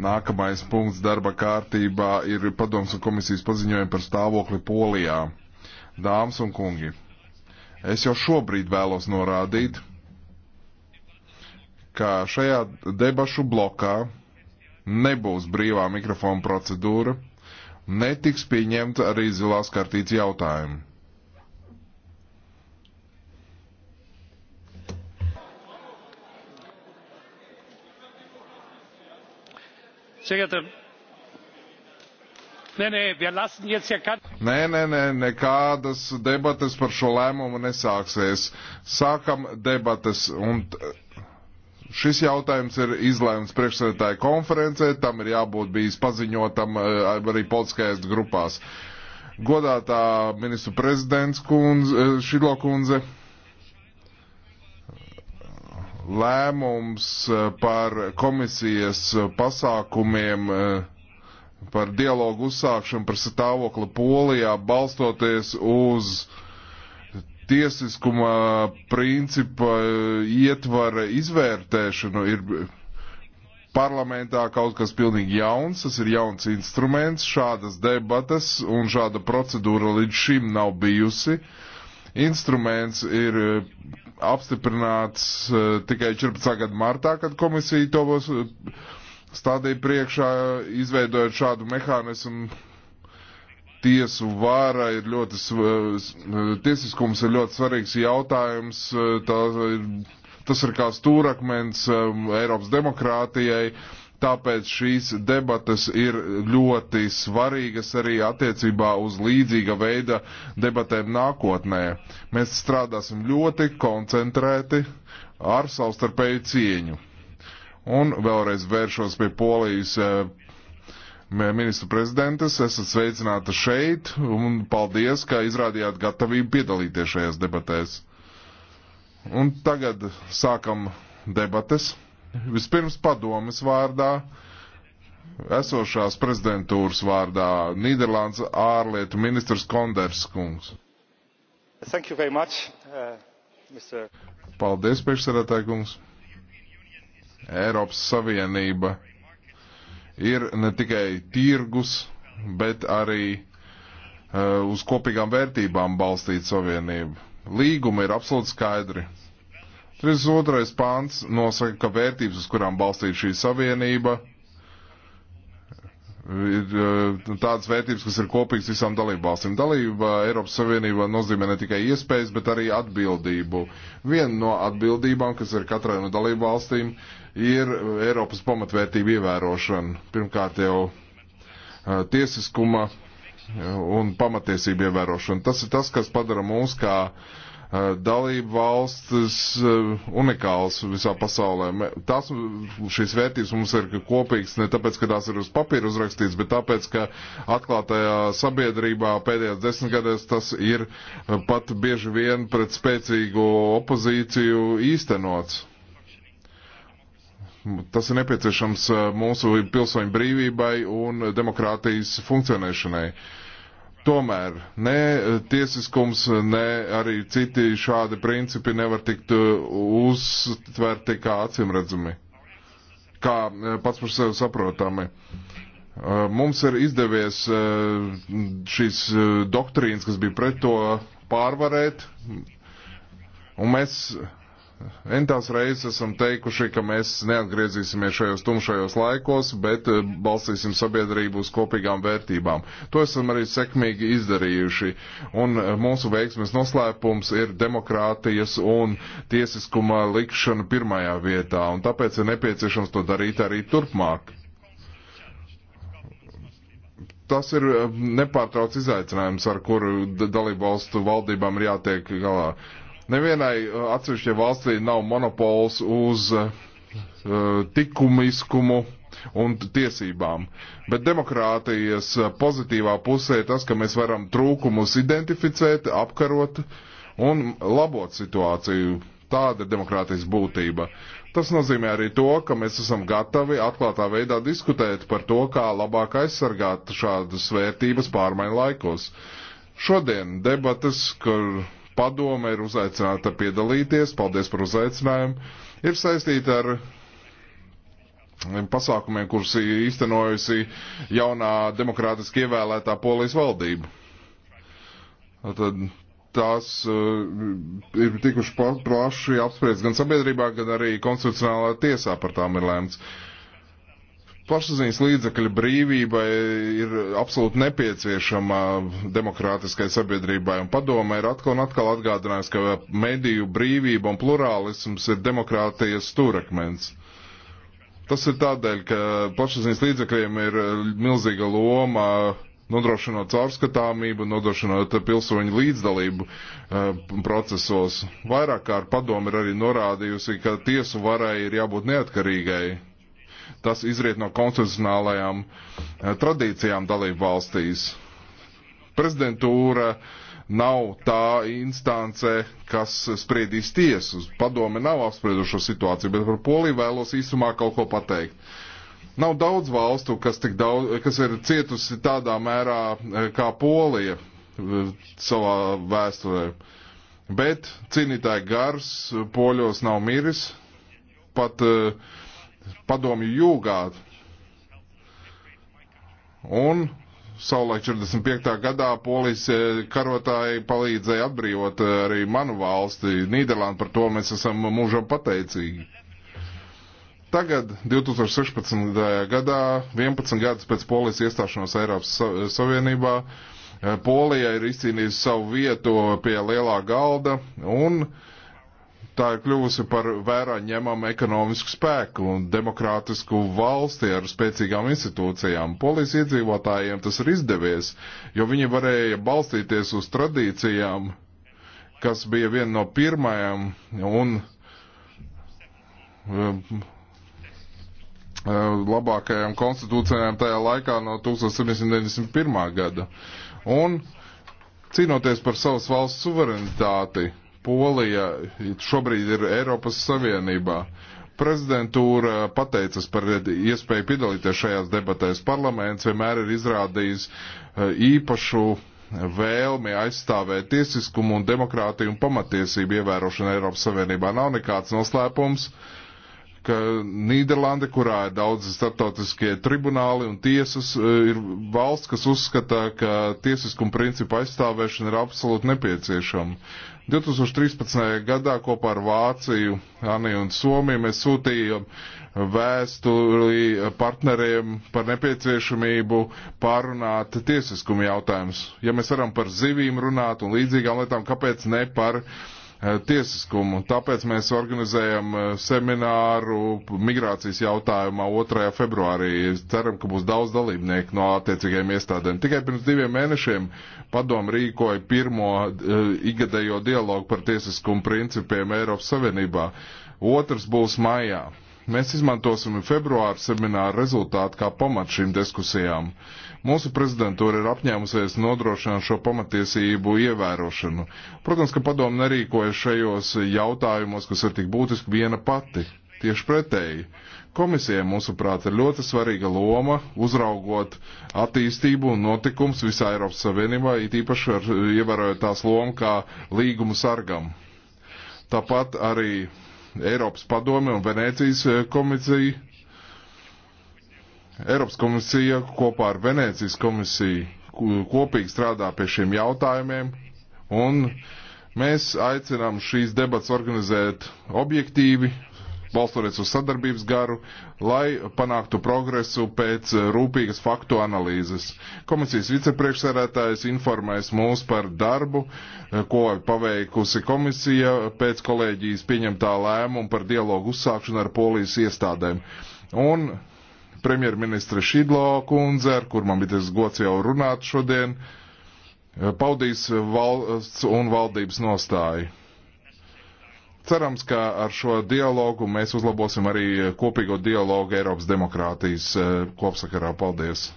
Nākamais punkts darba kārtībā ir padoms un komisijas paziņojumi par stāvokli Polijā. Dāmas un kungi, es jau šobrīd vēlos norādīt, ka šajā debašu blokā nebūs brīvā mikrofona procedūra, netiks pieņemta arī zilās kartītes jautājumi. Nē, nē, nē, nekādas debates par šo lēmumu nesāksies. Sākam debates, un eh, šis jautājums ir izlēmts priekšsēdētāja konferencē, tam ir jābūt bijis paziņotam eh, arī politiskajās grupās. Godātā ministru prezidents kundze, eh, Šilo kundze lēmums eh, par komisijas eh, pasākumiem eh, par dialogu uzsākšanu par stāvokli Polijā balstoties uz tiesiskuma principa ietvara izvērtēšanu ir parlamentā kaut kas pilnīgi jauns, tas ir jauns instruments, šādas debatas un šāda procedūra līdz šim nav bijusi. Uh, instruments ir eh, apstiprināts eh, tikai 14. gada martā, kad komisija to būs eh, stādīja priekšā, izveidojot šādu mehānismu. Tiesu vāra ir ļoti, tiesiskums ir ļoti svarīgs jautājums. Tā ir, tas ir kā stūrakmens Eiropas demokrātijai Tāpēc šīs debatas ir ļoti svarīgas arī attiecībā uz līdzīga veida debatēm nākotnē. Mēs strādāsim ļoti koncentrēti ar savstarpēju cieņu. Un vēlreiz vēršos pie polijas eh, ministra prezidentes. Esat sveicināta šeit un paldies, ka izrādījāt gatavību piedalīties šajās debatēs. Un tagad sākam debates. Vispirms padomas vārdā, esošās prezidentūras vārdā, Nīderlandes ārlietu ministrs Konders kungs. Thank you very much, uh, Mr. Paldies, priekšsēdētāji kungs. Eiropas Savienība ir ne tikai tirgus, bet arī uh, uz kopīgām vērtībām balstīta savienība. Līgumi ir absolūti skaidri. 32. pāns nosaka, ka vērtības, uz kurām balstīta šī savienība, ir eh, tādas vērtības, kas ir kopīgas visām dalību valstīm. Dalība Eiropas Savienībā nozīmē ne tikai iespējas, bet arī atbildību. Viena no atbildībām, kas ir katrai no dalību valstīm, ir Eiropas pamatvērtību ievērošana. Pirmkārt jau eh, tiesiskuma eh, un pamatiesību ievērošana. Tas ir tas, kas padara mūs kā uh, Eh, dalību valstis eh, unikāls visā pasaulē. Tās, šīs vērtības mums ir kopīgas ne tāpēc, ka tās ir uz papīra uzrakstītas, bet tāpēc, ka atklātajā sabiedrībā pēdējās desmitgadēs tas ir eh, pat bieži vien pret spēcīgu opozīciju īstenots. Tas ir nepieciešams mūsu pilsoņu brīvībai un demokrātijas funkcionēšanai. Uh, Tomēr ne eh, tiesiskums, ne arī citi šādi principi nevar tikt eh, uztverti kā acimredzami, kā eh, pats par sevi saprotami. Mums ir izdevies šīs doktrīnas, kas bija pret to pārvarēt, un mēs Entās reizes esam teikuši, ka mēs neatgriezīsimies šajos tumšajos laikos, bet eh, balstīsim sabiedrību uz kopīgām vērtībām. To esam arī sekmīgi izdarījuši. Un eh, mūsu veiksmes noslēpums ir demokrātijas un tiesiskuma likšana pirmajā vietā. Un tāpēc ir nepieciešams to darīt arī turpmāk tas ir eh, nepārtrauc izaicinājums, ar kuru dalību valstu valdībām ir jātiek galā. Nevienai uh, atsevišķai valstī nav monopols uz uh, likumiskumu un tiesībām. Bet demokrātijas uh, pozitīvā pusē tas, ka mēs varam trūkumus identificēt, apkarot un labot situāciju. Tāda ir demokrātijas būtība. Tas nozīmē arī to, ka mēs esam gatavi atklātā veidā diskutēt par to, kā labāk aizsargāt šādas vērtības pārmaiņu laikos. Šodien debatas, kur padome ir uzaicināta piedalīties, paldies par uzaicinājumu, ir saistīta ar pasākumiem, kurus īstenojusi jaunā demokrātiski ievēlētā polijas valdība. Tad tās uh, ir tikuši plaši apspriest gan sabiedrībā, gan arī konstitucionālā tiesā par tām ir lēmts. Uh, Plašsaziņas līdzekļu brīvība ir absolūti nepieciešama demokrātiskai sabiedrībai, un padome ir atkal un atkal atgādinājusi, ka mediju brīvība un plurālisms ir demokrātijas stūrakmens. Tas ir tādēļ, ka plašsaziņas līdzekļiem ir milzīga loma nodrošinot caurskatāmību, nodrošinot pilsoņu līdzdalību uh, procesos. Vairāk kārt padomi ir arī norādījusi, ka tiesu varai ir jābūt neatkarīgai Tas izriet no konstitucionālajām eh, tradīcijām dalību valstīs. Prezidentūra nav tā instance, kas spriedīs tiesu. Padome nav apspriedušo situāciju, bet par Poliju vēlos īsumā kaut ko pateikt. Nav daudz valstu, kas, daudz, kas ir cietusi tādā mērā eh, kā Polija eh, savā vēsturē. Bet cīnītāji gars poļos nav miris, pat uh, padomju jūgā. Un savulaik 45. gadā polijas eh, karotāji palīdzēja atbrīvot eh, arī manu valsti, Nīderlandu, par to mēs esam mūžam pateicīgi. Tagad, 2016. gadā, 11 gadus pēc polijas iestāšanos Eiropas Savienībā, eh, Polija ir izcīnījusi savu vietu pie lielā galda un uh, tā ir kļuvusi par vērā ņemamu ekonomisku spēku un demokrātisku valsti ar spēcīgām institūcijām. Polijas iedzīvotājiem tas ir izdevies, jo viņi varēja balstīties uz tradīcijām, kas bija viena no pirmajām un um, labākajām konstitūcijām tajā laikā no 1791. gada. Un cīnoties par savas valsts suverenitāti, Polija šobrīd ir Eiropas Savienībā. Prezidentūra pateicas par iespēju piedalīties šajās debatēs. Parlaments vienmēr ir izrādījis e, īpašu vēlmi aizstāvēt tiesiskumu un demokrātiju un pamatiesību ievērošanu Eiropas Savienībā. Nav nekāds noslēpums, uh, ka Nīderlande, kurā ir daudzi startautiskie tribunāli un tiesas, eh, ir valsts, kas uzskata, ka tiesiskuma principu aizstāvēšana ir absolūti nepieciešama. 2013. gadā kopā ar Vāciju, Aniju un Somiju mēs sūtījām vēstuli partneriem par nepieciešamību pārunāt tiesiskumu jautājumus. Ja mēs varam par zivīm runāt un līdzīgām lietām, kāpēc ne par uh, Eh, tiesiskumu. Tāpēc mēs organizējam eh, semināru migrācijas jautājumā 2. februārī. Ceram, ka būs daudz dalībnieku no attiecīgajiem iestādēm. Tikai pirms diviem mēnešiem padomu rīkoja pirmo uh, eh, igadējo dialogu par tiesiskumu principiem Eiropas Savienībā. Otrs būs maijā. Mēs izmantosim februāru semināru rezultātu kā pamatu šīm diskusijām. Uh, Mūsu prezidentūra ir apņēmusies nodrošināt šo pamatiesību ievērošanu. Protams, ka padomu nerīkojas šajos jautājumos, kas ir tik būtiski viena pati. Tieši pretēji. Komisija, mūsuprāt, ir ļoti svarīga loma uzraugot attīstību un notikums visā Eiropas Savienībā, it īpaši ar, ievērojot tās lomu kā līgumu sargam. Tāpat arī Eiropas padome un Venēcijas komisija Eiropas komisija kopā ar Venēcijas komisiju kopīgi strādā pie šiem jautājumiem, un mēs aicinām šīs debats organizēt objektīvi, balstoties uz sadarbības garu, lai panāktu progresu pēc rūpīgas faktu analīzes. Komisijas vicepriekšsēdētājs informēs mūs par darbu, ko paveikusi komisija pēc kolēģijas pieņemtā lēmuma par dialogu uzsākšanu ar polijas iestādēm. Un premjerministra Šidlo kundze, ar kur man bija tas gods jau runāt šodien, eh, paudīs valsts un valdības nostāju. Cerams, ka ar šo dialogu mēs uzlabosim arī kopīgo dialogu Eiropas demokrātijas eh, kopsakarā. Paldies!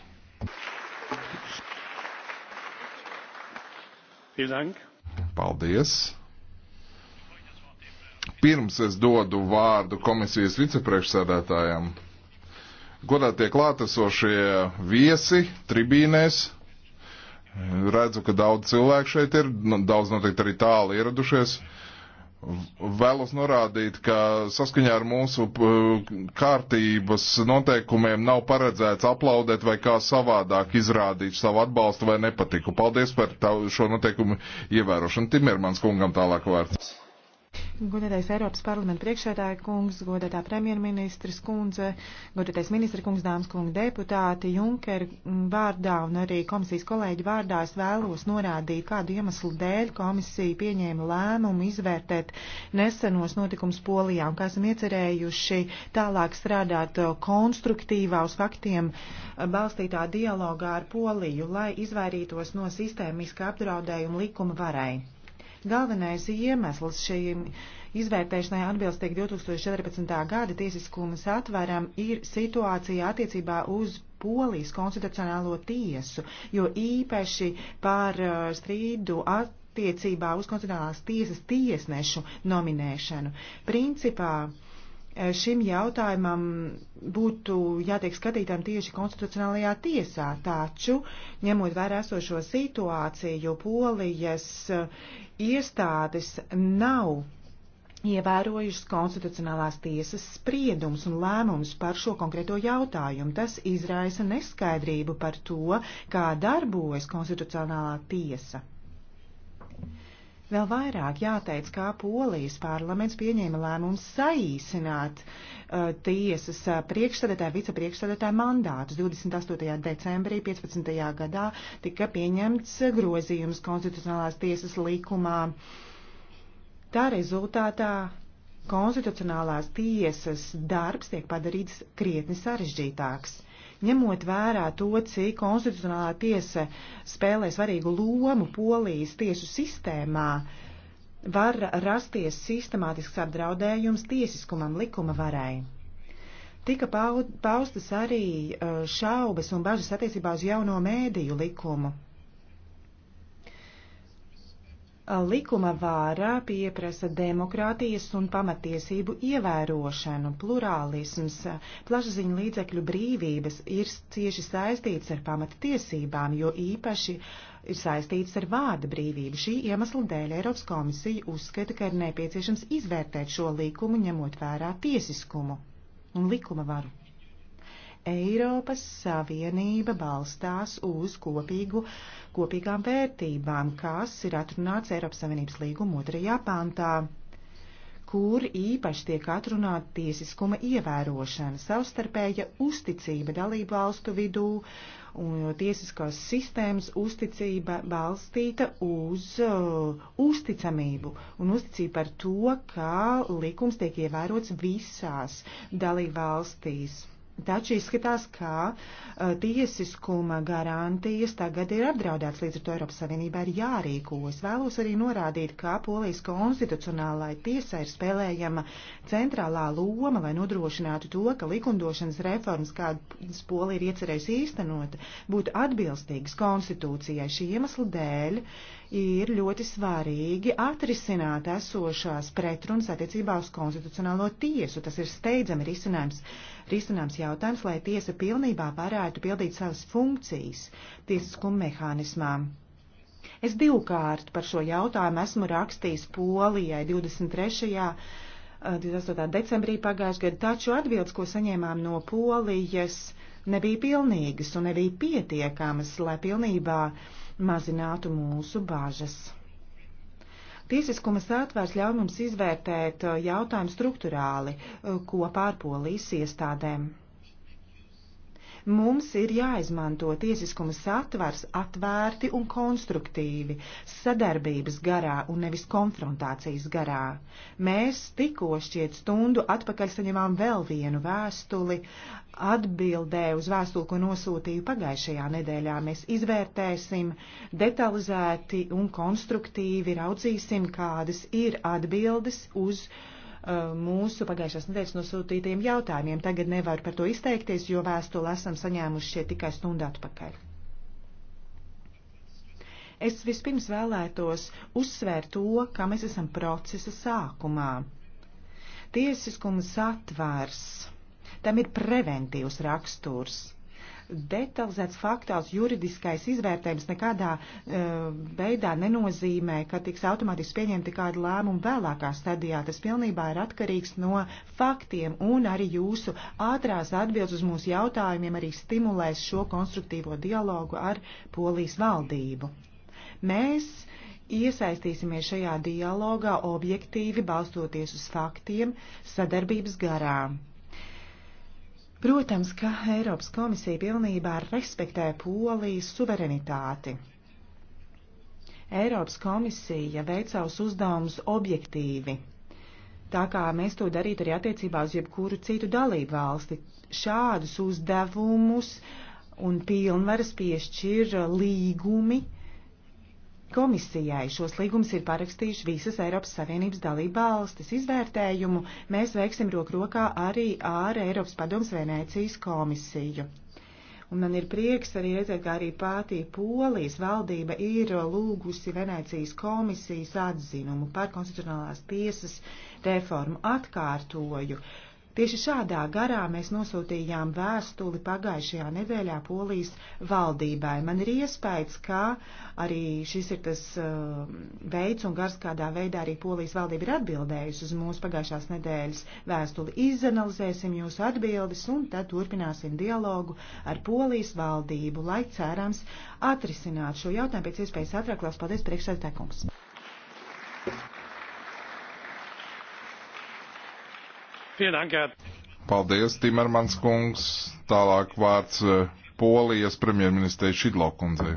Paldies! Pirms es dodu vārdu komisijas vicepriekšsēdētājam. Godātie klātesošie viesi tribīnēs. Redzu, ka daudz cilvēku šeit ir, nu, daudz noteikti arī tālu ieradušies. Vēlos norādīt, ka saskaņā ar mūsu kārtības noteikumiem nav paredzēts aplaudēt vai kā savādāk izrādīt savu atbalstu vai nepatiku. Paldies par tā, šo noteikumu ievērošanu. Timermans kungam tālāk vārds. Godētais Eiropas parlamenta priekšsēdāja kungs, godētā premjerministras kundze, godētais ministra kungs, dāmas kungi deputāti, Junker vārdā un arī komisijas kolēģi vārdā es vēlos norādīt, kādu iemeslu dēļ komisija pieņēma lēmumu izvērtēt nesenos notikums Polijā un kā esam iecerējuši tālāk strādāt konstruktīvā uz faktiem balstītā dialogā ar Poliju, lai izvairītos no sistēmiska apdraudējuma likuma varai. Galvenais iemesls šīm izvērtēšanai atbilstīgi 2014. gada tiesiskumas atveram ir situācija attiecībā uz Polijas konstitucionālo tiesu, jo īpaši par uh, strīdu attiecībā uz konstitucionālās tiesas tiesnešu nominēšanu. Principā, uh, Eh, šim jautājumam būtu jātiek skatītam tieši konstitucionālajā tiesā, taču, ņemot vērā esošo situāciju, polijas eh, iestādes nav ievērojušas konstitucionālās tiesas spriedums un lēmums par šo konkrēto jautājumu. Tas izraisa neskaidrību par to, kā darbojas konstitucionālā tiesa. Vēl vairāk jāteic, kā Polijas parlaments pieņēma lēmumu saīsināt uh, tiesas uh, priekšsēdētāja, vicepriekšsēdētāja mandātus. 28. decembrī 15. gadā tika pieņemts grozījums konstitucionālās tiesas likumā. Tā rezultātā konstitucionālās tiesas darbs tiek padarīts krietni sarežģītāks. Ņemot vērā to, cik konstitucionālā tiesa spēlē svarīgu lomu Polijas tiesu sistēmā, var rasties sistemātisks apdraudējums tiesiskumam likuma varai. Tika paustas arī šaubas un bažas attiecībā uz jauno mēdīju likumu. Likuma vārā pieprasa demokrātijas un pamatiesību ievērošanu, plurālisms, plašsaziņu līdzekļu brīvības ir cieši saistīts ar pamatiesībām, jo īpaši ir saistīts ar vārda brīvību. Šī iemesla dēļ Eiropas komisija uzskata, ka ir nepieciešams izvērtēt šo likumu, ņemot vērā tiesiskumu un likuma varu. Eiropas Savienība balstās uz kopīgu, kopīgām vērtībām, kas ir atrunāts Eiropas Savienības līguma otrajā pantā, kur īpaši tiek atrunāta tiesiskuma ievērošana, savstarpēja uzticība dalību valstu vidū un tiesiskās sistēmas uzticība balstīta uz uh, uzticamību un uzticība par to, ka likums tiek ievērots visās dalību valstīs Taču izskatās, ka uh, tiesiskuma garantijas tagad ir apdraudēts, līdz ar to Eiropas Savienībā ir jārīkojas. Vēlos arī norādīt, ka Polijas konstitucionālai tiesai ir spēlējama centrālā loma, lai nodrošinātu to, ka likumdošanas reformas, kādas Polija ir iecerējusi īstenot, būtu atbilstīgas konstitūcijai. Šī iemesla dēļ ir ļoti svarīgi atrisināt esošās pretrunas attiecībā uz konstitucionālo tiesu. Tas ir steidzami risinājums, risinājums jautājums, lai tiesa pilnībā varētu pildīt savas funkcijas tiesiskuma mehānismā. Es divkārt par šo jautājumu esmu rakstījis Polijai 23. 28. Eh, decembrī pagājušajā gadā, taču atbildes, ko saņēmām no Polijas, nebija pilnīgas un nebija pietiekamas, lai pilnībā uh, mazinātu mūsu bāžas. Tiesiskuma sātvērs ļauj mums izvērtēt uh, jautājumu struktūrāli uh, kopā ar polijas iestādēm. Mums ir jāizmanto tiesiskuma satvars atvērti un konstruktīvi, sadarbības garā un nevis konfrontācijas garā. Mēs tikko šķiet stundu atpakaļ saņemām vēl vienu vēstuli atbildē uz vēstuli, ko nosūtīju pagājušajā nedēļā. Mēs izvērtēsim detalizēti un konstruktīvi raudzīsim, kādas ir atbildes uz uh, Uh, mūsu pagājušās nedēļas nosūtītajiem jautājumiem. Tagad nevaru par to izteikties, jo vēstuli esam saņēmuši šeit tikai stundu atpakaļ. Es vispirms vēlētos uzsvērt to, kā mēs esam procesa sākumā. Tiesiskums atvērs, tam ir preventīvs raksturs detalizēts faktāls juridiskais izvērtējums nekādā e, veidā nenozīmē, ka tiks automātiski pieņemti kādi lēmumi vēlākā stadijā. Tas pilnībā ir atkarīgs no faktiem un arī jūsu ātrās atbildes uz mūsu jautājumiem arī stimulēs šo konstruktīvo dialogu ar Polijas valdību. Mēs iesaistīsimies šajā dialogā objektīvi balstoties uz faktiem sadarbības garām Protams, ka Eiropas komisija pilnībā respektē Polijas suverenitāti. Eiropas komisija veic savus uzdevumus objektīvi, tā kā mēs to darītu arī attiecībā uz jebkuru citu dalību valsti. Šādus uzdevumus un pilnvaras piešķir līgumi, uh, Komisijai šos līgumus ir parakstījuši visas Eiropas Savienības dalība valstis. Izvērtējumu mēs veiksim rok rokā arī ar Eiropas padomus Venēcijas komisiju. Un man ir prieks arī redzēt, ka arī pātī Polijas valdība ir lūgusi Venēcijas komisijas atzinumu par konstitucionālās tiesas reformu atkārtoju. Uh, Tieši šādā garā mēs nosūtījām vēstuli pagājušajā nedēļā Polijas valdībai. Man ir iespējas, ka arī šis ir tas uh, veids un gars, kādā veidā arī Polijas valdība ir atbildējusi uz mūsu pagājušās nedēļas vēstuli. Izanalizēsim jūsu atbildes un tad turpināsim dialogu ar Polijas valdību, lai cerams atrisināt šo jautājumu pēc iespējas atrāk. Lielas paldies, priekšsēdētāj kungs! Thank you. Paldies, Timermans kungs. Tālāk vārds eh, Polijas premjerministrei Šidlo kundzei.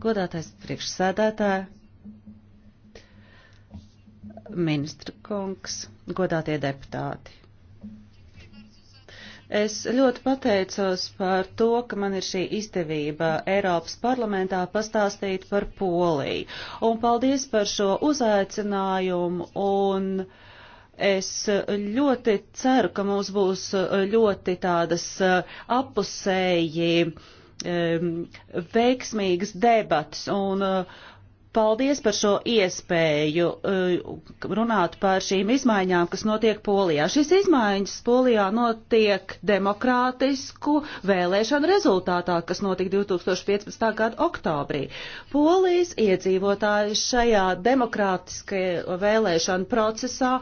Godātais priekšsēdētāji, Ministra kungs, godātie deputāti. Es ļoti pateicos par to, ka man ir šī izdevība Eiropas parlamentā pastāstīt par Poliju. Un paldies par šo uzaicinājumu un es ļoti ceru, ka mums būs ļoti tādas apusēji um, veiksmīgas debatas un uh, Paldies par šo iespēju uh, runāt par šīm izmaiņām, kas notiek Polijā. Šis izmaiņas Polijā notiek demokrātisku vēlēšanu rezultātā, kas notika 2015. gada oktobrī. Polijas iedzīvotāji šajā demokrātiskajā vēlēšanu procesā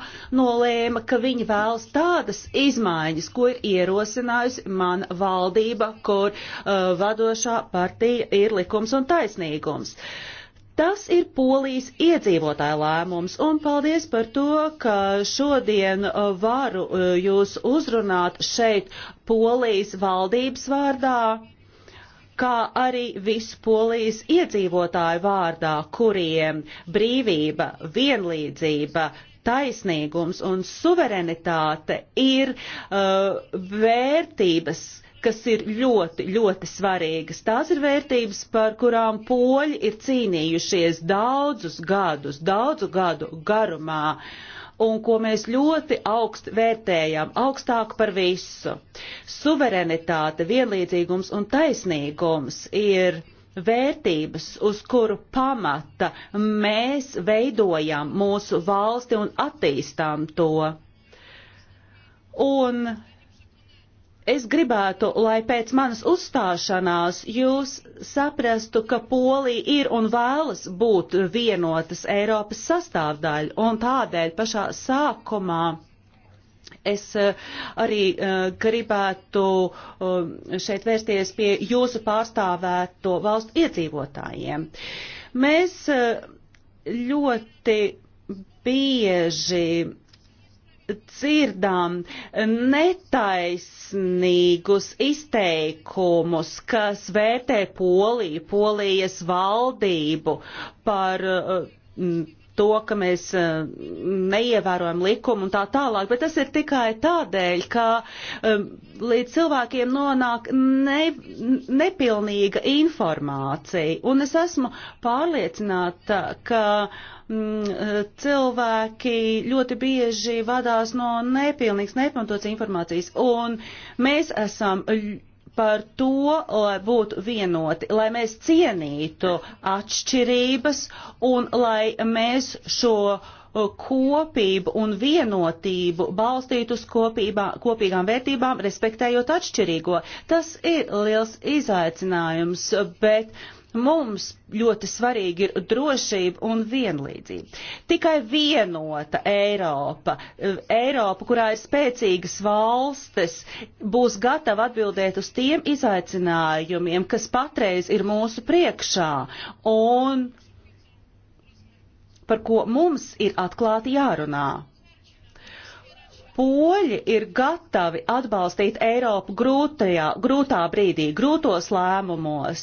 nolēma, ka viņi vēlas tādas izmaiņas, ko ir ierosinājusi man valdība, kur uh, vadošā partija ir likums un taisnīgums. Uh, Tas ir polijas iedzīvotāja lēmums, un paldies par to, ka šodien uh, varu uh, jūs uzrunāt šeit polijas valdības vārdā, kā arī visu polijas iedzīvotāju vārdā, kuriem brīvība, vienlīdzība, taisnīgums un suverenitāte ir uh, vērtības, kas ir ļoti, ļoti svarīgas. Tās ir vērtības, par kurām poļi ir cīnījušies daudzus gadus, daudzu gadu garumā, un ko mēs ļoti augst vērtējam, augstāk par visu. Suverenitāte, vienlīdzīgums un taisnīgums ir vērtības, uz kuru pamata mēs veidojam mūsu valsti un attīstām to. Un Es gribētu, lai pēc manas uzstāšanās jūs saprastu, ka Polija ir un vēlas būt vienotas Eiropas sastāvdaļa, un tādēļ pašā sākumā es eh, arī eh, gribētu eh, šeit vērsties pie jūsu pārstāvēto valstu iedzīvotājiem. Mēs ļoti bieži dzirdām netaisnīgus izteikumus, kas vērtē Poliju, Polijas valdību par uh, m, to, ka mēs eh, neievērojam likumu un tā tālāk, bet tas ir tikai tādēļ, ka eh, līdz cilvēkiem nonāk ne, nepilnīga informācija. Un es esmu pārliecināta, ka mm, cilvēki ļoti bieži vadās no nepilnīgas, nepamatotas informācijas. Un mēs esam par to, lai būtu vienoti, lai mēs cienītu atšķirības un lai mēs šo uh, kopību un vienotību balstītu uz kopībā, kopīgām vērtībām, respektējot atšķirīgo. Tas ir liels izaicinājums, bet uh, Mums ļoti svarīgi ir drošība un vienlīdzība. Tikai vienota Eiropa, eh, Eiropa, kurā ir spēcīgas valstis, būs gatava atbildēt uz tiem izaicinājumiem, kas patreiz ir mūsu priekšā un par ko mums ir atklāti jārunā poļi ir gatavi atbalstīt Eiropu grūtajā, grūtā brīdī, grūtos lēmumos,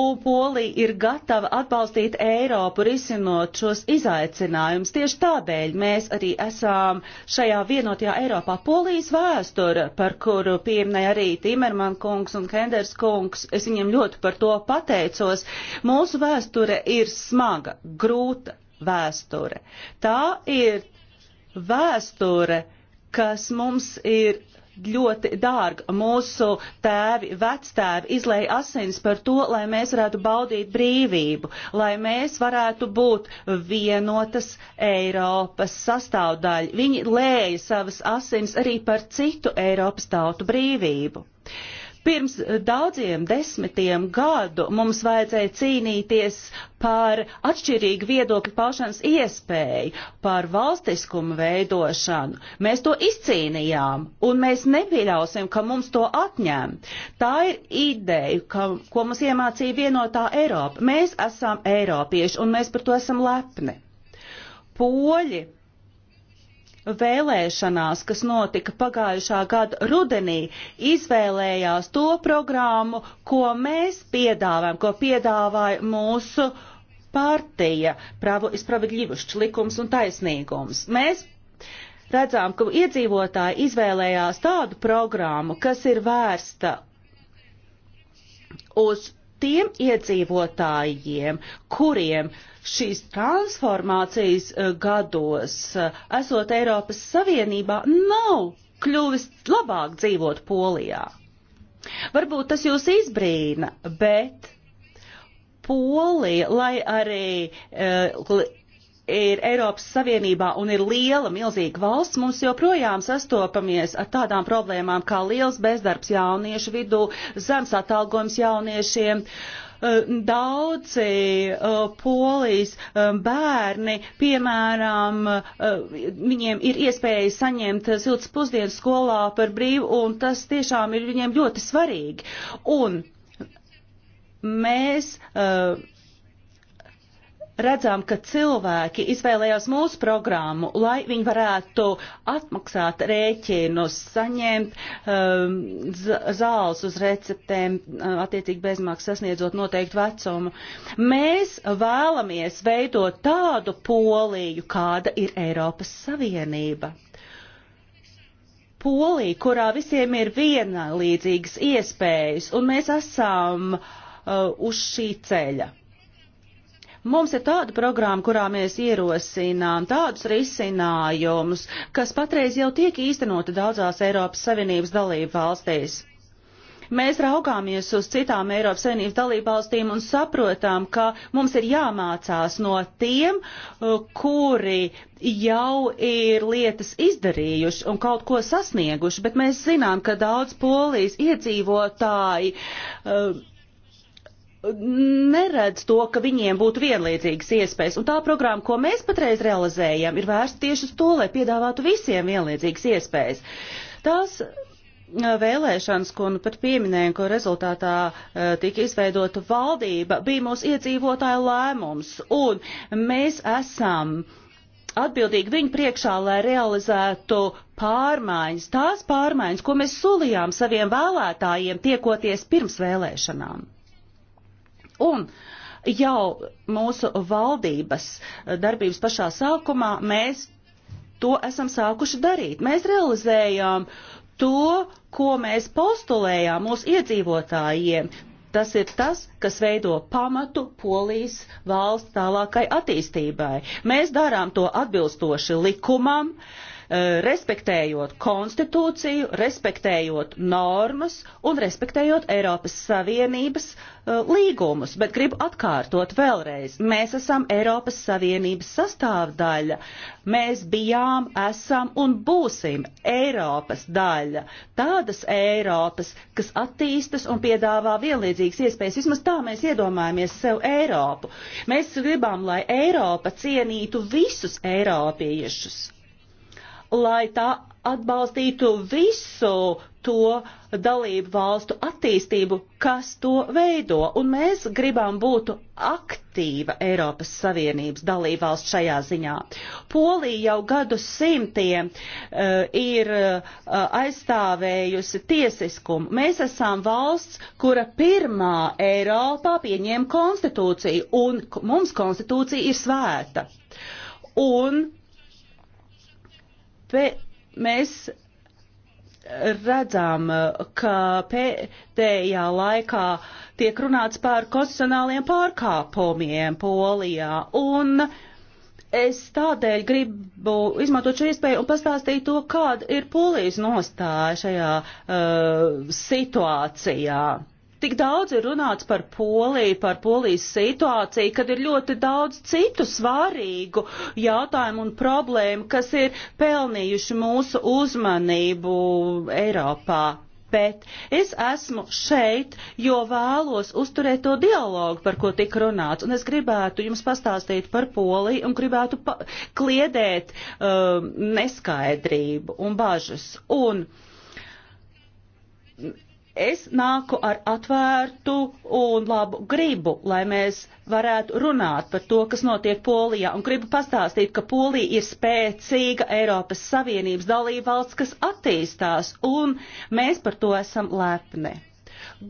un polija ir gatava atbalstīt Eiropu risinot šos izaicinājumus. Tieši tādēļ mēs arī esam šajā vienotajā Eiropā. Polijas vēsture, par kuru pieminēja arī Timerman kungs un Henders kungs, es viņiem ļoti par to pateicos, mūsu vēsture ir smaga, grūta vēsture. Tā ir vēsture, kas mums ir ļoti dārga. Mūsu tēvi, vectēvi izlēja asins par to, lai mēs varētu baudīt brīvību, lai mēs varētu būt vienotas Eiropas sastāvdaļa. Viņi lēja savas asins arī par citu Eiropas tautu brīvību. Uh, Pirms eh, daudziem desmitiem gadu mums vajadzēja cīnīties par atšķirīgu viedokļu paušanas iespēju, par valstiskumu veidošanu. Mēs to izcīnījām, un mēs nepieļausim, ka mums to atņem. Tā ir ideja, ka, ko mums iemācīja vienotā Eiropa. Mēs esam Eiropieši, un mēs par to esam lepni. Poļi vēlēšanās, kas notika pagājušā gada rudenī, izvēlējās to programmu, ko mēs piedāvājam, ko piedāvāja mūsu partija Pravo i spravedljivošķi likums un taisnīgums. Mēs redzām, ka iedzīvotāji izvēlējās tādu programmu, kas ir vērsta uz tiem iedzīvotājiem, kuriem šīs transformācijas e, gados, e, esot Eiropas Savienībā, nav kļuvis labāk dzīvot Polijā. Varbūt tas jūs izbrīna, bet Polija, lai arī uh, ir Eiropas Savienībā un ir liela, milzīga valsts, mums joprojām sastopamies ar tādām problēmām kā liels bezdarbs jauniešu vidū, zems atalgojums jauniešiem. E, daudzi e, polijas e, bērni, piemēram, viņiem ir iespēja saņemt siltas pusdienas skolā par brīvu, un tas tiešām ir viņiem ļoti svarīgi. Un mēs uh, redzam, ka cilvēki izvēlējās mūsu programmu, lai viņi varētu atmaksāt rēķinus, saņemt um, zāles uz receptēm, uh, attiecīgi bezmaksas sasniedzot noteiktu vecumu. Mēs vēlamies veidot tādu poliju, kāda ir Eiropas Savienība. Polija, kurā visiem ir vienalīdzīgas iespējas, un mēs esam uh, uz šī ceļa. Mums ir tāda programma, kurā mēs ierosinām tādus risinājumus, kas patreiz jau tiek īstenoti daudzās Eiropas Savienības dalību valstīs. Mēs raugāmies uz citām Eiropas Savienības dalību valstīm un saprotam, ka mums ir jāmācās no tiem, uh, kuri jau ir lietas izdarījuši un kaut ko sasnieguši, bet mēs zinām, ka daudz polijas iedzīvotāji uh, neredz to, ka viņiem būtu vienlīdzīgas iespējas. Un tā programma, ko mēs patreiz realizējam, ir vērsta tieši uz to, lai piedāvātu visiem vienlīdzīgas iespējas. Tās uh, vēlēšanas, ko nu pat pieminēju, ko rezultātā uh, tika izveidota valdība, bija mūsu iedzīvotāju lēmums. Un mēs esam atbildīgi viņu priekšā, lai realizētu pārmaiņas, tās pārmaiņas, ko mēs solījām saviem vēlētājiem tiekoties pirms vēlēšanām. Un jau mūsu valdības eh, darbības pašā sākumā mēs to esam sākuši darīt. Mēs realizējām to, ko mēs postulējām mūsu iedzīvotājiem. Tas ir tas, kas veido pamatu polijas valsts tālākai attīstībai. Mēs darām to atbilstoši likumam, uh, Eh, respektējot konstitūciju, respektējot normas un respektējot Eiropas Savienības eh, līgumus. Bet gribu atkārtot vēlreiz, mēs esam Eiropas Savienības sastāvdaļa, mēs bijām, esam un būsim Eiropas daļa, tādas Eiropas, kas attīstas un piedāvā vienlīdzīgas iespējas. Vismaz tā mēs iedomājamies sev Eiropu. Mēs gribam, lai Eiropa cienītu visus Eiropiešus lai tā atbalstītu visu to dalību valstu attīstību, kas to veido, un mēs gribam būt aktīva Eiropas Savienības dalību valsts šajā ziņā. Polija jau gadu simtiem uh, ir uh, aizstāvējusi tiesiskumu. Mēs esam valsts, kura pirmā Eiropā pieņēma konstitūciju, un mums konstitūcija ir svēta. Un Mēs redzam, ka pēdējā laikā tiek runāts par konstitucionāliem pārkāpumiem Polijā, un es tādēļ gribu izmantot šo iespēju un pastāstīt to, kāda ir Polijas nostāja šajā uh, situācijā. Tik daudz ir runāts par Poliju, par Polijas situāciju, kad ir ļoti daudz citu svarīgu jautājumu un problēmu, kas ir pelnījuši mūsu uzmanību Eiropā. Bet es esmu šeit, jo vēlos uzturēt to dialogu, par ko tika runāts, un es gribētu jums pastāstīt par Poliju un gribētu kliedēt uh, neskaidrību un bažas. Un, uh, Es nāku ar atvērtu un labu gribu, lai mēs varētu runāt par to, kas notiek Polijā, un gribu pastāstīt, ka Polija ir spēcīga Eiropas Savienības dalībvalsts, kas attīstās, un mēs par to esam lepni.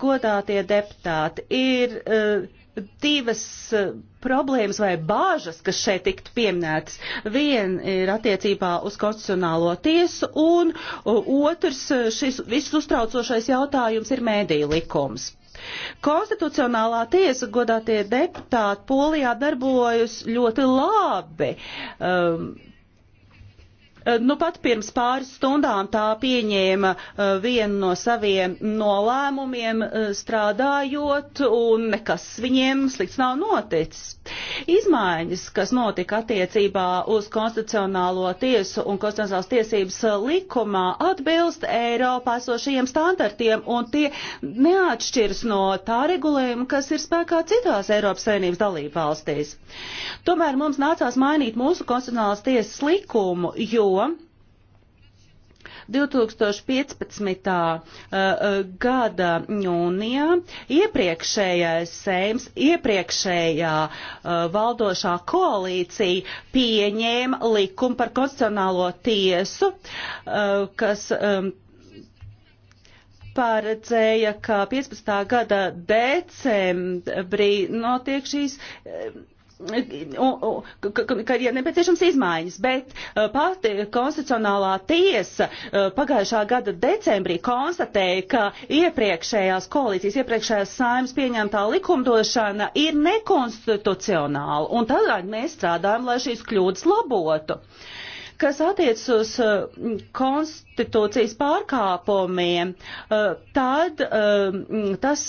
Godātie deputāti, ir uh, divas eh, problēmas vai bāžas, kas šeit tiktu pieminētas. Viena ir attiecībā uz konstitucionālo tiesu, un eh, otrs eh, šis viss uztraucošais jautājums ir mēdīja likums. Konstitucionālā tiesa, godātie deputāti, Polijā darbojas ļoti labi. Um, Eh, nu pat pirms pāris stundām tā pieņēma eh, vienu no saviem nolēmumiem eh, strādājot un nekas viņiem slikts nav noticis. Izmaiņas, kas notika attiecībā uz konstitucionālo tiesu un konstitucionālās tiesības likumā, atbilst Eiropā esošajiem standartiem un tie neatšķiras no tā regulējuma, kas ir spēkā citās Eiropas Savienības dalību valstīs. Tomēr mums nācās mainīt mūsu konstitucionālās tiesas likumu, jo jo 2015. Uh, uh, gada jūnijā iepriekšējais seims, iepriekšējā uh, valdošā koalīcija pieņēma likumu par konstitucionālo tiesu, kas um, paredzēja, ka 15. gada decembrī notiek šīs um, ka ir nepieciešams izmaiņas, bet eh, pati konstitucionālā tiesa eh, pagājušā gada decembrī konstatēja, ka iepriekšējās koalīcijas, iepriekšējās saimas pieņemtā likumdošana ir nekonstitucionāla, un tādēļ mēs strādājam, lai šīs kļūdas labotu. Uh, Kas attiec uz uh, konstitūcijas pārkāpumiem, uh, tad uh, tas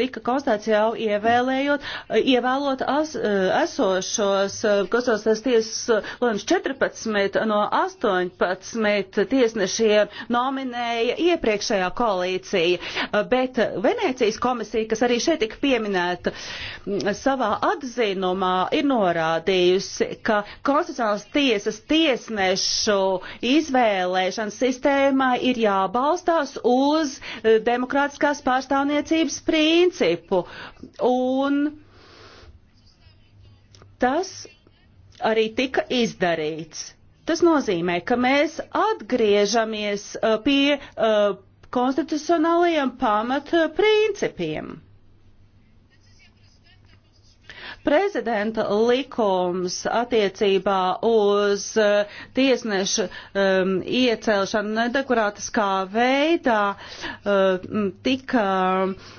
tika konstatēts jau ievēlējot, ievēlot as, esošos Kosovas tiesas lēmums 14 no 18 tiesnešiem nominēja iepriekšējā koalīcija, bet Venēcijas komisija, kas arī šeit tika pieminēta, savā atzinumā ir norādījusi, ka konstitucionālas tiesas tiesne jauniešu izvēlēšanas sistēmā ir jābalstās uz eh, demokrātiskās pārstāvniecības principu. Un tas arī tika izdarīts. Tas nozīmē, ka mēs atgriežamies eh, pie uh, konstitucionālajiem pamatprincipiem. Prezidenta likums attiecībā uz uh, tiesnešu um, iecelšanu nedekurātiskā veidā uh, tika uh,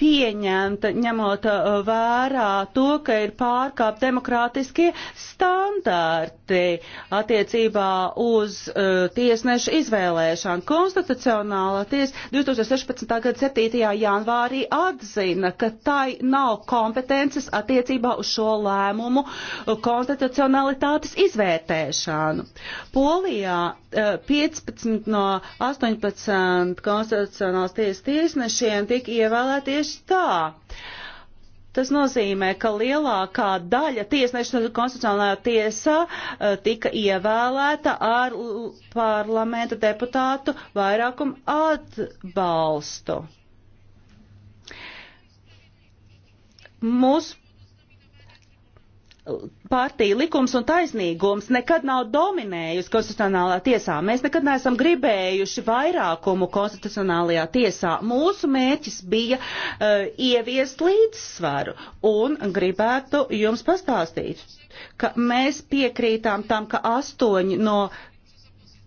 pieņemta, ņemot uh, vērā to, ka ir pārkāpt demokrātiskie standarti attiecībā uz uh, tiesnešu izvēlēšanu. Konstitucionālā tiesa 2016. gada 7. janvārī atzina, ka tai nav kompetences attiecībā uz šo lēmumu konstitucionalitātes izvērtēšanu. Polijā uh, 15 no 18 konstitucionālās tiesas tiesnešiem tika ievēlēties tieši tā. Tas nozīmē, ka lielākā daļa tiesnešu konstitucionālā tiesā eh, tika ievēlēta ar parlamenta deputātu vairākumu atbalstu. Mūsu partija likums un taisnīgums nekad nav dominējusi konstitucionālā tiesā. Mēs nekad neesam gribējuši vairākumu konstitucionālajā tiesā. Mūsu mērķis bija uh, ieviest līdzsvaru un gribētu jums pastāstīt, ka mēs piekrītām tam, ka astoņi no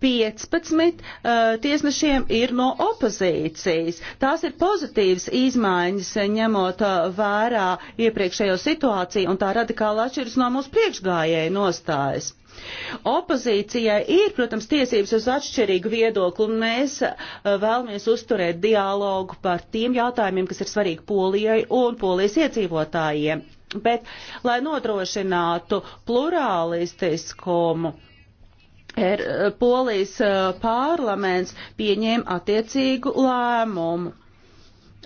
15 uh, eh, tiesnešiem ir no opozīcijas. Tās ir pozitīvas izmaiņas, eh, ņemot uh, vērā iepriekšējo situāciju un tā radikāla atšķiras no mūsu priekšgājēju nostājas. Opozīcijai ir, protams, tiesības uz atšķirīgu viedokli, un mēs vēlamies uzturēt dialogu par tiem jautājumiem, kas ir svarīgi Polijai un Polijas iedzīvotājiem. Bet, lai nodrošinātu plurālistiskumu, er, eh, Polijas eh, parlaments pieņēma attiecīgu lēmumu.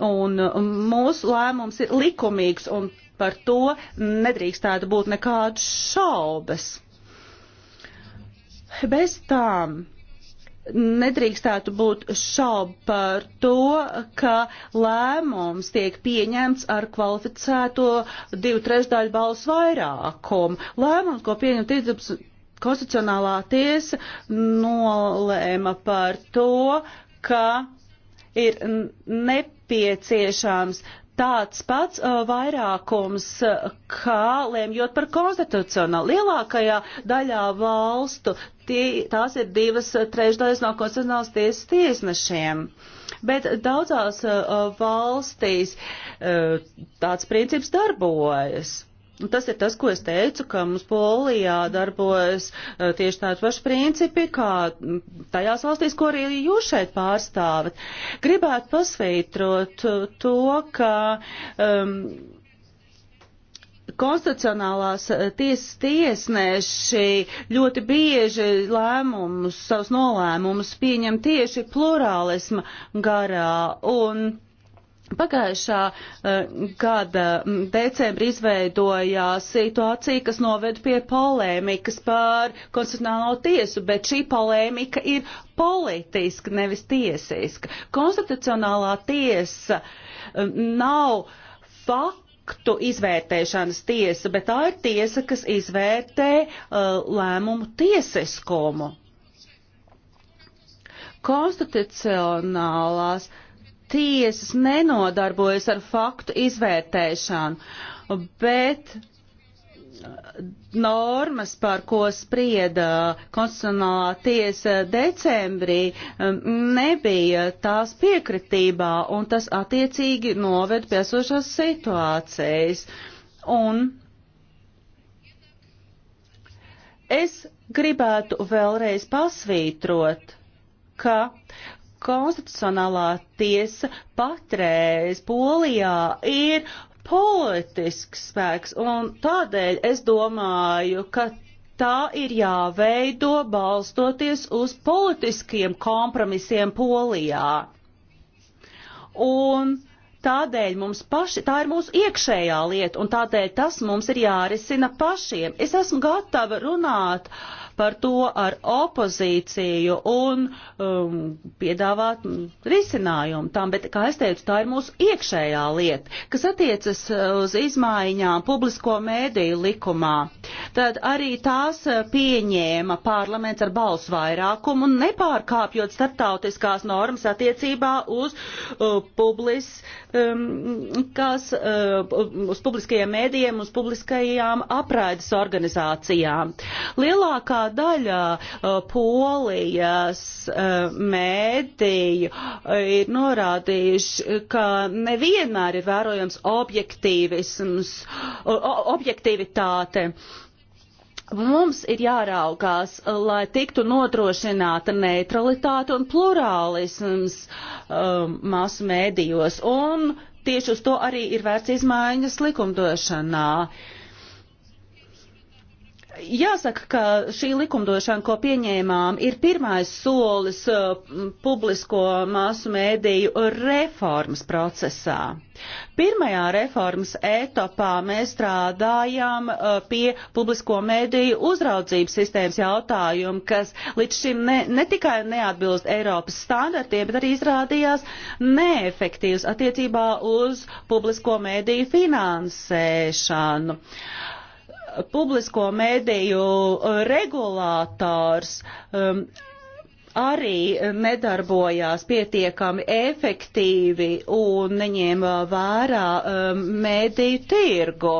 Un eh, mūsu lēmums ir likumīgs, un par to nedrīkstētu būt nekādas šaubas. Bez tām nedrīkstētu būt šaubu par to, ka lēmums tiek pieņemts ar kvalificēto divu trešdaļu balsu vairākumu. Lēmums, ko pieņem Konstitucionālā tiesa nolēma par to, ka ir nepieciešams tāds pats uh, vairākums, uh, kā lēmjot par konstitucionālu. Lielākajā daļā valstu tie, tās ir divas uh, trešdaļas no konstitucionālas tiesas tiesnešiem. Bet daudzās valstīs tāds princips darbojas. Un tas ir tas, ko es teicu, ka mums Polijā darbojas eh, tieši tāds paši principi, kā tajās valstīs, ko arī jūs šeit pārstāvat. Gribētu pasveitrot eh, to, ka. Um, Konstitucionālās eh, tiesas tiesneši ļoti bieži lēmumus, savus nolēmumus pieņem tieši plurālisma garā. Un Pagājušā eh, gada decembrī izveidojās situācija, kas noved pie polēmikas pār konstitucionālo tiesu, bet šī polēmika ir politiska, nevis tiesiska. Konstitucionālā tiesa eh, nav faktu izvērtēšanas tiesa, bet tā ir tiesa, kas izvērtē eh, lēmumu tiesiskumu. Konstitucionālās uh, tiesas nenodarbojas ar faktu izvērtēšanu, bet normas, par ko sprieda konstitucionālā tiesa decembrī, nebija tās piekritībā, un tas attiecīgi noved pie esošās situācijas. Un es gribētu vēlreiz pasvītrot, ka konstitucionālā tiesa patreiz Polijā ir politisks spēks, un tādēļ es domāju, ka tā ir jāveido balstoties uz politiskiem kompromisiem Polijā. Un Tādēļ mums paši, tā ir mūsu iekšējā lieta, un tādēļ tas mums ir jārisina pašiem. Es esmu gatava runāt uh, par to ar opozīciju un um, piedāvāt mm, risinājumu tam, bet, kā es teicu, tā ir mūsu iekšējā lieta, kas attiecas uh, uz izmaiņām publisko mēdīju likumā. Tad arī tās uh, pieņēma parlaments ar balsu vairākumu un nepārkāpjot starptautiskās normas attiecībā uz uh, publis, um, kas, uh, uz publiskajiem mēdījiem, uz publiskajām apraides organizācijām. Lielākā lielākā daļa polijas mēdīju ir norādījuši, ka nevienmēr ir vērojams objektīvisms, objektivitāte. Mums ir jāraukās, lai tiktu nodrošināta neutralitāte un plurālisms um, masu mēdījos, un tieši uz to arī ir vērts izmaiņas likumdošanā. Uh, Jāsaka, ka šī likumdošana, ko pieņēmām, ir pirmais solis uh, publisko masu mēdīju reformas procesā. Pirmajā reformas etapā mēs strādājām uh, pie publisko mēdīju uzraudzības sistēmas jautājumu, kas līdz šim ne, ne tikai neatbilst Eiropas standartiem, bet arī izrādījās neefektīvs attiecībā uz publisko mēdīju finansēšanu. Uh, publisko mēdīju uh, regulātors um, arī nedarbojās pietiekami efektīvi un neņēma vērā um, mēdīju tirgu.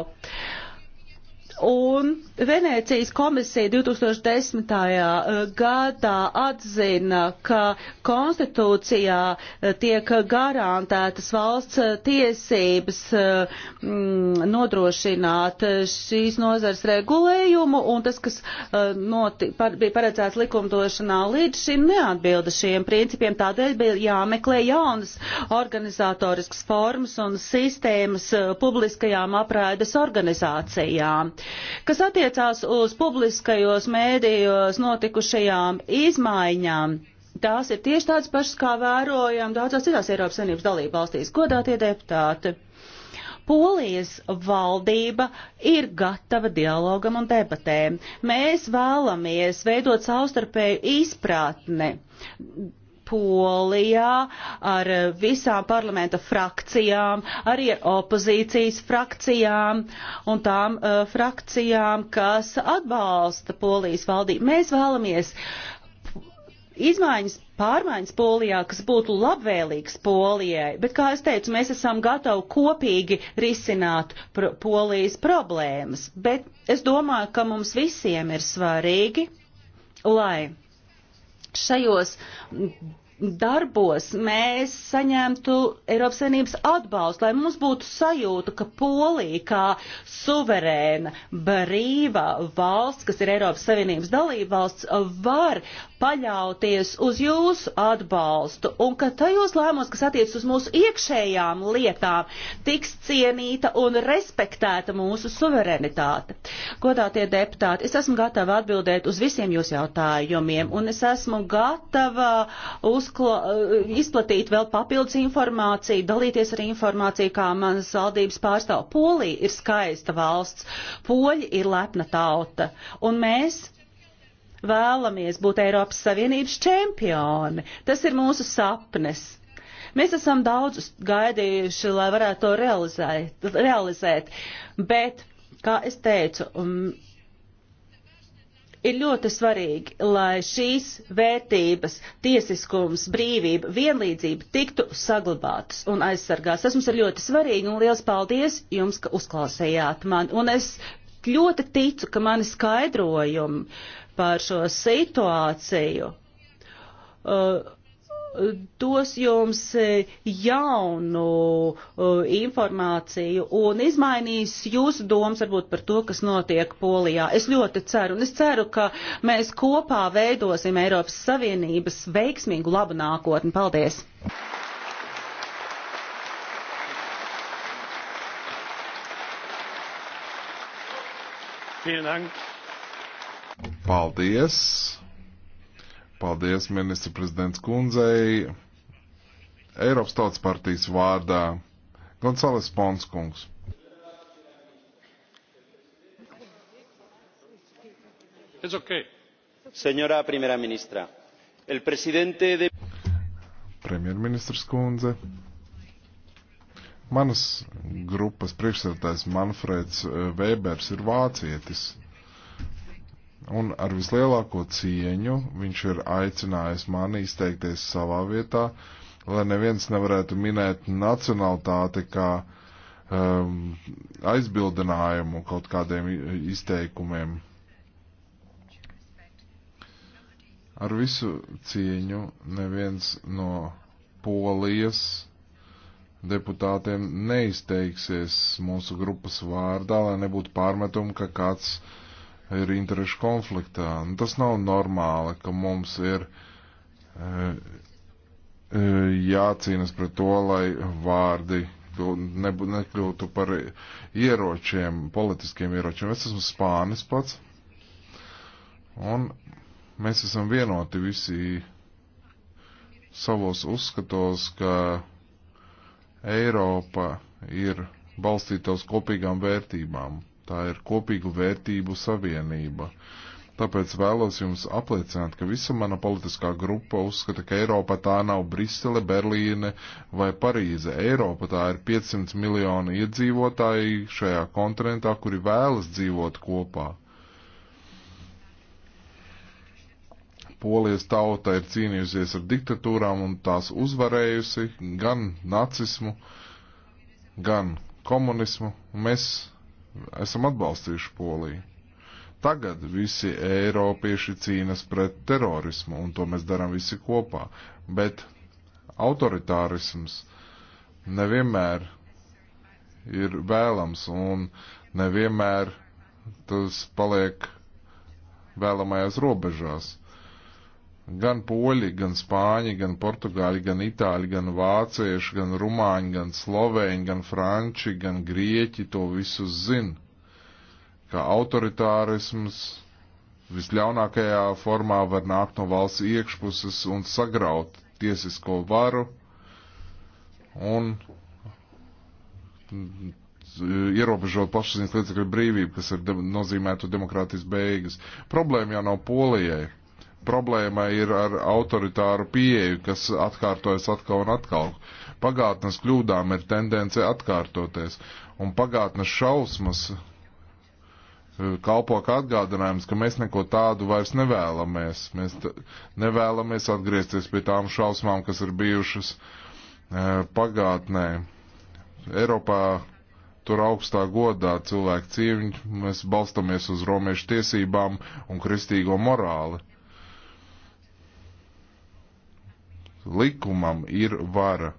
Un Venēcijas komisija 2010. gadā atzina, ka konstitūcijā eh, tiek garantētas valsts eh, tiesības eh, mm, nodrošināt šīs nozars regulējumu, un tas, kas noti, par, bija paredzēts likumdošanā līdz šim, neatbilda šiem principiem. Tādēļ bija jāmeklē jaunas organizatoriskas formas un sistēmas publiskajām apraides organizācijām. Kas attiec attiecās uz publiskajos mēdījos notikušajām izmaiņām, tās ir tieši tādas pašas, kā vērojam daudzās citās Eiropas Savienības dalība valstīs. Godātie deputāti! Polijas valdība ir gatava dialogam un debatēm. Mēs vēlamies veidot savstarpēju izpratni Polijā ar eh, visām parlamenta frakcijām, arī ar opozīcijas frakcijām un tām uh, frakcijām, kas atbalsta Polijas valdību. Mēs vēlamies izmaiņas, pārmaiņas Polijā, kas būtu labvēlīgs Polijai, bet, kā es teicu, mēs esam gatavi kopīgi risināt pro Polijas problēmas, bet es domāju, ka mums visiem ir svarīgi, lai šajos darbos mēs saņemtu Eiropas Savienības atbalstu, lai mums būtu sajūta, ka Polija kā suverēna, brīva valsts, kas ir Eiropas Savienības dalība valsts, var paļauties uz jūsu atbalstu un ka tajos lēmumos, kas attiec uz mūsu iekšējām lietām, tiks cienīta un respektēta mūsu suverenitāte. Godātie deputāti, es esmu gatava atbildēt uz visiem jūsu jautājumiem un es esmu gatava uzkla, izplatīt vēl papildus informāciju, dalīties ar informāciju, kā manas valdības pārstāv. Polija ir skaista valsts, poļi ir lepna tauta un mēs vēlamies būt Eiropas Savienības čempioni. Tas ir mūsu sapnis. Mēs esam daudz gaidījuši, lai varētu to realizēt, realizēt. bet, kā es teicu, um, ir ļoti svarīgi, lai šīs vērtības, tiesiskums, brīvība, vienlīdzība tiktu saglabātas un aizsargātas. Tas mums ir ļoti svarīgi un liels paldies jums, ka uzklausījāt mani. Un es ļoti ticu, ka mani skaidrojumi par šo situāciju, uh, dos jums jaunu uh, informāciju un izmainīs jūsu domas varbūt par to, kas notiek Polijā. Es ļoti ceru, un es ceru, ka mēs kopā veidosim Eiropas Savienības veiksmīgu labu nākotni. Paldies! Vielen Dank. Paldies! Paldies ministra prezidents kundzei. Eiropas Tautas partijas vārdā Gonzales Ponskungs. Okay. Señora primera ministra, el presidente de. Premjerministrs kundze. Manas grupas priekšsēdētājs Manfreds Vēbers ir vācietis Un ar vislielāko cieņu viņš ir aicinājis mani izteikties savā vietā, lai neviens nevarētu minēt nacionalitāti kā um, aizbildinājumu kaut kādiem izteikumiem. Ar visu cieņu neviens no polijas deputātiem neizteiksies mūsu grupas vārdā, lai nebūtu pārmetumu, ka kāds uh, ir interešu konfliktā. Nu, tas nav normāli, ka mums ir e, e, jācīnas pret to, lai vārdi nekļūtu par ieročiem, politiskiem ieročiem. Es esmu spānis pats, un mēs esam vienoti visi savos uzskatos, ka Eiropa ir balstīta uz kopīgām vērtībām Tā ir kopīgu vērtību savienība. Tāpēc vēlos jums apliecināt, ka visa mana politiskā grupa uzskata, ka Eiropa tā nav Brisele, Berlīne vai Parīze. Eiropa tā ir 500 miljoni iedzīvotāji šajā kontinentā, kuri vēlas dzīvot kopā. Polijas tauta ir cīnījusies ar diktatūrām un tās uzvarējusi gan nacismu, gan komunismu. Mēs esam atbalstījuši Poliju. Tagad visi Eiropieši cīnas pret terorismu, un to mēs darām visi kopā. Bet autoritārisms nevienmēr ir vēlams, un nevienmēr tas paliek vēlamajās robežās. Gan poļi, gan spāņi, gan portugāļi, gan itāļi, gan vācieši, gan rumāņi, gan slovēņi, gan franči, gan grieķi to visu zina. Kā autoritārisms visļaunākajā formā var nākt no valsts iekšpuses un sagraut tiesisko varu un ierobežot plašsaziņas līdzekļu brīvību, kas ir de nozīmētu demokrātijas beigas. Problēma jau nav polijai problēma ir ar autoritāru pieeju, kas atkārtojas atkal un atkal. Pagātnes kļūdām ir tendence atkārtoties, un pagātnes šausmas eh, kalpo kā atgādinājums, ka mēs neko tādu vairs nevēlamies. Mēs nevēlamies atgriezties pie tām šausmām, kas ir bijušas eh, pagātnē. Eiropā tur augstā godā cilvēku cīņu, mēs balstamies uz romiešu tiesībām un kristīgo morāli. likumam ir vara.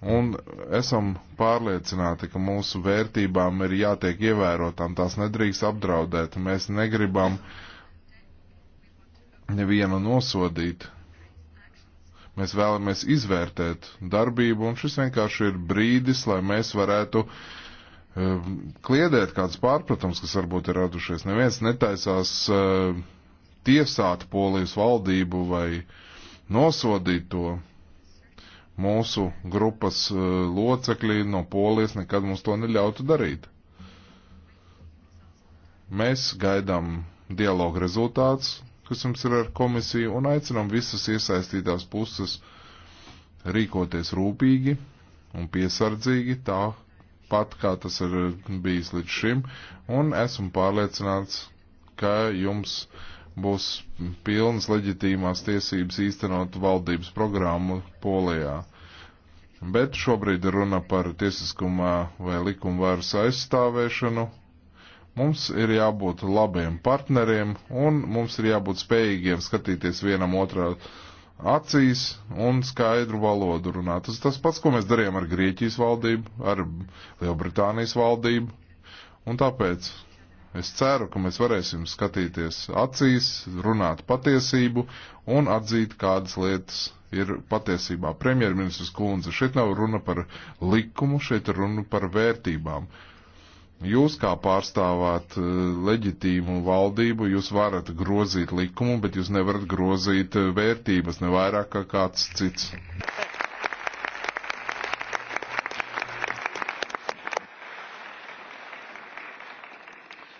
Un esam pārliecināti, ka mūsu vērtībām ir jātiek ievērotām, tās nedrīkst apdraudēt. Mēs negribam nevienu nosodīt. Mēs vēlamies izvērtēt darbību, un šis vienkārši ir brīdis, lai mēs varētu uh, kliedēt kādas pārpratums, kas varbūt ir radušies. Neviens netaisās uh, tiesāt polijas valdību vai uh, nosodīt to. Mūsu grupas eh, locekļi no polijas nekad mums to neļautu darīt. Mēs gaidām dialogu rezultāts, kas jums ir ar komisiju, un aicinām visas iesaistītās puses rīkoties rūpīgi un piesardzīgi tā, pat kā tas ir bijis līdz šim, un esmu pārliecināts, ka jums būs pilnas leģitīmās tiesības īstenot valdības programmu Polijā. Bet šobrīd ir runa par tiesiskumā vai likumvaras aizstāvēšanu. Mums ir jābūt labiem partneriem un mums ir jābūt spējīgiem skatīties vienam otrā acīs un skaidru valodu runāt. Tas tas pats, ko mēs darījām ar Grieķijas valdību, ar Lielbritānijas valdību. Un tāpēc Es ceru, ka mēs varēsim skatīties acīs, runāt patiesību un atzīt, kādas lietas ir patiesībā. Premjerministrs Kūnze, šeit nav runa par likumu, šeit ir runa par vērtībām. Jūs kā pārstāvāt eh, leģitīmu valdību, jūs varat grozīt likumu, bet jūs nevarat grozīt eh, vērtības ne vairāk kā kāds cits.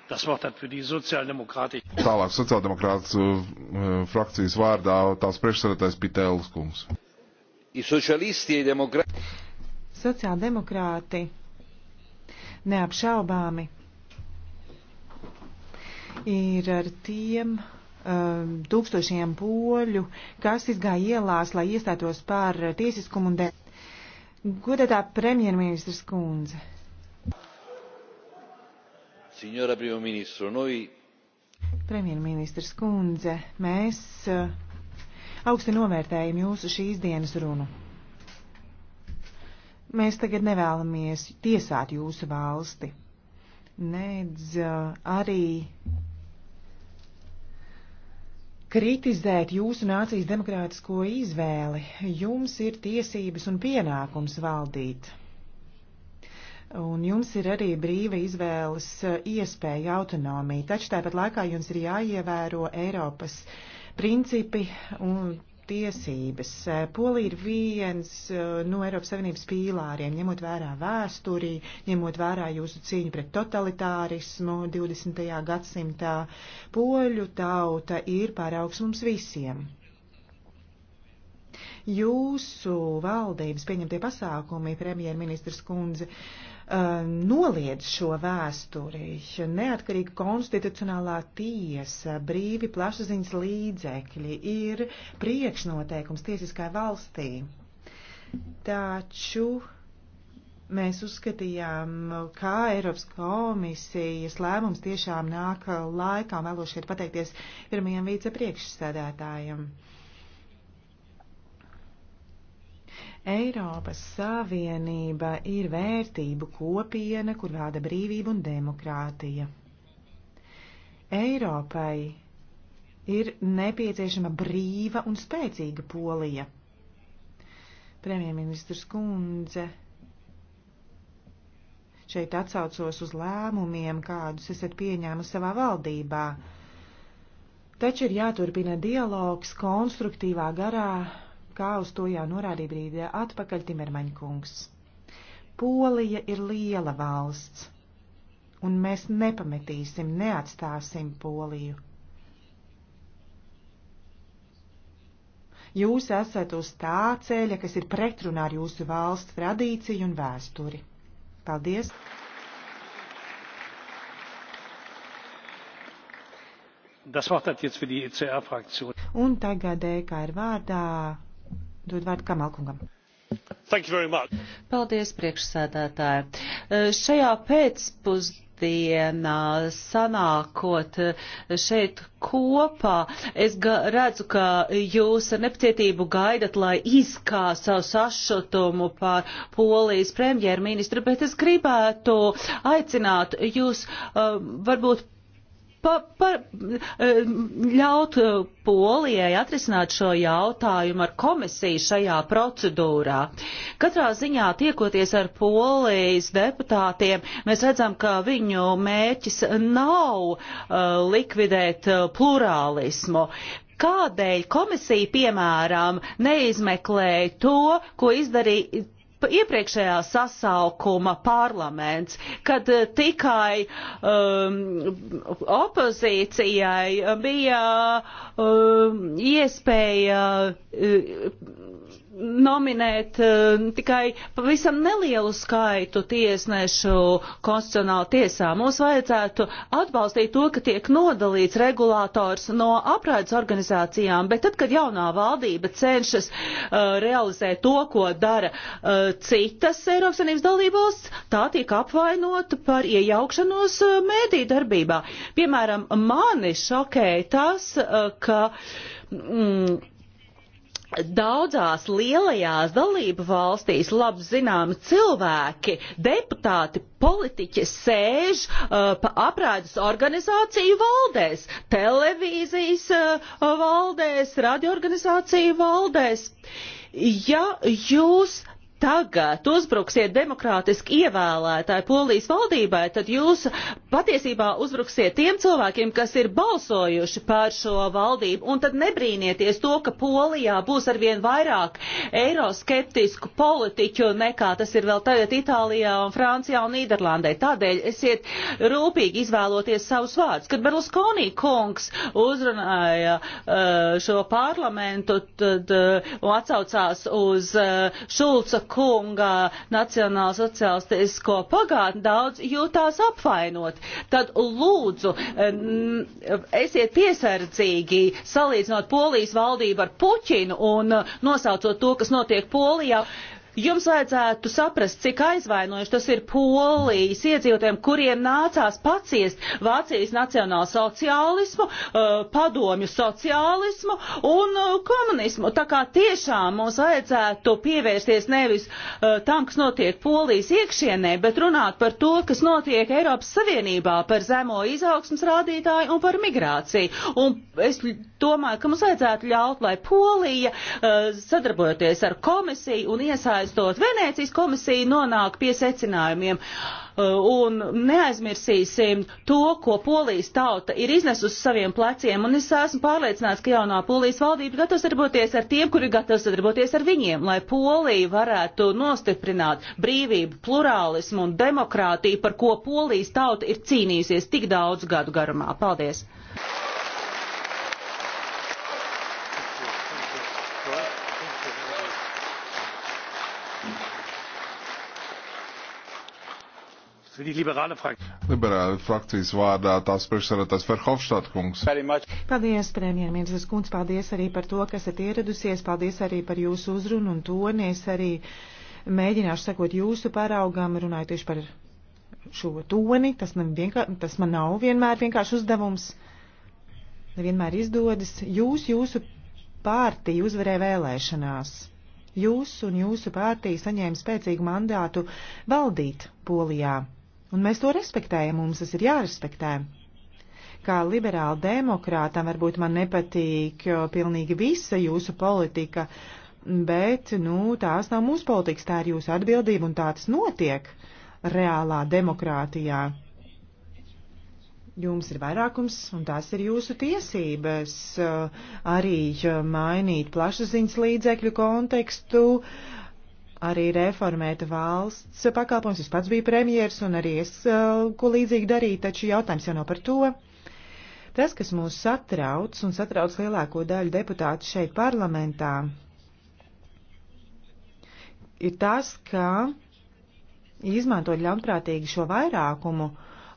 Das Wort hat für die Sozialdemokratik. Tālāk sociāldemokrātu uh, uh, frakcijas vārdā tās priekšsēdētājs Pitēlis kungs. E Sociāldemokrāti neapšaubāmi ir ar tiem um, tūkstošiem poļu, kas izgāja ielās, lai iestātos par tiesiskumu un de. Godētā premjerministrs kundze, signora primo ministro noi Premjerministrs Kundze, mēs eh, augsti novērtējam jūsu šīs dienas runu. Mēs tagad nevēlamies tiesāt jūsu valsti, nedz eh, arī kritizēt jūsu nācijas demokrātisko izvēli. Jums ir tiesības un pienākums valdīt. Un jums ir arī brīva izvēles e, iespēja, autonomija. Taču tāpat laikā jums ir jāievēro Eiropas principi un tiesības. E, Polija ir viens e, no Eiropas Savienības pīlāriem, ņemot vērā vēsturī, ņemot vērā jūsu cīņu pret totalitārismu 20. gadsimtā. Poļu tauta ir pāraugs mums visiem. Jūsu valdības pieņemtie pasākumi, premjerministrs kundze, uh, Um, noliedz šo vēsturi. Neatkarīga konstitucionālā tiesa, brīvi plašsaziņas līdzekļi ir priekšnoteikums tiesiskai valstī. Taču mēs uzskatījām, kā Eiropas komisijas lēmums tiešām nāk laikā. Vēlos šeit pateikties pirmajam vicepriekšsēdētājam. Uh, Eiropas Savienība ir vērtību kopiena, kur valda brīvība un demokrātija. Eiropai ir nepieciešama brīva un spēcīga polija. Premjerministrs Kundze šeit atsaucos uz lēmumiem, kādus esat pieņēmusi savā valdībā, taču ir jāturpina dialogs konstruktīvā garā kā uz to jau norādīja brīdī atpakaļ Timermaņkungs. Polija ir liela valsts, un mēs nepametīsim, neatstāsim Poliju. Jūs esat uz tā ceļa, kas ir pretrunā ar jūsu valsts tradīciju un vēsturi. Paldies! Das Wort hat jetzt für die ECR-Fraktion. Un tagad EKR vārdā Dod vārdu Kamalkungam. Paldies, priekšsēdētāji. E, šajā pēcpusdienā sanākot e, šeit kopā. Es redzu, ka jūs ar nepacietību gaidat, lai izkā savu sašutumu par polijas premjerministru, bet es gribētu aicināt jūs um, varbūt pa, pa, eh, ļaut eh, Polijai atrisināt šo jautājumu ar komisiju šajā procedūrā. Katrā ziņā tiekoties ar Polijas deputātiem, mēs redzam, ka viņu mērķis nav uh, likvidēt plurālismu. Kādēļ komisija, piemēram, neizmeklē to, ko izdarīja iepriekšējā sasaukuma parlaments, kad eh, tikai um, opozīcijai bija um, iespēja uh, nominēt uh, tikai pavisam nelielu skaitu tiesnešu konstitucionāla tiesā. Mums vajadzētu atbalstīt to, ka tiek nodalīts regulators no apraides organizācijām, bet tad, kad jaunā valdība cenšas uh, realizēt to, ko dara uh, citas Eiropas Savienības dalībvalsts, tā tiek apvainota par iejaukšanos uh, mēdī darbībā. Piemēram, mani šokēja tas, uh, ka. Mm, daudzās lielajās dalību valstīs labi zināmi cilvēki, deputāti, politiķi sēž uh, aprādes organizāciju valdēs, televīzijas uh, valdēs, radioorganizāciju valdēs. Ja jūs tagad uzbruksiet demokrātiski ievēlētāji polijas valdībai, tad jūs patiesībā uzbruksiet tiem cilvēkiem, kas ir balsojuši par šo valdību. Un tad nebrīnieties to, ka Polijā būs arvien vairāk eiroskeptisku politiķu nekā tas ir vēl tagad Itālijā un Francijā un Nīderlandē. Tādēļ esiet rūpīgi izvēloties savus vārdus. Kad Berluskonī kungs uzrunāja uh, šo parlamentu tad, uh, un atsaucās uz uh, Šulca kunga nacionāla sociālistisko pagātni daudz jūtās apvainot. Tad lūdzu, esiet piesardzīgi salīdzinot Polijas valdību ar Puķinu un nosaucot to, kas notiek Polijā. Jums vajadzētu saprast, cik aizvainojuši tas ir polijas iedzīvotājiem, kuriem nācās paciest Vācijas nacionālu sociālismu, eh, padomju sociālismu un eh, komunismu. Tā kā tiešām mums vajadzētu pievērsties nevis eh, tam, kas notiek polijas iekšienē, bet runāt par to, kas notiek Eiropas Savienībā, par zemo izaugsmas rādītāju un par migrāciju. Un es domāju, ka mums vajadzētu ļaut, lai Polija, sadarbojoties ar komisiju un iesaistību, iesaistot Venēcijas komisiju, nonāk pie secinājumiem. Uh, un neaizmirsīsim to, ko polijas tauta ir iznesusi uz saviem pleciem, un es esmu pārliecināts, ka jaunā polijas valdība gatava sadarboties ar tiem, kuri gatava sadarboties ar viņiem, lai polija varētu nostiprināt brīvību, plurālismu un demokrātiju, par ko polijas tauta ir cīnījusies tik daudz gadu garumā. Paldies! Liberāla frakcijas vārdā tās priekšsarētājs Ferhofštāt kungs. Paldies, premjerministrs kungs, paldies arī par to, kas esat ieradusies, paldies arī par jūsu uzrunu un toni. Es arī mēģināšu sekot jūsu paraugam, runāju tieši par šo toni. Tas man, vienkār, tas man nav vienmēr vienkārši uzdevums. Nevienmēr izdodas. Jūs, jūsu pārtī uzvarēja vēlēšanās jūs un jūsu partija saņēma spēcīgu mandātu valdīt Polijā. Un mēs to respektējam, mums tas ir jārespektē. Kā liberāli demokrātam varbūt man nepatīk pilnīgi visa jūsu politika, bet, nu, tās nav mūsu politikas, tā ir jūsu atbildība un tā tas notiek reālā demokrātijā. Jums ir vairākums, un tās ir jūsu tiesības eh, arī eh, mainīt plašsaziņas līdzekļu kontekstu, uh, arī reformēt valsts pakalpojums. Es pats biju premjers un arī es uh, ko līdzīgi darīju, taču jautājums jau nav par to. Tas, kas mūs satrauc un satrauc lielāko daļu deputātu šeit parlamentā, ir tas, ka izmantot ļaunprātīgi šo vairākumu,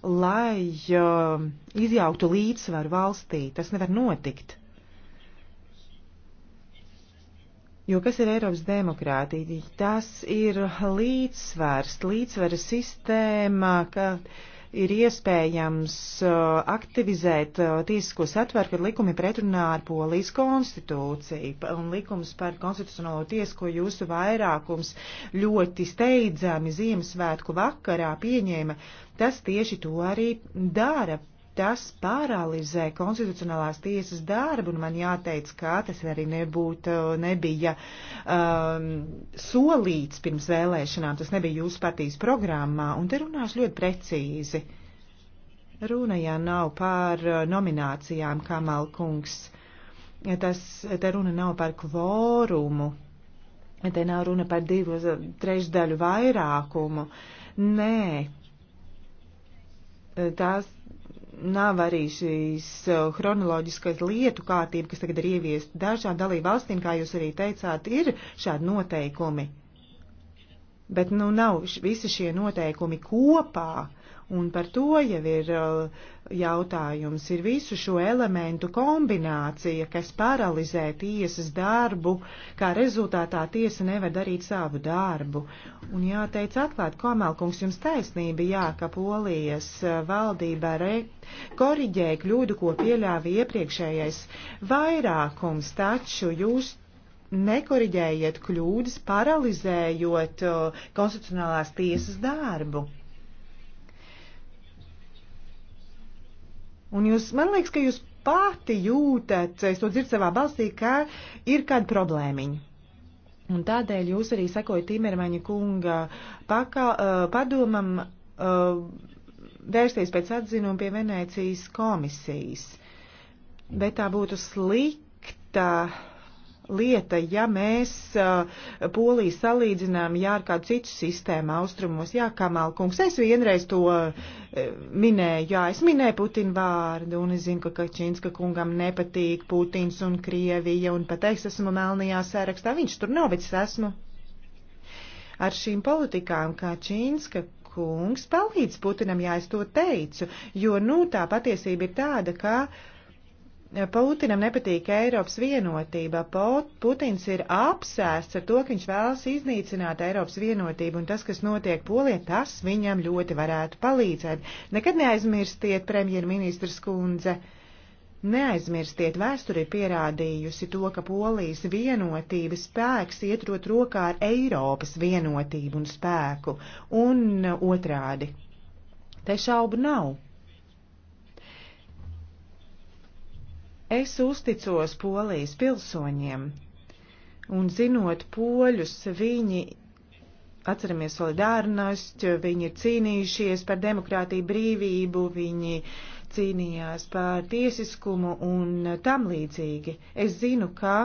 lai uh, izjauktu līdzsvaru valstī, tas nevar notikt. Jo kas ir Eiropas demokrātija? Tas ir līdzsvars, līdzsvara sistēma, ka ir iespējams uh, aktivizēt uh, tiesisko satvaru, kad likumi pretrunā ar polijas konstitūciju un likums par konstitucionālo tiesu, ko jūsu vairākums ļoti steidzami Ziemassvētku vakarā pieņēma. Tas tieši to arī dara, tas paralizē konstitucionālās tiesas darbu, un man jāteic, kā tas arī nebūtu, uh, nebija um, solīts pirms vēlēšanām, tas nebija jūsu partijas programmā, un te runāšu ļoti precīzi. Runa jau nav par uh, nominācijām, kā Malkungs. Tas, te runa nav par kvorumu, te nav runa par divu uh, trešdaļu vairākumu. Nē, tās nav arī šīs uh, chronoloģiskās lietu kārtība, kas tagad ir ieviest dažām dalību valstīm, kā jūs arī teicāt, ir šādi noteikumi. Bet, nu, nav visi šie noteikumi kopā Un par to jau ir eh, jautājums. Ir visu šo elementu kombinācija, kas paralizē tiesas darbu, kā rezultātā tiesa nevar darīt savu darbu. Un jāteic atklāt, Komelkungs, jums taisnība, jā, ka polijas eh, valdībā re, koriģēja kļūdu, ko pieļāva iepriekšējais vairākums, taču jūs nekoriģējiet kļūdas, paralizējot eh, konstitucionālās tiesas darbu. Un jūs, man liekas, ka jūs pati jūtat, es to dzirdu savā balsī, ka ir kāda problēmiņa. Un tādēļ jūs arī sekojat Timermaņa kunga paka, uh, padomam uh, vērsties pēc atzinuma pie Venēcijas komisijas. Bet tā būtu slikta lieta, ja mēs Poliju salīdzinām jā, ar kādu citu sistēmu austrumos. Jā, Kamalkungs, es vienreiz to minēju, jā, es minēju Putinu vārdu, un es zinu, ka Kačinska kungam nepatīk Putins un Krievija, un pat es esmu melnajā sērakstā, viņš tur nav, bet es esmu. Ar šīm politikām Kačinska kungs palīdz Putinam, jā, es to teicu, jo, nu, tā patiesība ir tāda, ka. Uh, Putinam nepatīk Eiropas vienotība. Putins ir apsēsts ar to, ka viņš vēlas iznīcināt Eiropas vienotību, un tas, kas notiek Polijā, tas viņam ļoti varētu palīdzēt. Nekad neaizmirstiet, premjerministrs kundze, neaizmirstiet, vēsture ir pierādījusi to, ka Polijas vienotības spēks ietrot rokā ar Eiropas vienotību un spēku, un uh, otrādi. Te šaubu nav. Es uzticos polijas pilsoņiem, un zinot poļus, viņi, atceramies solidārnost, viņi ir cīnījušies par demokrātiju brīvību, viņi cīnījās par tiesiskumu un tam līdzīgi. Es zinu, ka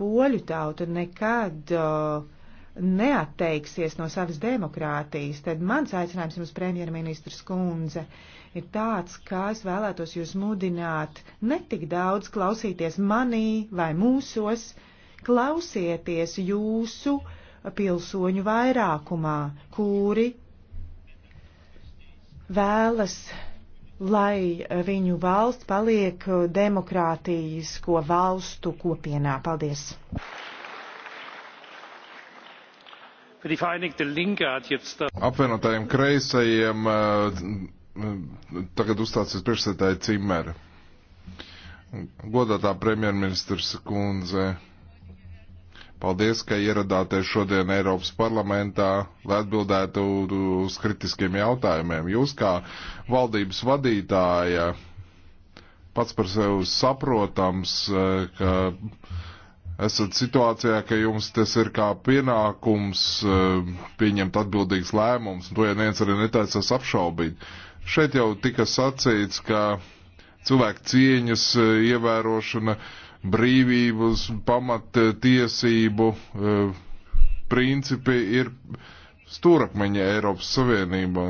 poļu tauta nekad uh, neatteiksies no savas demokrātijas, tad mans aicinājums jums, premjerministrs Kundze, ir tāds, kā es vēlētos jūs mudināt netik daudz klausīties manī vai mūsos, klausieties jūsu pilsoņu vairākumā, kuri vēlas, lai viņu valsts paliek demokrātijas ko valstu kopienā. Paldies! Apvienotajiem kreisajiem eh, eh, tagad uzstāsies priekšsēdētāja Cimera. Godātā premjerministrs kundze, paldies, ka ieradāties šodien Eiropas parlamentā, lai atbildētu uz kritiskiem jautājumiem. Jūs kā valdības vadītāja pats par sevi saprotams, eh, ka esat situācijā, ka jums tas ir kā pienākums eh, pieņemt atbildīgs lēmums, un to jau neviens arī netaisās apšaubīt. Šeit jau tika sacīts, ka cilvēku cieņas eh, ievērošana, brīvības, pamattiesību eh, principi ir stūrakmeņa Eiropas Savienībā.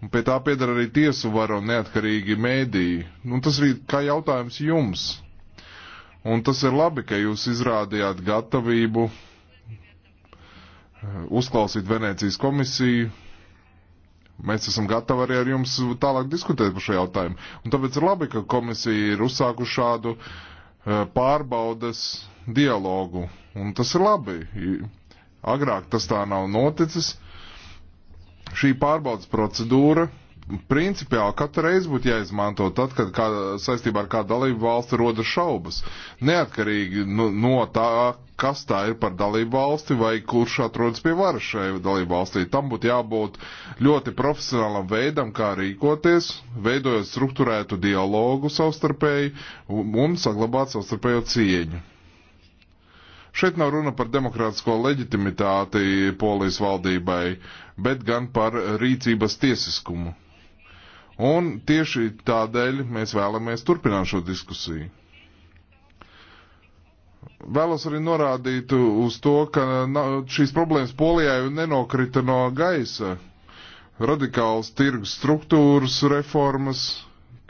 Un pie tā piedara arī tiesu vara un neatkarīgi mēdīji. Un nu, tas arī kā jautājums jums Un tas ir labi, ka jūs izrādījāt gatavību eh, uzklausīt Venēcijas komisiju. Mēs esam gatavi arī ar jums tālāk diskutēt par šo jautājumu. Un tāpēc ir labi, ka komisija ir uzsākuši šādu eh, pārbaudas dialogu. Un tas ir labi. Agrāk tas tā nav noticis. Šī pārbaudas procedūra principiāli katru reizi būtu jāizmanto tad, kad kā, saistībā ar kādu dalību valsti roda šaubas. Neatkarīgi no, nu, no tā, kas tā ir par dalību valsti vai kurš atrodas pie varas šai dalību valstī. Tam būtu jābūt ļoti profesionālam veidam, kā rīkoties, veidojot struktūrētu dialogu savstarpēji un saglabāt savstarpējo cieņu. Šeit nav runa par demokrātisko leģitimitāti polijas valdībai, bet gan par rīcības tiesiskumu. Un tieši tādēļ mēs vēlamies turpināt šo diskusiju. Vēlos arī norādīt uz to, ka šīs problēmas Polijā jau nenokrita no gaisa. Radikāls tirgus struktūras reformas,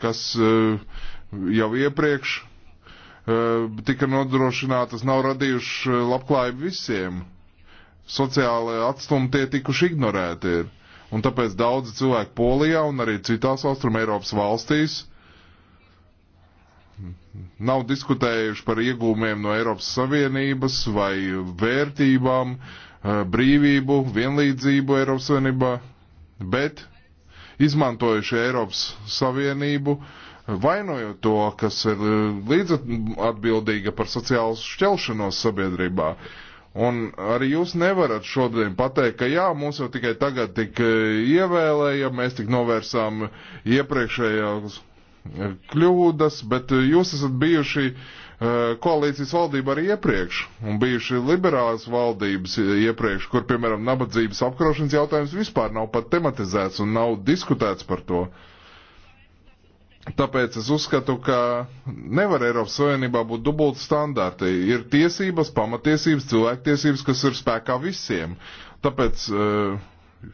kas eh, jau iepriekš eh, tika nodrošinātas, nav radījuši eh, labklājību visiem. Sociāli atstumti tie tikuši ignorēti ir. Un tāpēc daudzi cilvēki Polijā un arī citās Austrum Eiropas valstīs nav diskutējuši par iegūmiem no Eiropas Savienības vai vērtībām, eh, brīvību, vienlīdzību Eiropas Savienībā, bet izmantojuši Eiropas Savienību, vainojot to, kas ir eh, līdz atbildīga par sociālu šķelšanos sabiedrībā. Uh, Un arī jūs nevarat šodien pateikt, ka jā, mūs jau tikai tagad tik e, ievēlēja, mēs tik novērsām iepriekšējās e, kļūdas, bet jūs esat bijuši e, koalīcijas valdība arī iepriekš, un bijuši liberālas valdības iepriekš, kur, piemēram, nabadzības apkarošanas jautājums vispār nav pat tematizēts un nav diskutēts par to. Uh, Tāpēc es uzskatu, ka nevar Eiropas Savienībā būt dubulti standarti. Ir tiesības, pamatiesības, cilvēktiesības, kas ir spēkā visiem. Tāpēc, eh,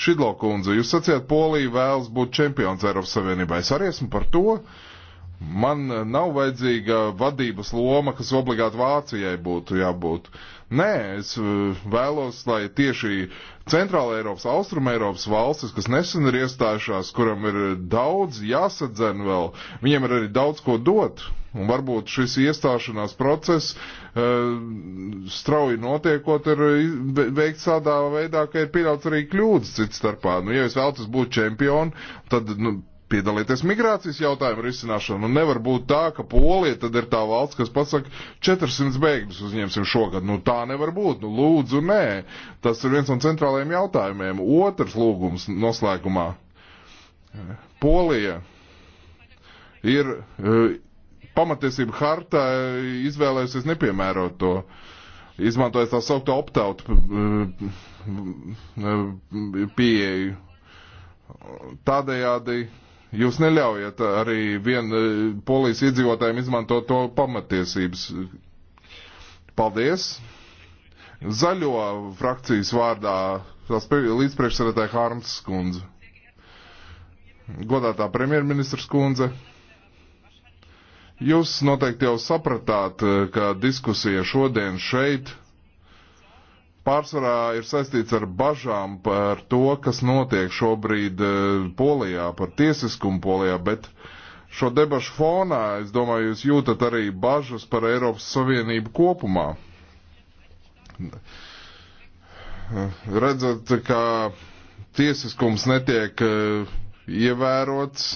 Šidlo kundze, jūs sacījāt, Polija vēlas būt čempions Eiropas Savienībā. Es arī esmu par to. Uh, Man nav vajadzīga vadības loma, kas obligāti Vācijai būtu jābūt. Nē, es uh, vēlos, lai tieši Centrāla Eiropas, Austruma Eiropas valstis, kas nesen ir iestājušās, kuram ir daudz jāsadzen vēl, viņiem ir arī daudz ko dot. Un varbūt šis iestāšanās process uh, strauji notiekot ir uh, veikts tādā veidā, ka ir pieļauts arī kļūdas cits starpā. Nu, ja es vēlos būt čempionu, tad nu, piedalieties migrācijas jautājumu risināšanu. Nu, Un nevar būt tā, ka Polija tad ir tā valsts, kas pasaka 400 bēgļus uzņemsim šogad. Nu tā nevar būt. Nu lūdzu, nē. Tas ir viens no centrālajiem jautājumiem. Otrs lūgums noslēgumā. Polija ir e, pamatiesība hartā e, izvēlējusies nepiemērot to. Izmantojot tā saukto opt-out e, pieeju. Tādējādi Jūs neļaujat arī vien e, polijas iedzīvotājiem izmantot to pamatiesības. Paldies! Zaļo frakcijas vārdā līdzpriekšsēdētāja Hārms skundze. Godātā premjerministra skundze. Jūs noteikti jau sapratāt, e, ka diskusija šodien šeit pārsvarā ir saistīts ar bažām par to, kas notiek šobrīd eh, Polijā, par tiesiskumu Polijā, bet šo debašu fonā, es domāju, jūs jūtat arī bažas par Eiropas Savienību kopumā. Redzat, ka tiesiskums netiek eh, ievērots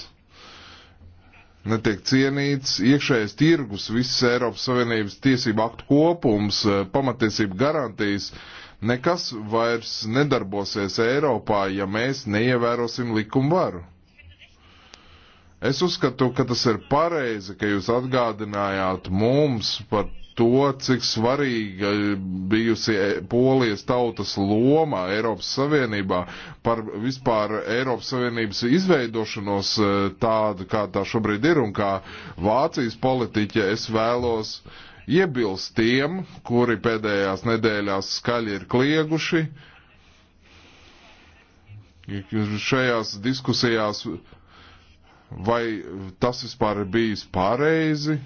netiek cienīts, iekšējais tirgus, visas Eiropas Savienības tiesību aktu kopums, eh, pamatiesību garantijas, nekas vairs nedarbosies Eiropā, ja mēs neievērosim likumu varu. Es uzskatu, ka tas ir pareizi, ka jūs atgādinājāt mums par to, cik svarīga bijusi e, Polijas tautas loma Eiropas Savienībā par vispār Eiropas Savienības izveidošanos e, tādu, kā tā šobrīd ir, un kā Vācijas politiķe es vēlos iebilst tiem, kuri pēdējās nedēļās skaļi ir klieguši šajās diskusijās, vai tas vispār ir bijis pareizi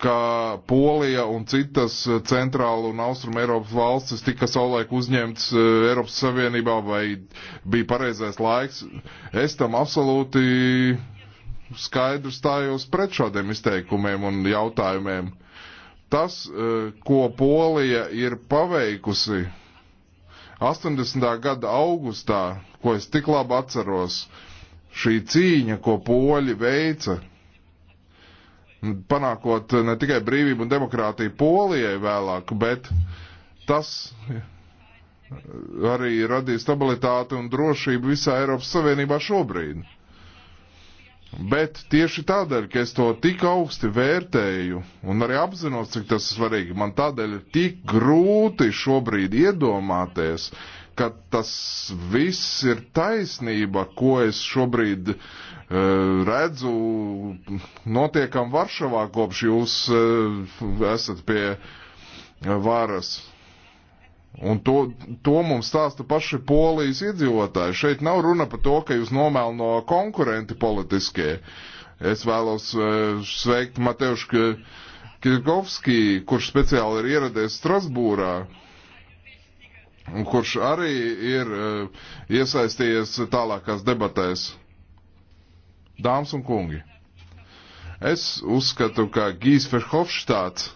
ka Polija un citas centrāla un austruma Eiropas valstis tika savulaik uzņemts e, Eiropas Savienībā vai bija pareizais laiks. Es tam absolūti skaidru stājos pret šādiem izteikumiem un jautājumiem. Tas, e, ko Polija ir paveikusi 80. gada augustā, ko es tik labi atceros, šī cīņa, ko poļi veica panākot ne tikai brīvību un demokrātiju Polijai vēlāk, bet tas arī radīja stabilitāti un drošību visā Eiropas Savienībā šobrīd. Bet tieši tādēļ, ka es to tik augsti vērtēju un arī apzinos, cik tas ir svarīgi, man tādēļ ir tik grūti šobrīd iedomāties, ka tas viss ir taisnība, ko es šobrīd uh, Eh, redzu, notiekam Varšavā kopš jūs eh, esat pie eh, varas. Un to, to mums stāsta paši polijas iedzīvotāji. Šeit nav runa par to, ka jūs nomēlno konkurenti politiskie. Es vēlos sveikt Mateušu Kirkovski, kurš speciāli ir ieradies Strasbūrā, un kurš arī ir iesaistījies tālākās debatēs. Dāmas un kungi, es uzskatu, ka Gijs Ferhofštāts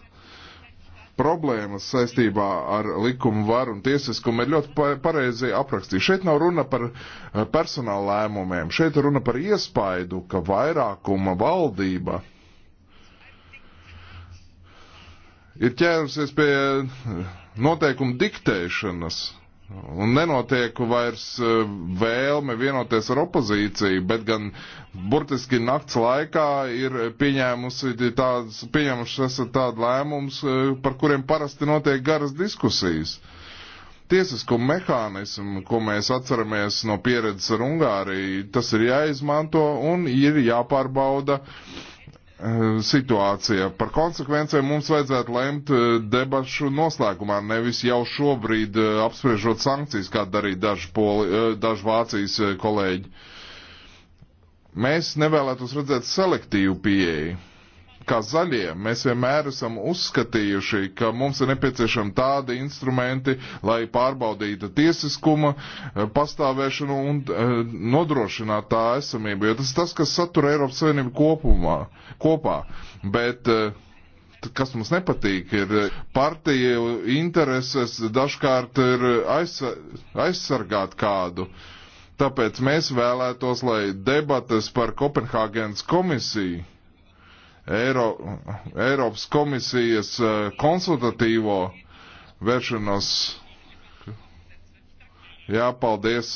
problēmas saistībā ar likumu varu un tiesiskumu ir ļoti pareizi aprakstīts. Šeit nav runa par eh, personāla lēmumiem, šeit runa par iespaidu, ka vairākuma valdība ir ķērusies pie eh, noteikumu diktēšanas Un nenotiek vairs e, vēlme vienoties ar opozīciju, bet gan burtiski nakts laikā ir pieņēmusi tādas, pieņēmuši esat tādu lēmumus, e, par kuriem parasti notiek garas diskusijas. Tiesisko mehānismu, ko mēs atceramies no pieredzes ar Ungāriju, tas ir jāizmanto un ir jāpārbauda Eh, situācija. Par konsekvencēm mums vajadzētu lemt eh, debašu noslēgumā, nevis jau šobrīd eh, apspriežot sankcijas, kā darīja daži, poli, daži Vācijas kolēģi. Mēs nevēlētos redzēt selektīvu pieeju kā zaļie, mēs vienmēr esam uzskatījuši, ka mums ir nepieciešami tādi instrumenti, lai pārbaudītu tiesiskuma eh, pastāvēšanu un eh, nodrošinātu tā esamību, jo tas ir tas, kas satura Eiropas Savienību kopumā, kopā. Bet, eh, kas mums nepatīk, ir partija intereses dažkārt ir aizsargāt kādu. Tāpēc mēs vēlētos, lai debatas par Kopenhāgenes komisiju Eiro, Eiropas komisijas e, konsultatīvo vēršanos. Jā, paldies.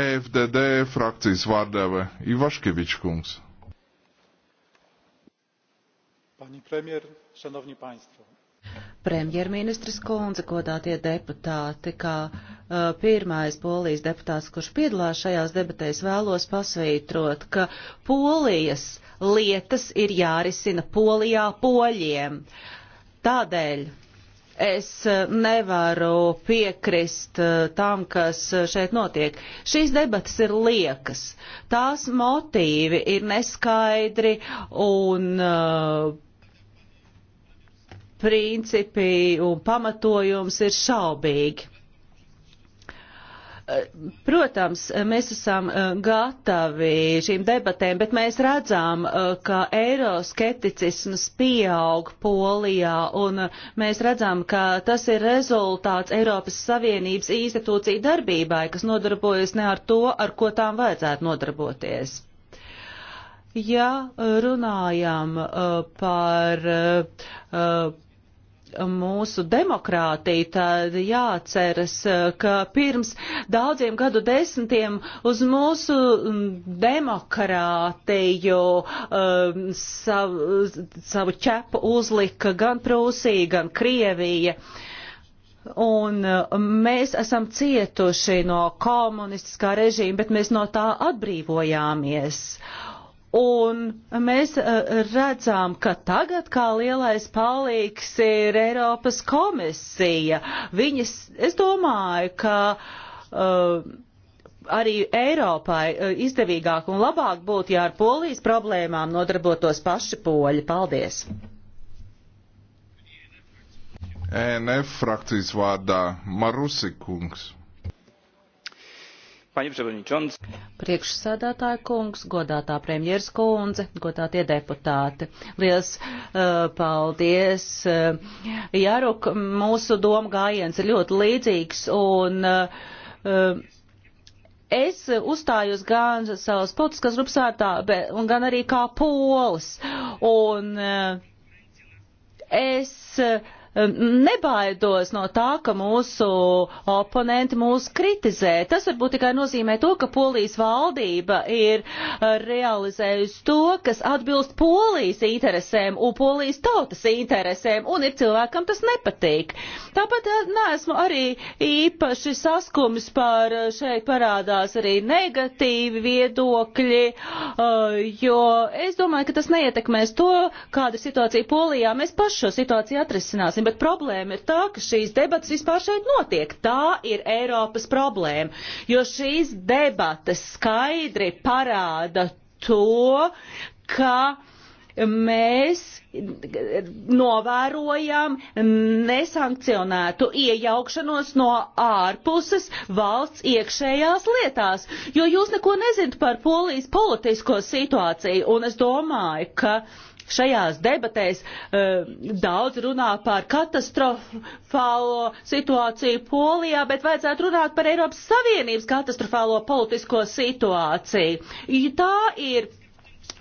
EFDD frakcijas vārdēve Ivaškevičs kungs. Pani premier, šanovni państvo premjerministras kundze, godātie deputāti, kā uh, pirmais polijas deputāts, kurš piedalās šajās debatēs, vēlos pasvītrot, ka polijas lietas ir jārisina polijā poļiem. Tādēļ es nevaru piekrist tam, kas šeit notiek. Šīs debatas ir liekas, tās motīvi ir neskaidri un uh, principi un pamatojums ir šaubīgi. Eh, protams, mēs esam eh, gatavi šīm debatēm, bet mēs redzam, eh, ka eiroskepticisms pieaug Polijā, un mēs redzam, ka tas ir rezultāts Eiropas Savienības institūciju darbībai, kas nodarbojas ne ar to, ar ko tām vajadzētu nodarboties. Ja runājam par mūsu demokrātiju, tad jāceras, ka pirms daudziem gadu desmitiem uz mūsu mm, demokrātiju um, mm, savu, savu ķepu uzlika gan Prūsija, gan Krievija. Un mm, mēs esam cietuši no komunistiskā režīma, bet mēs no tā atbrīvojāmies. Uh, Un mēs uh, redzam, ka tagad kā lielais palīgs ir Eiropas komisija. Viņas, es domāju, ka. Uh, arī Eiropai uh, izdevīgāk un labāk būtu, ja ar polijas problēmām nodarbotos paši poļi. Paldies! ENF frakcijas vārdā Marusikungs. Priekšsēdētāja kungs, godātā premjeras kundze, godātie deputāti. Liels uh, paldies. Uh, eh, Jāruk, mūsu doma gājiens ir ļoti līdzīgs un uh, Es uzstājos gan savas politiskās grupas vārtā, bet, un gan arī kā polis. Un uh, es uh, nebaidos no tā, ka mūsu oponenti mūs kritizē. Tas varbūt tikai nozīmē to, ka Polijas valdība ir eh, realizējusi to, kas atbilst Polijas interesēm un Polijas tautas interesēm, un ir cilvēkam tas nepatīk. Tāpat eh, neesmu arī īpaši saskumis par eh, šeit parādās arī negatīvi viedokļi, jo es domāju, ka tas neietekmēs to, kāda ir situācija Polijā. Mēs paši šo situāciju atrisināsim risinājumu, bet problēma ir tā, ka šīs debatas vispār šeit notiek. Tā ir Eiropas problēma, jo šīs debatas skaidri parāda to, ka mēs novērojam nesankcionētu iejaukšanos no ārpuses valsts iekšējās lietās, jo jūs neko nezināt par polijas politisko situāciju, un es domāju, ka uh, šajās debatēs uh, daudz runā par katastrofālo situāciju Polijā, bet vajadzētu runāt par Eiropas Savienības katastrofālo politisko situāciju. Tā ir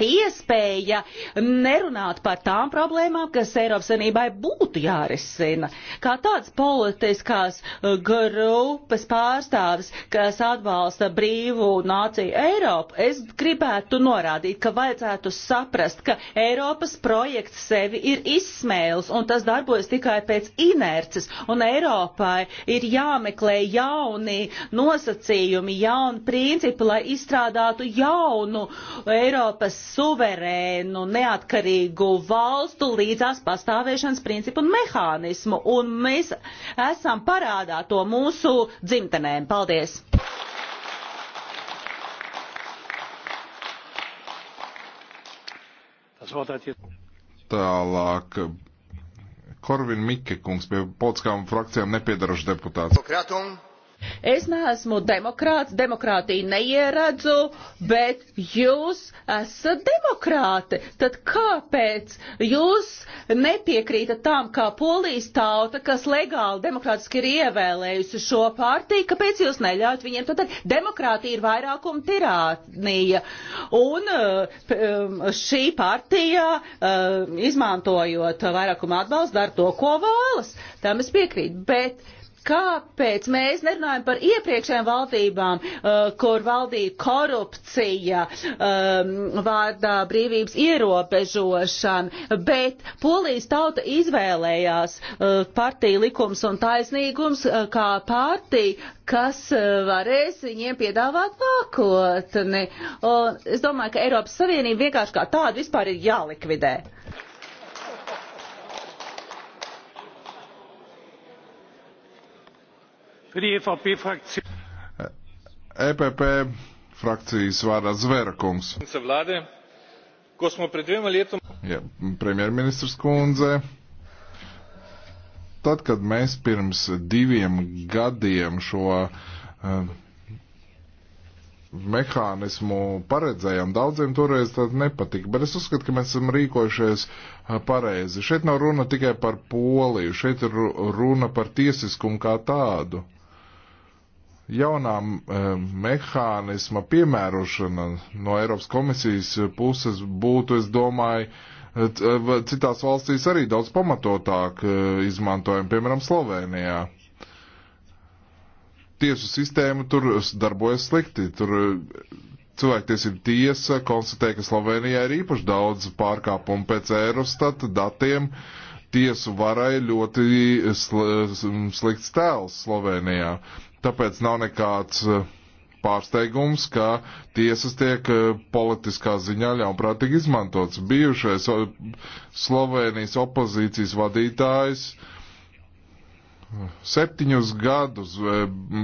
iespēja nerunāt par tām problēmām, kas Eiropas Savienībai būtu jārisina. Kā tāds politiskās uh, grupas pārstāvis, kas atbalsta brīvu nāciju Eiropu, es gribētu norādīt, ka vajadzētu saprast, ka Eiropas projekts sevi ir izsmēlis un tas darbojas tikai pēc inerces. Un Eiropai ir jāmeklē jauni nosacījumi, jauni principi, lai izstrādātu jaunu Eiropas suverēnu, neatkarīgu valstu līdzās pastāvēšanas principu un mehānismu, un mēs esam parādā to mūsu dzimtenēm. Paldies! Tālāk. Korvin Mikke kungs pie politiskām frakcijām nepiedarošs deputāts. Kratum. Es neesmu demokrāts, demokrātiju neieredzu, bet jūs esat demokrāti. Tad kāpēc jūs nepiekrītat tam, kā polijas tauta, kas legāli demokrātiski ir ievēlējusi šo partiju, kāpēc jūs neļaut viņiem to darīt? Demokrātija ir vairākuma tirātnija. Un um, šī partija, um, izmantojot vairākuma atbalstu, dara to, ko vēlas. Tam es piekrītu. Bet Kāpēc mēs nerunājam par iepriekšējām valdībām, uh, kur valdīja korupcija, um, vārdā brīvības ierobežošana, bet Polijas tauta izvēlējās uh, partiju likums un taisnīgums uh, kā partiju, kas varēs viņiem piedāvāt nākotni. Un es domāju, ka Eiropas Savienība vienkārši kā tāda vispār ir jālikvidē. EPP e e frakcijas vārā Zverakungs. Ja, premjerministrs kundze, tad, kad mēs pirms diviem gadiem šo uh, mehānismu paredzējām. Daudziem toreiz tas nepatika, bet es uzskatu, ka mēs esam rīkojušies eh, pareizi. Šeit nav runa tikai par Poliju, šeit ir runa par tiesiskumu kā tādu jaunā eh, mehānisma piemērošana no Eiropas komisijas eh, puses būtu, es domāju, eh, citās valstīs arī daudz pamatotāk izmantojama, piemēram, Slovenijā. Tiesu sistēma tur darbojas slikti. Tur cilvēktiesība tiesa konstatēja, ka Slovenijā ir īpaši daudz pārkāpumu pēc Eurostata datiem. Tiesu varai ļoti sl slikts tēls Slovenijā. Tāpēc nav nekāds eh, pārsteigums, ka tiesas tiek eh, politiskā ziņā ļaunprātīgi izmantots. Bijušais Slovenijas opozīcijas vadītājs eh, septiņus gadus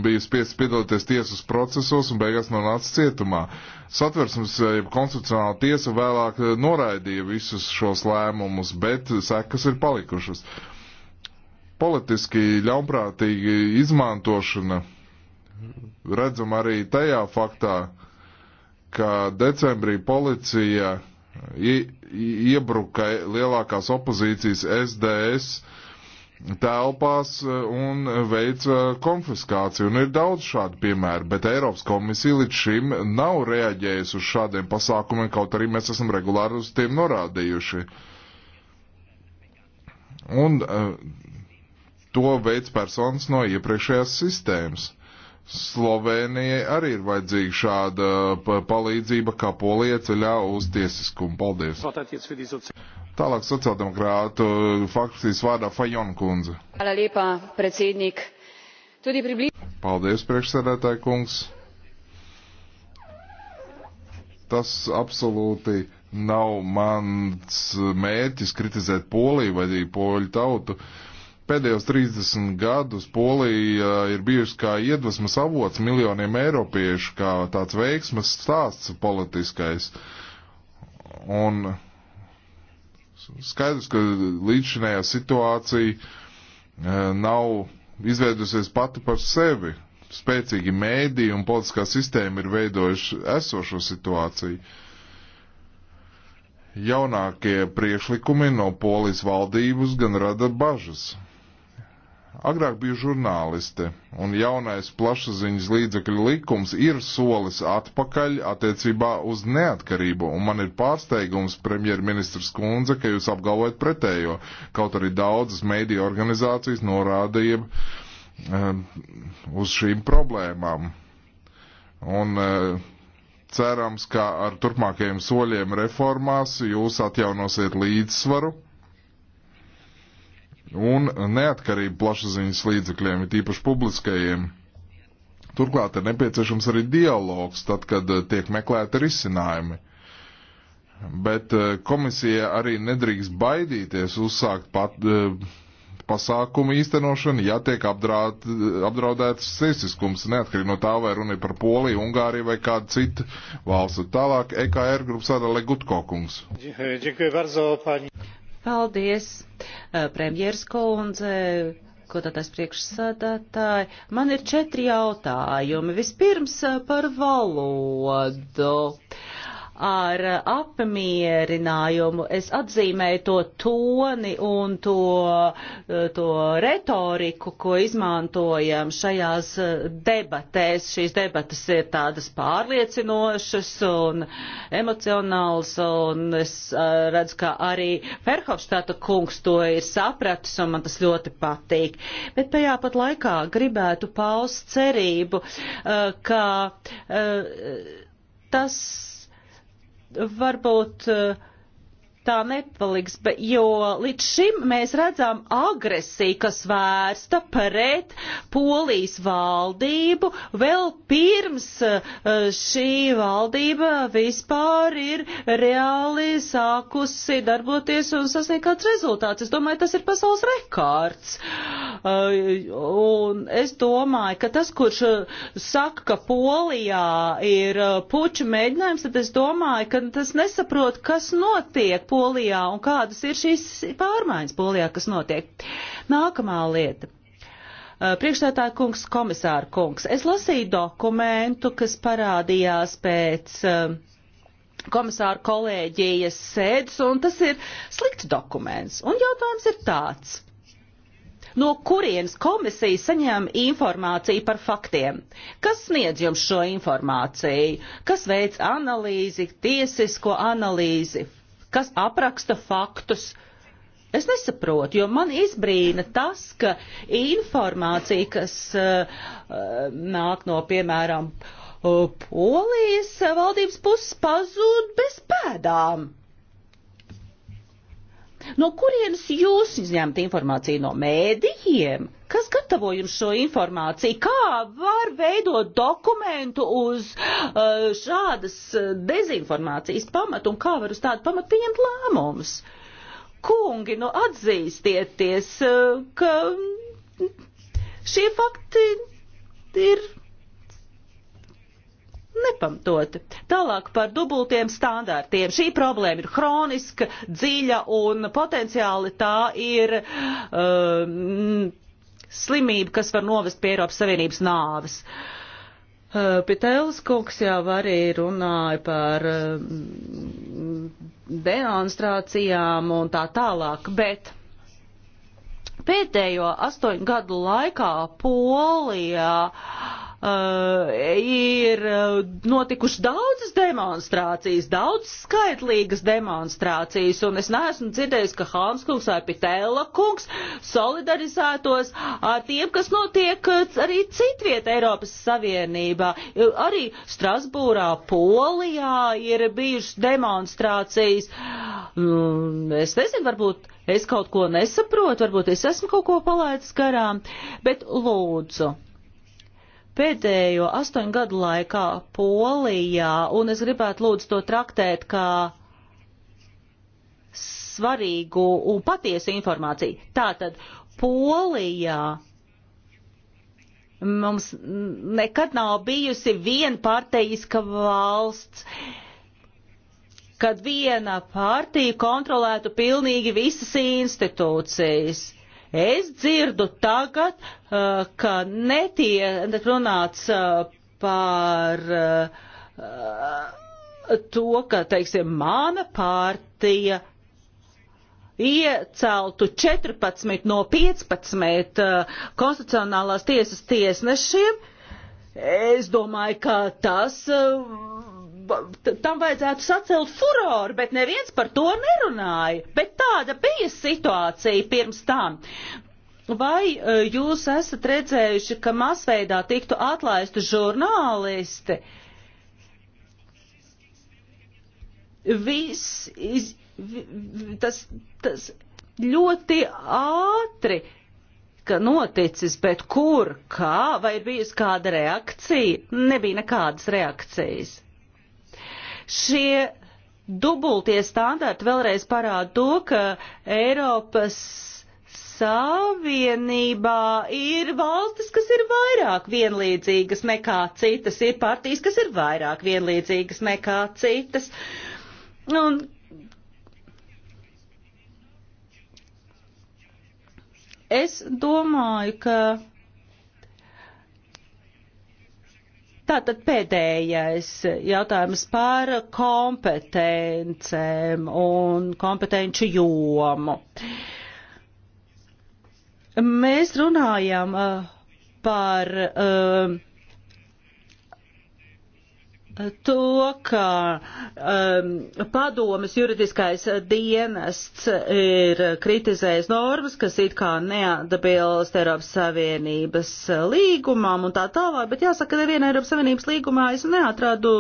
bija spiests piedalīties tiesas procesos un beigās nonāca cietumā. Satversmes konstitucionāla tiesa vēlāk noraidīja visus šos lēmumus, bet sekas ir palikušas. Uh, politiski ļaunprātīga izmantošana redzam arī tajā faktā, ka decembrī policija iebruka lielākās opozīcijas SDS telpās e, un veica konfiskāciju. Un ir daudz šādu piemēru, bet Eiropas komisija līdz šim nav reaģējusi uz šādiem pasākumiem, kaut arī mēs esam regulāri uz tiem norādījuši. Un uh, To veids personas no iepriekšējās sistēmas. Slovenijai arī ir vajadzīga šāda palīdzība, kā polija ceļā uz tiesiskumu. Paldies! Tālāk sociāldemokrātu eh, fakcijas vārdā Fajon kundze. Paldies, priekšsēdētāji kungs! Tas absolūti nav mans mērķis kritizēt Poliju vai poļu tautu. Uh, Pēdējos 30 gadus Polija ir bijusi kā iedvesmas avots miljoniem eiropiešu, kā tāds veiksmas stāsts politiskais. Un skaidrs, ka līdzinējā situācija e, nav izveidusies pati par sevi. Spēcīgi mēdī un politiskā sistēma ir veidojuši esošo situāciju. Jaunākie priekšlikumi no polijas valdības gan rada bažas agrāk biju žurnāliste, un jaunais plašsaziņas līdzekļu likums ir solis atpakaļ attiecībā uz neatkarību, un man ir pārsteigums, premjerministrs Kunze, ka jūs apgalvojat pretējo, kaut arī daudzas mēdīja organizācijas norādīja um, uz šīm problēmām. Un uh, cerams, ka ar turpmākajiem soļiem reformās jūs atjaunosiet līdzsvaru un neatkarību plašsaziņas līdzekļiem, it īpaši publiskajiem. Turklāt ir nepieciešams arī dialogs, tad, kad eh, tiek meklēti risinājumi. Bet eh, komisija arī nedrīkst baidīties uzsākt pat, eh, pasākumu īstenošanu, ja tiek apdraud, apdraudētas tiesiskums, neatkarīgi no tā, vai runa ir par Poliju, Ungāriju vai kādu citu valstu. Tālāk EKR grupas vada Legutko kungs. Paldies, eh, premjeras kundze, godātais priekšsādātāji. Man ir četri jautājumi. Vispirms eh, par valodu ar apmierinājumu. Es atzīmēju to toni un to, to retoriku, ko izmantojam šajās debatēs. Šīs debatas ir tādas pārliecinošas un emocionāls, un es redzu, ka arī Ferhofštata kungs to ir sapratis, un man tas ļoti patīk. Bet tajā pat laikā gribētu paust cerību, ka tas varbūt uh, tā nepaliks, bet, jo līdz šim mēs redzam agresiju, kas vērsta pret polijas valdību vēl pirms eh, šī valdība vispār ir reāli sākusi darboties un sasniegt kāds rezultāts. Es domāju, tas ir pasaules rekords. Eh, un es domāju, ka tas, kurš eh, saka, ka polijā ir puču mēģinājums, tad es domāju, ka tas nesaprot, kas notiek Polijā un kādas ir šīs pārmaiņas Polijā, kas notiek. Nākamā lieta. Uh, Priekšstādātāja kungs, komisāra kungs, es lasīju dokumentu, kas parādījās pēc uh, komisāra kolēģijas sēdes, un tas ir slikts dokuments. Un jautājums ir tāds. No kurienes komisija saņem informāciju par faktiem? Kas sniedz jums šo informāciju? Kas veic analīzi, tiesisko analīzi, kas apraksta faktus. Es nesaprotu, jo man izbrīna tas, ka informācija, kas uh, nāk no, piemēram, uh, Polijas valdības puses, pazūd bez pēdām. No kurienes jūs izņemat informāciju no mēdījiem? Kas gatavo jums šo informāciju? Kā var veidot dokumentu uz uh, šādas uh, dezinformācijas pamatu un kā var uz tādu pamatu pieņemt lēmumus? Kungi, nu atzīstieties, uh, ka šie fakti ir nepamatoti. Tālāk par dubultiem standārtiem. Šī problēma ir hroniska, dziļa un potenciāli tā ir um, slimība, kas var novest pie Eiropas Savienības nāves. Eh, Pitēlis kungs jau arī runāja par eh, demonstrācijām un tā tālāk, bet pēdējo astoņu gadu laikā Polijā Uh, ir eh, notikušas daudzas demonstrācijas, daudz skaitlīgas demonstrācijas, un es neesmu dzirdējis, ka Hāns kungs vai Pitēla kungs solidarizētos ar tiem, kas notiek eh, arī citviet Eiropas Savienībā. Arī Strasbūrā, Polijā ir bijušas demonstrācijas. Um, es nezinu, varbūt es kaut ko nesaprotu, varbūt es esmu kaut ko palaidis garām, bet lūdzu Pēdējo astoņu gadu laikā Polijā, un es gribētu lūdzu to traktēt kā svarīgu un patiesu informāciju. Tātad Polijā mums nekad nav bijusi vienparteiska valsts, kad viena partija kontrolētu pilnīgi visas institūcijas. Es dzirdu tagad, uh, ka netiek runāts uh, par uh, to, ka, teiksim, mana partija ieceltu 14 no 15 konstitucionālās tiesas tiesnešiem, es domāju, ka tas tam vajadzētu sacelt furoru, bet neviens par to nerunāja. Bet tāda bija situācija pirms tam. Vai e, jūs esat redzējuši, ka masveidā tiktu atlaisti žurnālisti? Viss, iz, tas, tas ļoti ātri ka noticis, bet kur, kā, vai ir bijusi kāda reakcija? Nebija nekādas reakcijas. Šie dubultie standarti vēlreiz parāda to, ka Eiropas Savienībā ir valstis, kas ir vairāk vienlīdzīgas nekā citas, ir partijas, kas ir vairāk vienlīdzīgas nekā citas. Un es domāju, ka Tātad pēdējais jautājums par kompetencēm un kompetenci jomu. Mēs runājam uh, par uh, to, ka um, padomas juridiskais dienests ir kritizējis normas, kas it kā neatbilst Eiropas Savienības līgumam un tā tālāk, bet jāsaka, ka nevienā Eiropas Savienības līgumā es neatradu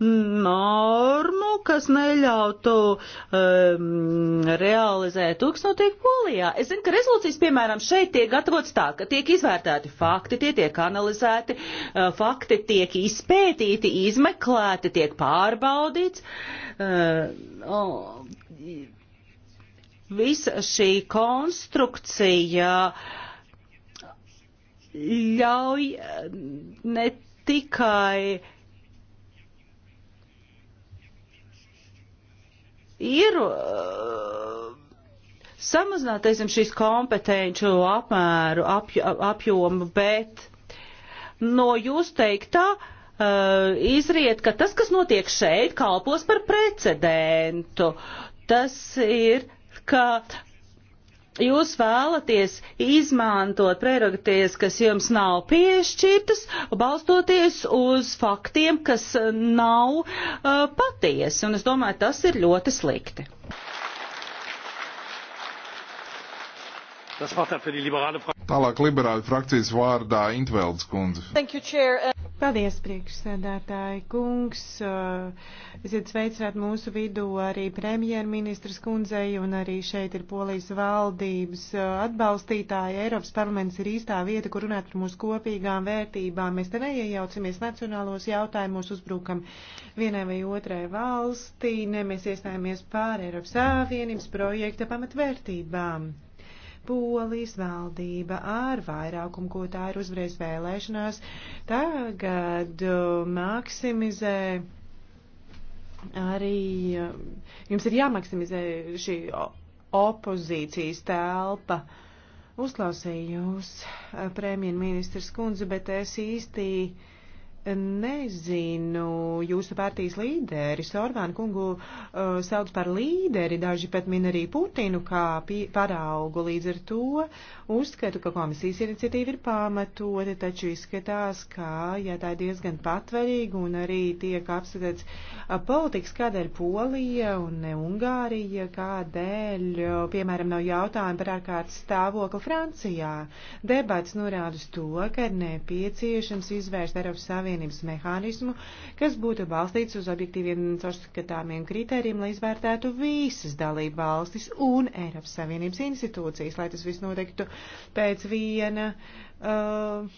normu, kas neļautu um, realizēt tūkstnotiek polijā. Es zinu, ka rezolūcijas, piemēram, šeit tiek gatavots tā, ka tiek izvērtēti fakti, tie tiek analizēti, uh, fakti tiek izpētīti, izmeklēti, meklēti, tiek pārbaudīts. Uh, oh, visa šī konstrukcija ļauj uh, ne tikai ir uh, samazināt, teiksim, šīs kompetenču apmēru, apj apjomu, bet no jūs teiktā uh, uh, izriet, ka tas, kas notiek šeit, kalpos par precedentu. Tas ir, ka jūs vēlaties izmantot prerogatīvas, kas jums nav piešķirtas, balstoties uz faktiem, kas nav uh, patiesi. Un es domāju, tas ir ļoti slikti. Tālāk liberāļu frakcijas vārdā Intveldes kundze. Paldies, priekšsēdētāji kungs. Esiet sveicināt mūsu vidū arī premjerministras kundzei un arī šeit ir polijas valdības atbalstītāji. Eiropas parlaments ir īstā vieta, kur runāt par mūsu kopīgām vērtībām. Mēs te neiejaucamies nacionālos jautājumos, uzbrukam vienai vai otrai valstī, ne mēs iestājāmies pār Eiropas Savienības projekta pamatvērtībām. Polijas valdība ar vairākumu, ko tā ir uzvarējis vēlēšanās, tagad uh, maksimizē arī, uh, jums ir jāmaksimizē šī opozīcijas telpa. Uzklausīju jūs, uh, premjerministrs kundze, bet es īsti uh, nezinu, jūsu partijas līderis Orbānu kungu uh, sauc par līderi, daži pat min arī Putinu kā paraugu. Līdz ar to uzskatu, ka komisijas iniciatīva ir pamatota, taču izskatās, ka, ja tā ir diezgan patvaļīga un arī tiek apskatīts uh, politikas, kādēļ Polija un ne Ungārija, kādēļ, uh, piemēram, nav jautājumi par ārkārtas stāvokli Francijā. Debats norāda uz to, ka ir nepieciešams izvērst Eiropas Savienību Savienības mehānismu, kas būtu balstīts uz objektīviem un caurskatāmiem kritērijiem, lai izvērtētu visas dalību valstis un Eiropas Savienības institūcijas, lai tas viss noteiktu pēc viena. Uh,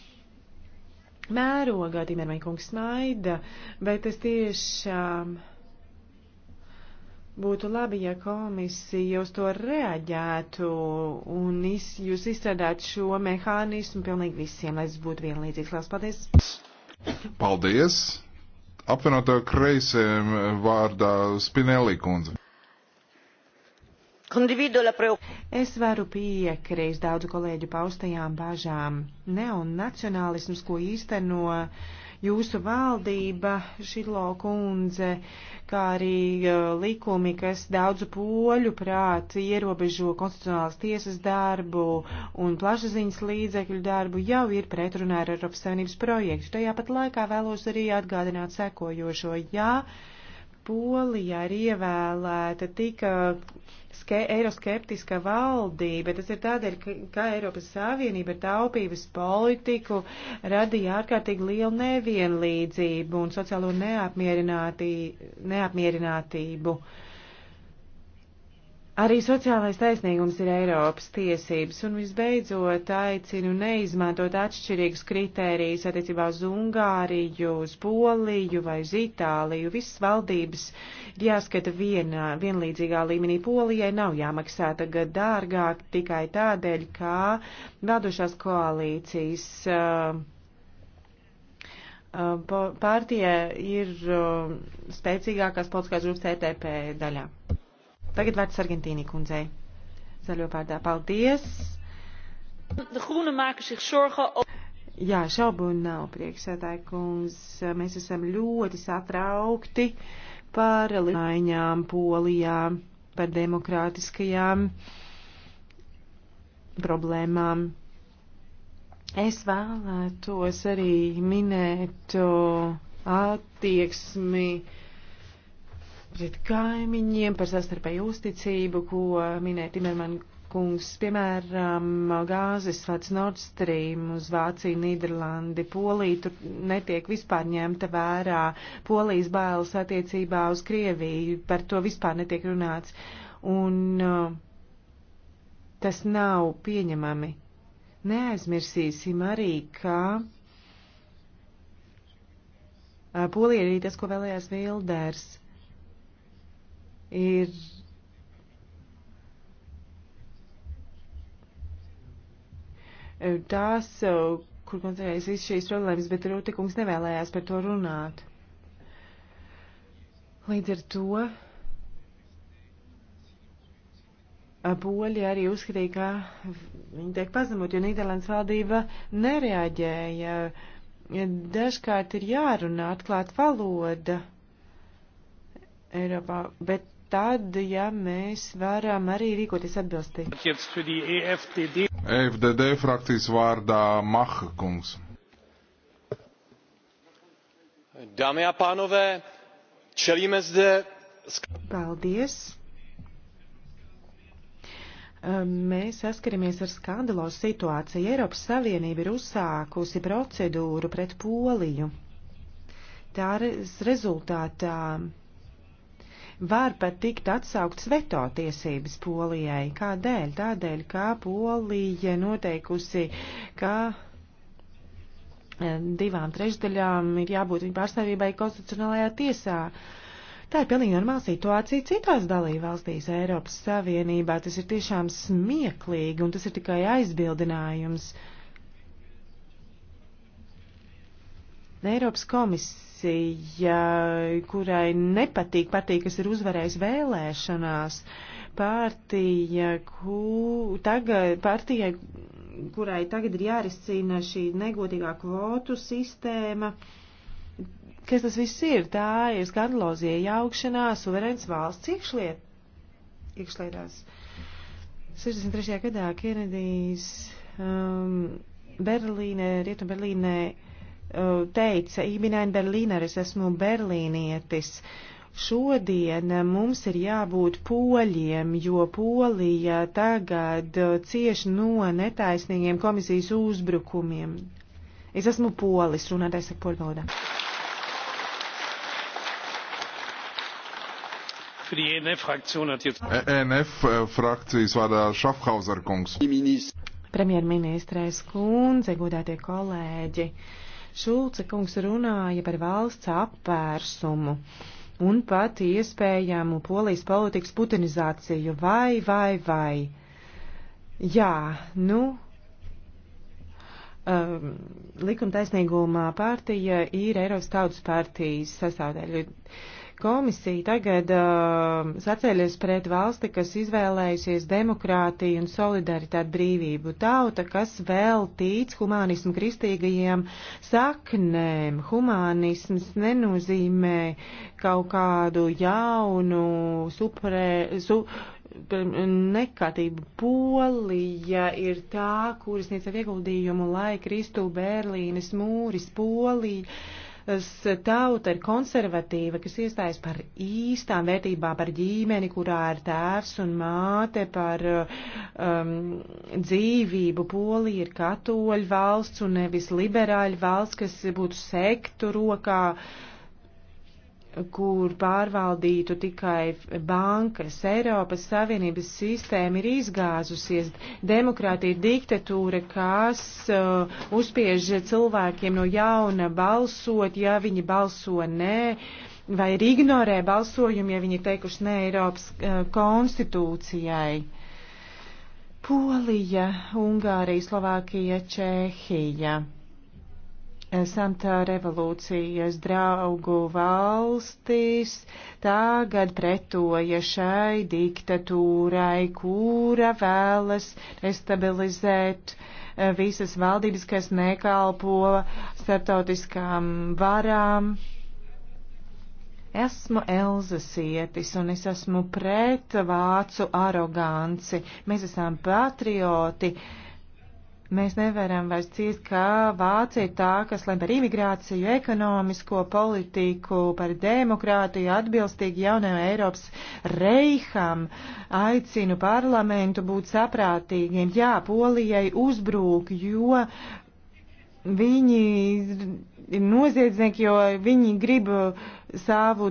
Mērogā, Timermaņa kungs smaida, bet es tiešām. Um, Būtu labi, ja komisija uz to reaģētu un iz, jūs izstrādātu šo mehānismu pilnīgi visiem, lai tas būtu vienlīdzīgs. Lielas paldies! Paldies! Apvienoto kreisiem vārdā Spinelli kundze. Es varu piekrīst daudzu kolēģu paustajām bažām. Neonacionālisms, ko īsteno jūsu valdība, Šilo kundze, kā arī e, likumi, kas daudzu poļu prāt ierobežo konstitucionālas tiesas darbu un plašsaziņas līdzekļu darbu, jau ir pretrunā ar Eiropas Savienības projektu. Tajā pat laikā vēlos arī atgādināt sekojošo. Jā, Polijā ir ievēlēta tika ske, eiroskeptiska valdība. Tas ir tādēļ, ka, ka Eiropas Savienība ar taupības politiku radīja ārkārtīgi lielu nevienlīdzību un sociālo neapmierinātī, neapmierinātību. Uh, Arī sociālais taisnīgums ir Eiropas tiesības, un visbeidzot aicinu neizmantot atšķirīgus kritērijus attiecībā uz Ungāriju, uz Poliju vai uz Itāliju. Visas valdības ir jāskata vienā, vienlīdzīgā līmenī. Polijai nav jāmaksā tagad dārgāk tikai tādēļ, kā valdošās koalīcijas. Uh, uh Pārtie ir uh, spēcīgākās politiskās grupas e TTP daļā. Tagad vārds Argentīnī kundzei. Zaļo vārdā paldies. Jā, šaubu nav priekšsētāji kungs. Mēs esam ļoti satraukti par maiņām Polijā, par demokrātiskajām problēmām. Es vēlētos arī minēt attieksmi pret kaimiņiem, par sastarpēju uzticību, ko minēja Timerman kungs, piemēram, gāzes vats Nord Stream uz Vāciju, Nīderlandi, Polija, tur netiek vispār ņemta vērā, Polijas bailes attiecībā uz Krieviju, par to vispār netiek runāts. Un uh, tas nav pieņemami. Neaizmirsīsim arī, ka. Uh, Polija arī tas, ko vēlējās Vilders ir tās, kur koncentrējas visas šīs problēmas, bet Rūtikungs nevēlējās par to runāt. Līdz ar to poļi arī uzskatīja, ka viņi tiek pazemot, jo Nīderlandes valdība nereaģēja. Dažkārt ir jārunā atklāt valoda Eiropā, bet tad, ja mēs varam arī rīkoties atbilstīgi. FDD frakcijas vārdā Maha kungs. Dámy a pánové, čelíme zde. Paldies. Ehm, mēs saskaramies ar skandalozu situāciju. Eiropas Savienība ir uzsākusi procedūru pret Poliju. Tā rezultātā var pat tikt atsauktas veto tiesības Polijai. Kādēļ? Tādēļ, kā Polija noteikusi, ka eh, divām trešdaļām ir jābūt viņa pārstāvībai konstitucionālajā tiesā. Tā ir pilnīgi normāla situācija citās dalībvalstīs Eiropas Savienībā. Tas ir tiešām smieklīgi un tas ir tikai aizbildinājums. Eiropas komisija komisija, kurai nepatīk partija, kas ir uzvarējusi vēlēšanās, partija, ku, tagad, partijai, kurai tagad ir jāriscina šī negodīgā kvotu sistēma. Kas tas viss ir? Tā ir skandalozija jaukšanā suverēns valsts iekšliet, iekšlietās. 63. gadā Kenedijs um, Berlīnē, Rietu Berlīnē teica Ibinaina Berlīneris, esmu berlīnietis. Šodien mums ir jābūt poļiem, jo Polija tagad cieši no netaisnīgiem komisijas uzbrukumiem. Es esmu polis, runātais ar poļu valodā. ENF frakcijas vārdā Šafhauser kungs. Premjerministrais kundze, godātie kolēģi. Uh, Šulce kungs runāja par valsts apvērsumu un pat iespējamu polijas politikas putinizāciju. Vai, vai, vai. Jā, nu. Um, likuma taisnīguma partija ir Eiropas tautas partijas sastāvdaļa. Komisija tagad uh, sacēļas pret valsti, kas izvēlējusies demokrātiju un solidaritāti brīvību. Tauta, kas vēl tīc humanismu kristīgajiem saknēm. Humanisms nenozīmē kaut kādu jaunu supre, su, nekatību. Polija ir tā, kuras sniedz savu ieguldījumu, lai Kristu Berlīnes mūris. Polija Eh, tauta ir konservatīva, kas iestājas par īstām vērtībām, par ģimeni, kurā ir tēvs un māte, par eh, um, dzīvību. Polija ir katoļu valsts un nevis liberāļu valsts, kas būtu sektu rokā. Uh, kur pārvaldītu tikai bankas. Eiropas Savienības sistēma ir izgāzusies. Demokrātija ir diktatūra, kas uh, uzspiež cilvēkiem no jauna balsot, ja viņi balso nē, vai ir ignorē balsojumu, ja viņi ir teikuši nē Eiropas uh, konstitūcijai. Polija, Ungārija, Slovākija, Čehija esam tā revolūcijas draugu valstis, tagad pretoja šai diktatūrai, kura vēlas destabilizēt eh, visas valdības, kas nekalpo starptautiskām varām. Esmu Elza sietis un es esmu pret vācu aroganci. Mēs esam patrioti. Uh, Mēs nevaram vairs ciest, ka Vācija ir tā, kas lem par imigrāciju, ekonomisko politiku, par demokrātiju, atbilstīgi jaunajam Eiropas reiham. Aicinu parlamentu būt saprātīgiem. Jā, Polijai uzbrūk, jo viņi ir noziedznieki, jo viņi grib savu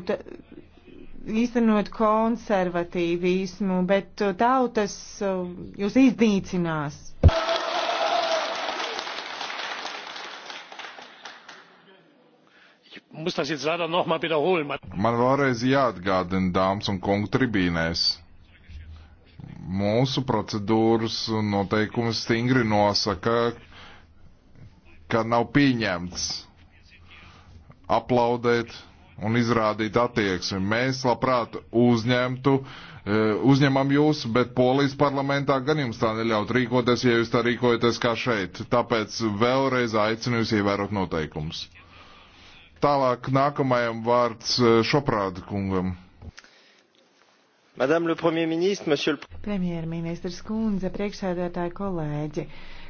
īstenot konservatīvismu, bet tautas uh, jūs iznīcinās. muss das jetzt leider nochmal wiederholen. Man vēlreiz jāatgādina, dāmas un kungi, tribīnēs. Mūsu procedūras un noteikumi stingri nosaka, ka nav pieņemts aplaudēt un izrādīt attieksmi. Mēs labprāt uzņemtu, e, uzņemam jūs, bet Polijas parlamentā gan jums tā neļaut rīkoties, ja jūs tā rīkojaties kā šeit. Tāpēc vēlreiz aicinu jūs ievērot noteikumus. Tālāk nākamajam vārds eh, Šoprāda kungam. Madame le Premier ministre, Monsieur le Premjerministrs kundze, priekšsēdētāji kolēģi.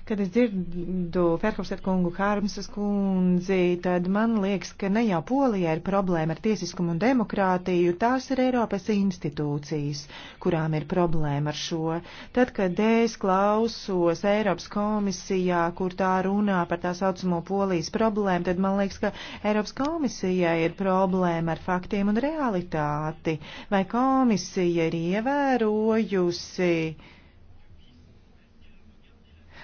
Kad es dzirdu Ferhofstedt kungu Hārmsas kundzi, tad man liekas, ka ne jau Polijā ir problēma ar tiesiskumu un demokrātiju, tās ir Eiropas institūcijas, kurām ir problēma ar šo. Tad, kad es klausos Eiropas komisijā, kur tā runā par tā saucamo Polijas problēmu, tad man liekas, ka Eiropas komisijai ir problēma ar faktiem un realitāti. Vai komisija ir ievērojusi?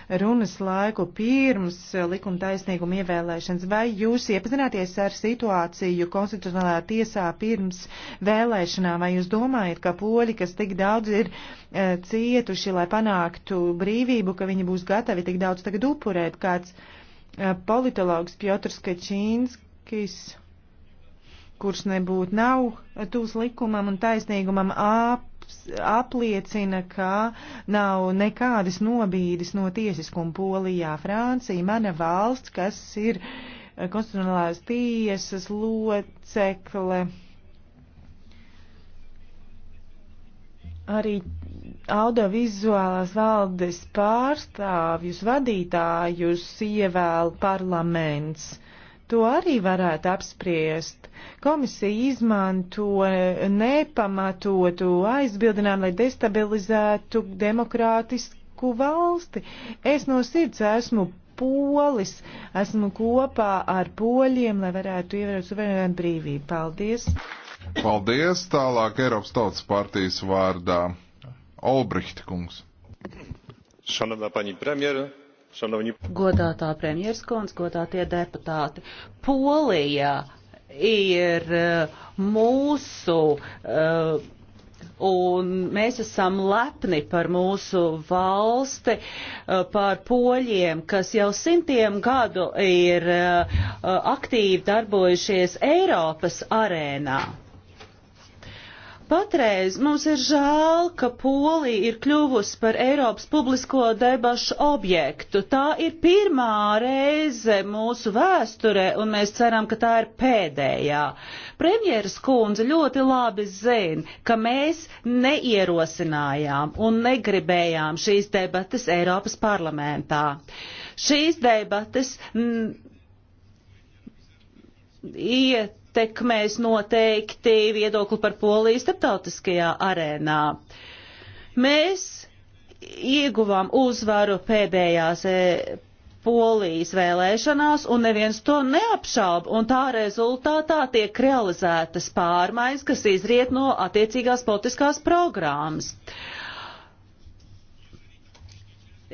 runas laiku pirms likuma taisnīguma ievēlēšanas. Vai jūs iepazināties ar situāciju konstitucionālā tiesā pirms vēlēšanām? Vai jūs domājat, ka poļi, kas tik daudz ir uh, cietuši, lai panāktu brīvību, ka viņi būs gatavi tik daudz tagad upurēt? Kāds uh, politologs Piotrs Kačīnskis kuras nebūtu nav tūs likumam un taisnīgumam, ap, apliecina, ka nav nekādas nobīdes no tiesiskuma polijā. Francija, mana valsts, kas ir eh, konstitucionālās tiesas locekle, arī audiovizuālās valdes pārstāvjus, vadītājus ievēl parlaments To arī varētu apspriest. Komisija izmanto nepamatotu aizbildinājumu, lai destabilizētu demokrātisku valsti. Es no sirds esmu polis, esmu kopā ar poļiem, lai varētu ievērot suverēnu brīvību. Paldies! Paldies! Tālāk Eiropas Tautas partijas vārdā Olbrihta kungs. Šanonā paņi premjera, Godātā premjerskons, godātie deputāti, Polija ir e, mūsu uh, un mēs esam lepni par mūsu valsti, e, par poļiem, kas jau simtiem gadu ir aktīvi darbojušies Eiropas arēnā. Patreiz mums ir žēl, ka Polija ir kļuvusi par Eiropas publisko debašu objektu. Tā ir pirmā reize mūsu vēsturē, un mēs ceram, ka tā ir pēdējā. Premjeras kundze ļoti labi zina, ka mēs neierosinājām un negribējām šīs debates Eiropas parlamentā. Šīs debates m, iet ietekmēs noteikti viedokli par Poliju starptautiskajā arēnā. Mēs ieguvām uzvaru pēdējās e, Polijas vēlēšanās, un neviens to neapšauba, un tā rezultātā tiek realizētas pārmaiņas, kas izriet no attiecīgās politiskās programmas. Uh,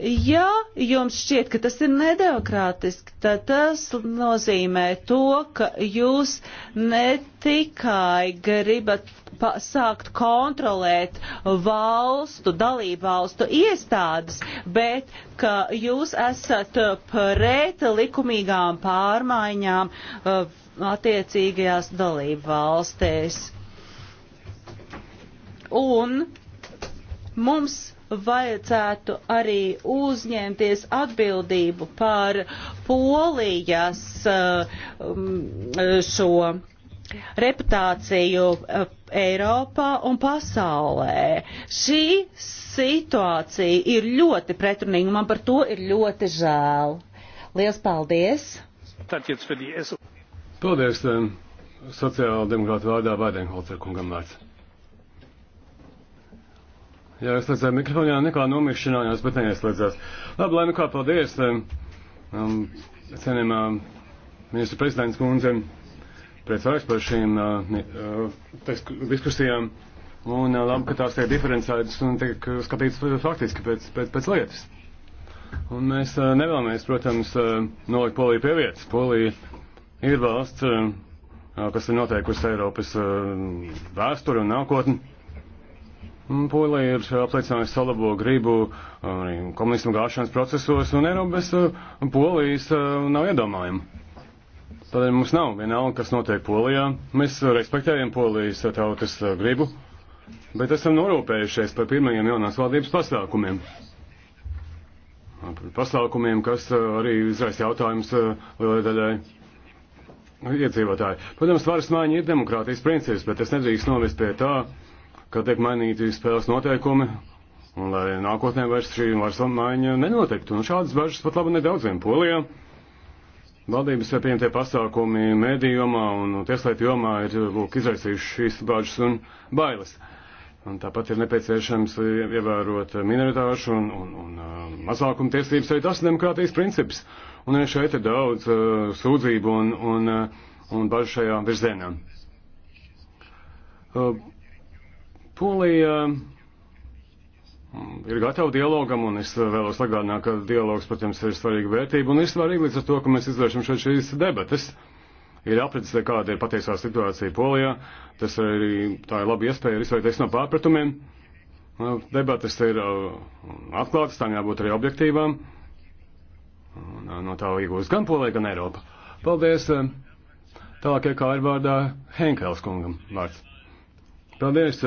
Ja jums šķiet, ka tas ir nedemokrātiski, tad tas nozīmē to, ka jūs ne tikai gribat sākt kontrolēt valstu, dalību valstu iestādes, bet ka jūs esat pret likumīgām pārmaiņām uh, attiecīgajās dalību valstēs. Un mums vajadzētu arī uzņemties atbildību par polijas uh, šo reputāciju uh, Eiropā un pasaulē. Šī situācija ir ļoti pretrunīga, man par to ir ļoti žēl. Lielas paldies! Paldies! Eh, Sociāla demokrāta vārdā Vaidenholzer kungam vārds. Jā, es slēdzēju mikrofonā, nekā nomiršanājās, bet neieslēdzās. Labi, lai nu kā paldies, eh, um, cenījumā ministru prezidents kundze, priecājos par šīm uh, eh, eh, tekstu, diskusijām, un uh, labi, ka tās tiek diferencētas un tiek skatītas faktiski pēc, pēc, pēc lietas. Un mēs uh, nevēlamies, protams, uh, nolikt Poliju pie vietas. Polija ir valsts, uh, kas ir noteikusi Eiropas uh, vēsturi un nākotni. Mm, Polija ir apliecinājusi savu labo gribu uh, komunismu gāšanas procesos, un Eiropa bez uh, Polijas uh, nav iedomājama. Tādēļ mums nav vienalga, kas notiek Polijā. Mēs respektējam Polijas tautas gribu, bet esam norūpējušies par pirmajiem jaunās valdības pasākumiem pasākumiem, kas arī izraisa jautājums lielai daļai iedzīvotāji. Protams, varas maiņa ir demokrātijas princips, bet tas nedrīkst novest pie tā, ka tiek mainīti spēles noteikumi, un lai nākotnē vairs šī varas maiņa nenotiktu. Un nu, šādas bažas pat labi nedaudziem Polijā. Valdības pieņemtie pasākumi mēdīju jomā un tieslietu jomā ir lūk, izraisījuši šīs bažas un bailes. Un tāpat ir nepieciešams ievērot minoritāšu un, un, un uh, mazākumu tiesības, arī tas ir demokrātijas princips. Un ja šeit ir daudz uh, sūdzību un, un, uh, un bažu šajā virzienā. Uh, Polija um, ir gatava dialogam, un es vēlos atgādināt, ka dialogs, protams, ir svarīga vērtība, un ir svarīgi līdz ar to, ka mēs izvēršam šeit šīs debates. Ir apredzis, kāda ir patiesā situācija Polijā, tas arī tā ir laba iespēja izvairīties no pārpratumiem. Nu, debates ir uh, atklātas, tām jābūt arī objektīvām, un uh, no tā iegūst gan Polija, gan Eiropa. Paldies! Uh, Tālāk, kā ir vārdā Henkels kungam vārds. Paldies!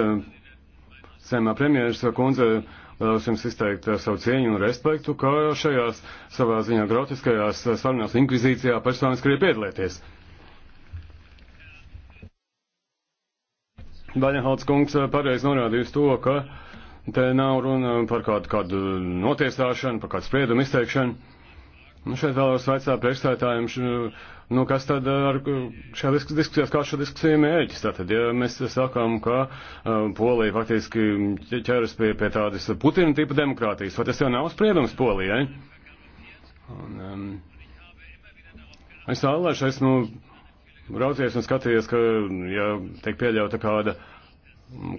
Sēmā premjeras kundze vēlos eh, jums izteikt eh, savu cieņu un respektu, ka šajās savā ziņā grotiskajās eh, sarunās inkvizīcijā personas grib piedalīties. Baņahalds kungs pareizi norādījis to, ka te nav runa par kādu, kādu notiesāšanu, par kādu spriedumu izteikšanu. Nu, šeit vēlos vaicāt priekšstādājiem, nu, kas tad ar šā diskusijās, kā šo diskusiju mēģis. Tātad, ja mēs sakām, ka uh, Polija faktiski ķeras pie, pie tādas Putina tipa demokrātijas, vai tas jau nav spriedums Polijai? Un, um, es allāšu esmu nu, raucies un skatījies, ka, ja tiek pieļauta kāda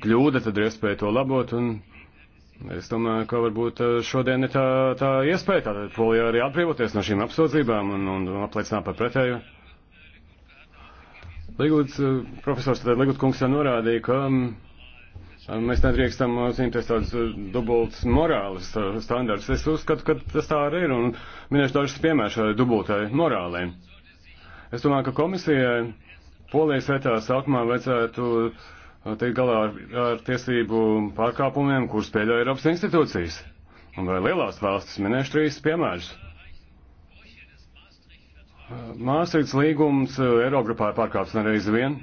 kļūda, tad ir iespēja to labot. Un, Es domāju, ka varbūt eh, šodien ir tā, tā iespēja, tātad polija arī atbrīvoties no šīm apsūdzībām un, un apliecināt par pretēju. Ligūds, eh, profesors, tad Ligūds kungs jau norādīja, ka mm, eh, mēs nedrīkstam cīnīties tādas dubultas morāles standarts. Es uzskatu, ka tas tā arī ir un minēšu dažus piemērus šādai dubultai morālei. Es domāju, ka komisijai polijas vietā sākumā vajadzētu uh, tiek galā ar, ar tiesību pārkāpumiem, kurus pieļauj Eiropas institūcijas. Un vai lielās valstis minēšu trīs piemērus. Māsīts līgums Eirogrupā ir pārkāpts nereiz vien.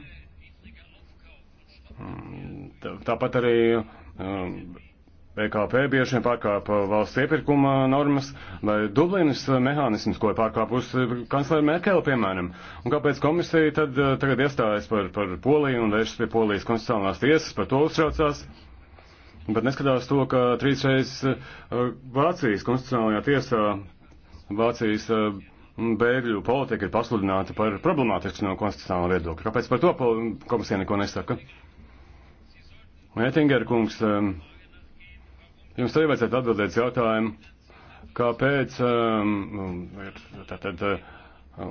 Mm, tāpat arī um, PKP e bieži vien pārkāpa uh, valsts iepirkuma normas vai Dublinas uh, mehānismus, ko ir pārkāpusi uh, kanclere Merkele, piemēram. Un kāpēc komisija tad tagad iestājas par, par Poliju un vēršas pie Polijas konstitucionālās tiesas, par to uztraucās? Bet neskatās to, ka trīsreiz Vācijas konstitucionālajā tiesā Vācijas bēgļu politika ir pasludināta par problemātisku no konstitucionāla viedokļa. Kāpēc par to komisija neko nesaka? Ētingera kungs. Um, Jums arī vajadzētu atbildēt jautājumu, kāpēc um, um tātad, uh,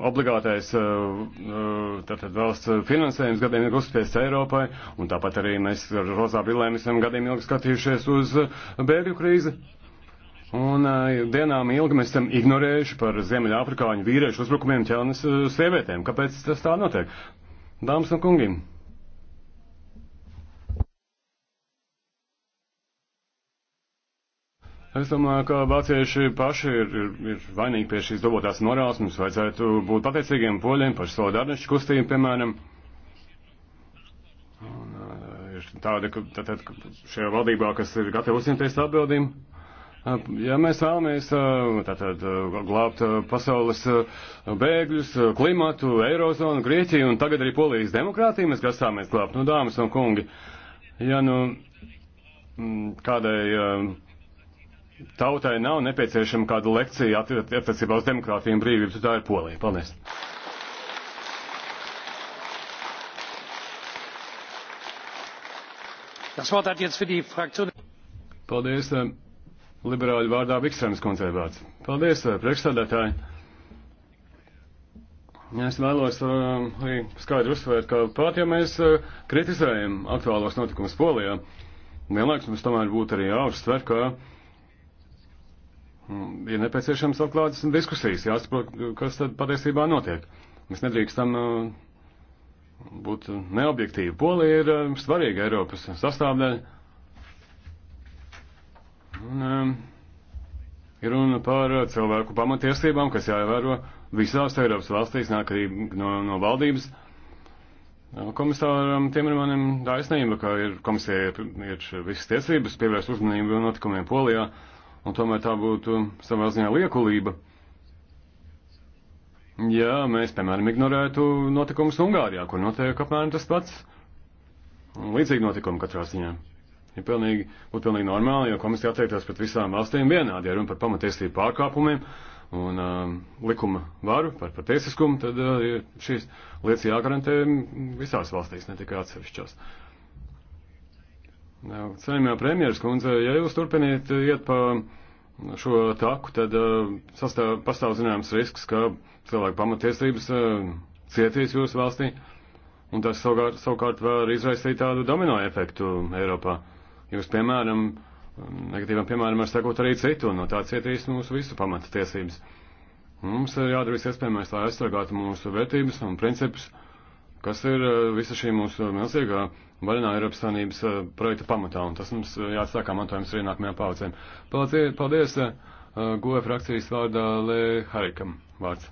obligātais uh, uh, tātad, valsts finansējums gadiem ir uzspiests Eiropai, un tāpat arī mēs ar rozā bilēm esam gadiem ilgi skatījušies uz bēgļu krīzi. Un uh, dienām ilgi mēs esam ignorējuši par Ziemeļāfrikāņu vīriešu uzbrukumiem ķelnes uh, sievietēm. Kāpēc tas tā notiek? Dāmas un kungi! Es domāju, ka vācieši paši ir, ir, ir vainīgi pie šīs dobotās morāls. Mums vajadzētu būt pateicīgiem poļiem par solidārnešu kustību, piemēram. Un, uh, ir tāda, ka, tātad, ka šajā valdībā, kas ir gatava uzņemties atbildību, Ja mēs vēlamies tātad, glābt pasaules bēgļus, klimatu, eirozonu, Grieķiju un tagad arī polijas demokrātiju, mēs grasāmies glābt, nu, dāmas un kungi, ja nu mm, kādai Tautai nav nepieciešama kāda lekcija attiecībā uz demokrātiju un brīvību, tā ir Polija. Paldies! Das Wort hat jetzt für die Fraktion. Paldies, eh, liberāļu vārdā Vikstrēmas koncē vārds. Paldies, eh, priekšstādātāji. Es vēlos eh, arī skaidri uzsvērt, ka pat ja mēs kritizējam aktuālos notikumus Polijā, vienlaikus mums tomēr būtu arī jāuzsver, ka Mm, ir nepieciešams atklātas diskusijas, jāsaprot, kas tad patiesībā notiek. Mēs nedrīkstam uh, būt neobjektīvi. Polija ir uh, svarīga Eiropas sastāvdaļa. Un, um, ir runa par cilvēku pamatiesībām, kas jāievēro visās Eiropas valstīs, nāk arī no, no valdības. Uh, komisāram Timermanim taisnība, ka ir, komisija ir, ir visas tiesības pievērst uzmanību notikumiem Polijā. Uh, Un tomēr tā būtu savā ziņā liekulība. Ja mēs, piemēram, ignorētu notikumus Ungārijā, kur notiek apmēram tas pats, līdzīgi notikumi katrā ziņā. Ja pilnīgi, būtu pilnīgi normāli, jo komisija attiektos pret visām valstīm vienādi, ja runa par pamatiesību pārkāpumiem un uh, likuma varu, par, par tiesiskumu, tad uh, šīs lietas jāgarantē visās valstīs, ne tikai atsevišķās. Uh, Saimjā premjeras kundze, ja jūs turpiniet iet pa šo taku, tad uh, sastāv, pastāv zināms risks, ka cilvēku pamatiesības uh, cietīs jūsu valstī, un tas savukārt, savukārt var izraisīt tādu domino efektu Eiropā. Jūs, piemēram, negatīvam piemēram var sekot arī citu, un no tā cietīs mūsu visu pamatiesības. Mums ir jādara viss iespējamais, lai aizsargātu mūsu vērtības un principus, kas ir uh, visa šī mūsu milzīgā. Uh, vaļinā Eiropas Savienības eh, projekta pamatā, un tas mums eh, jāatstāj kā mantojums arī nākamajām paudzēm. Paldies, paldies eh, GOE frakcijas vārdā Lē Harikam vārds.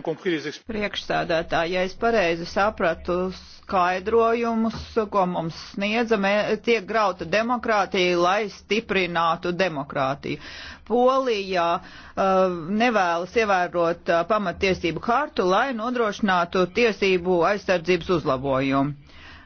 Priekšsēdētāji, ja es pareizi sapratu skaidrojumus, ko mums sniedza, tiek grauta demokrātija, lai stiprinātu demokrātiju. Polijā uh, nevēlas ievērot uh, pamatiesību hartu, lai nodrošinātu tiesību aizsardzības uzlabojumu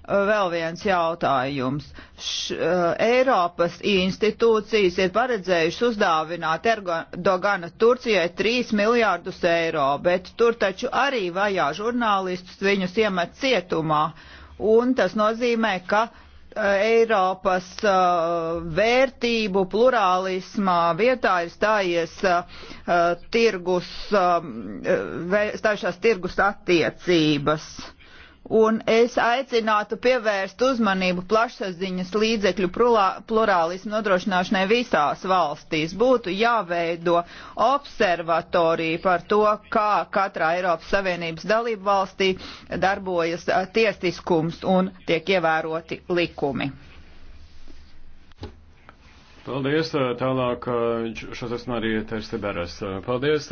vēl viens jautājums. Š, Eiropas institūcijas ir paredzējušas uzdāvināt Erdogana Turcijai 3 miljārdus eiro, bet tur taču arī vajā žurnālistus viņus iemet cietumā. Un tas nozīmē, ka Eiropas uh, vērtību plurālismā vietā ir stājies uh, tirgus, uh, stājušās tirgus attiecības. Uh, un es aicinātu pievērst uzmanību plašsaziņas līdzekļu plurālismu nodrošināšanai visās valstīs. Būtu jāveido observatorija par to, kā katrā Eiropas Savienības dalību valstī darbojas tiesiskums un tiek ievēroti likumi. Paldies, tālāk šos esmu arī Tersteberes. Paldies,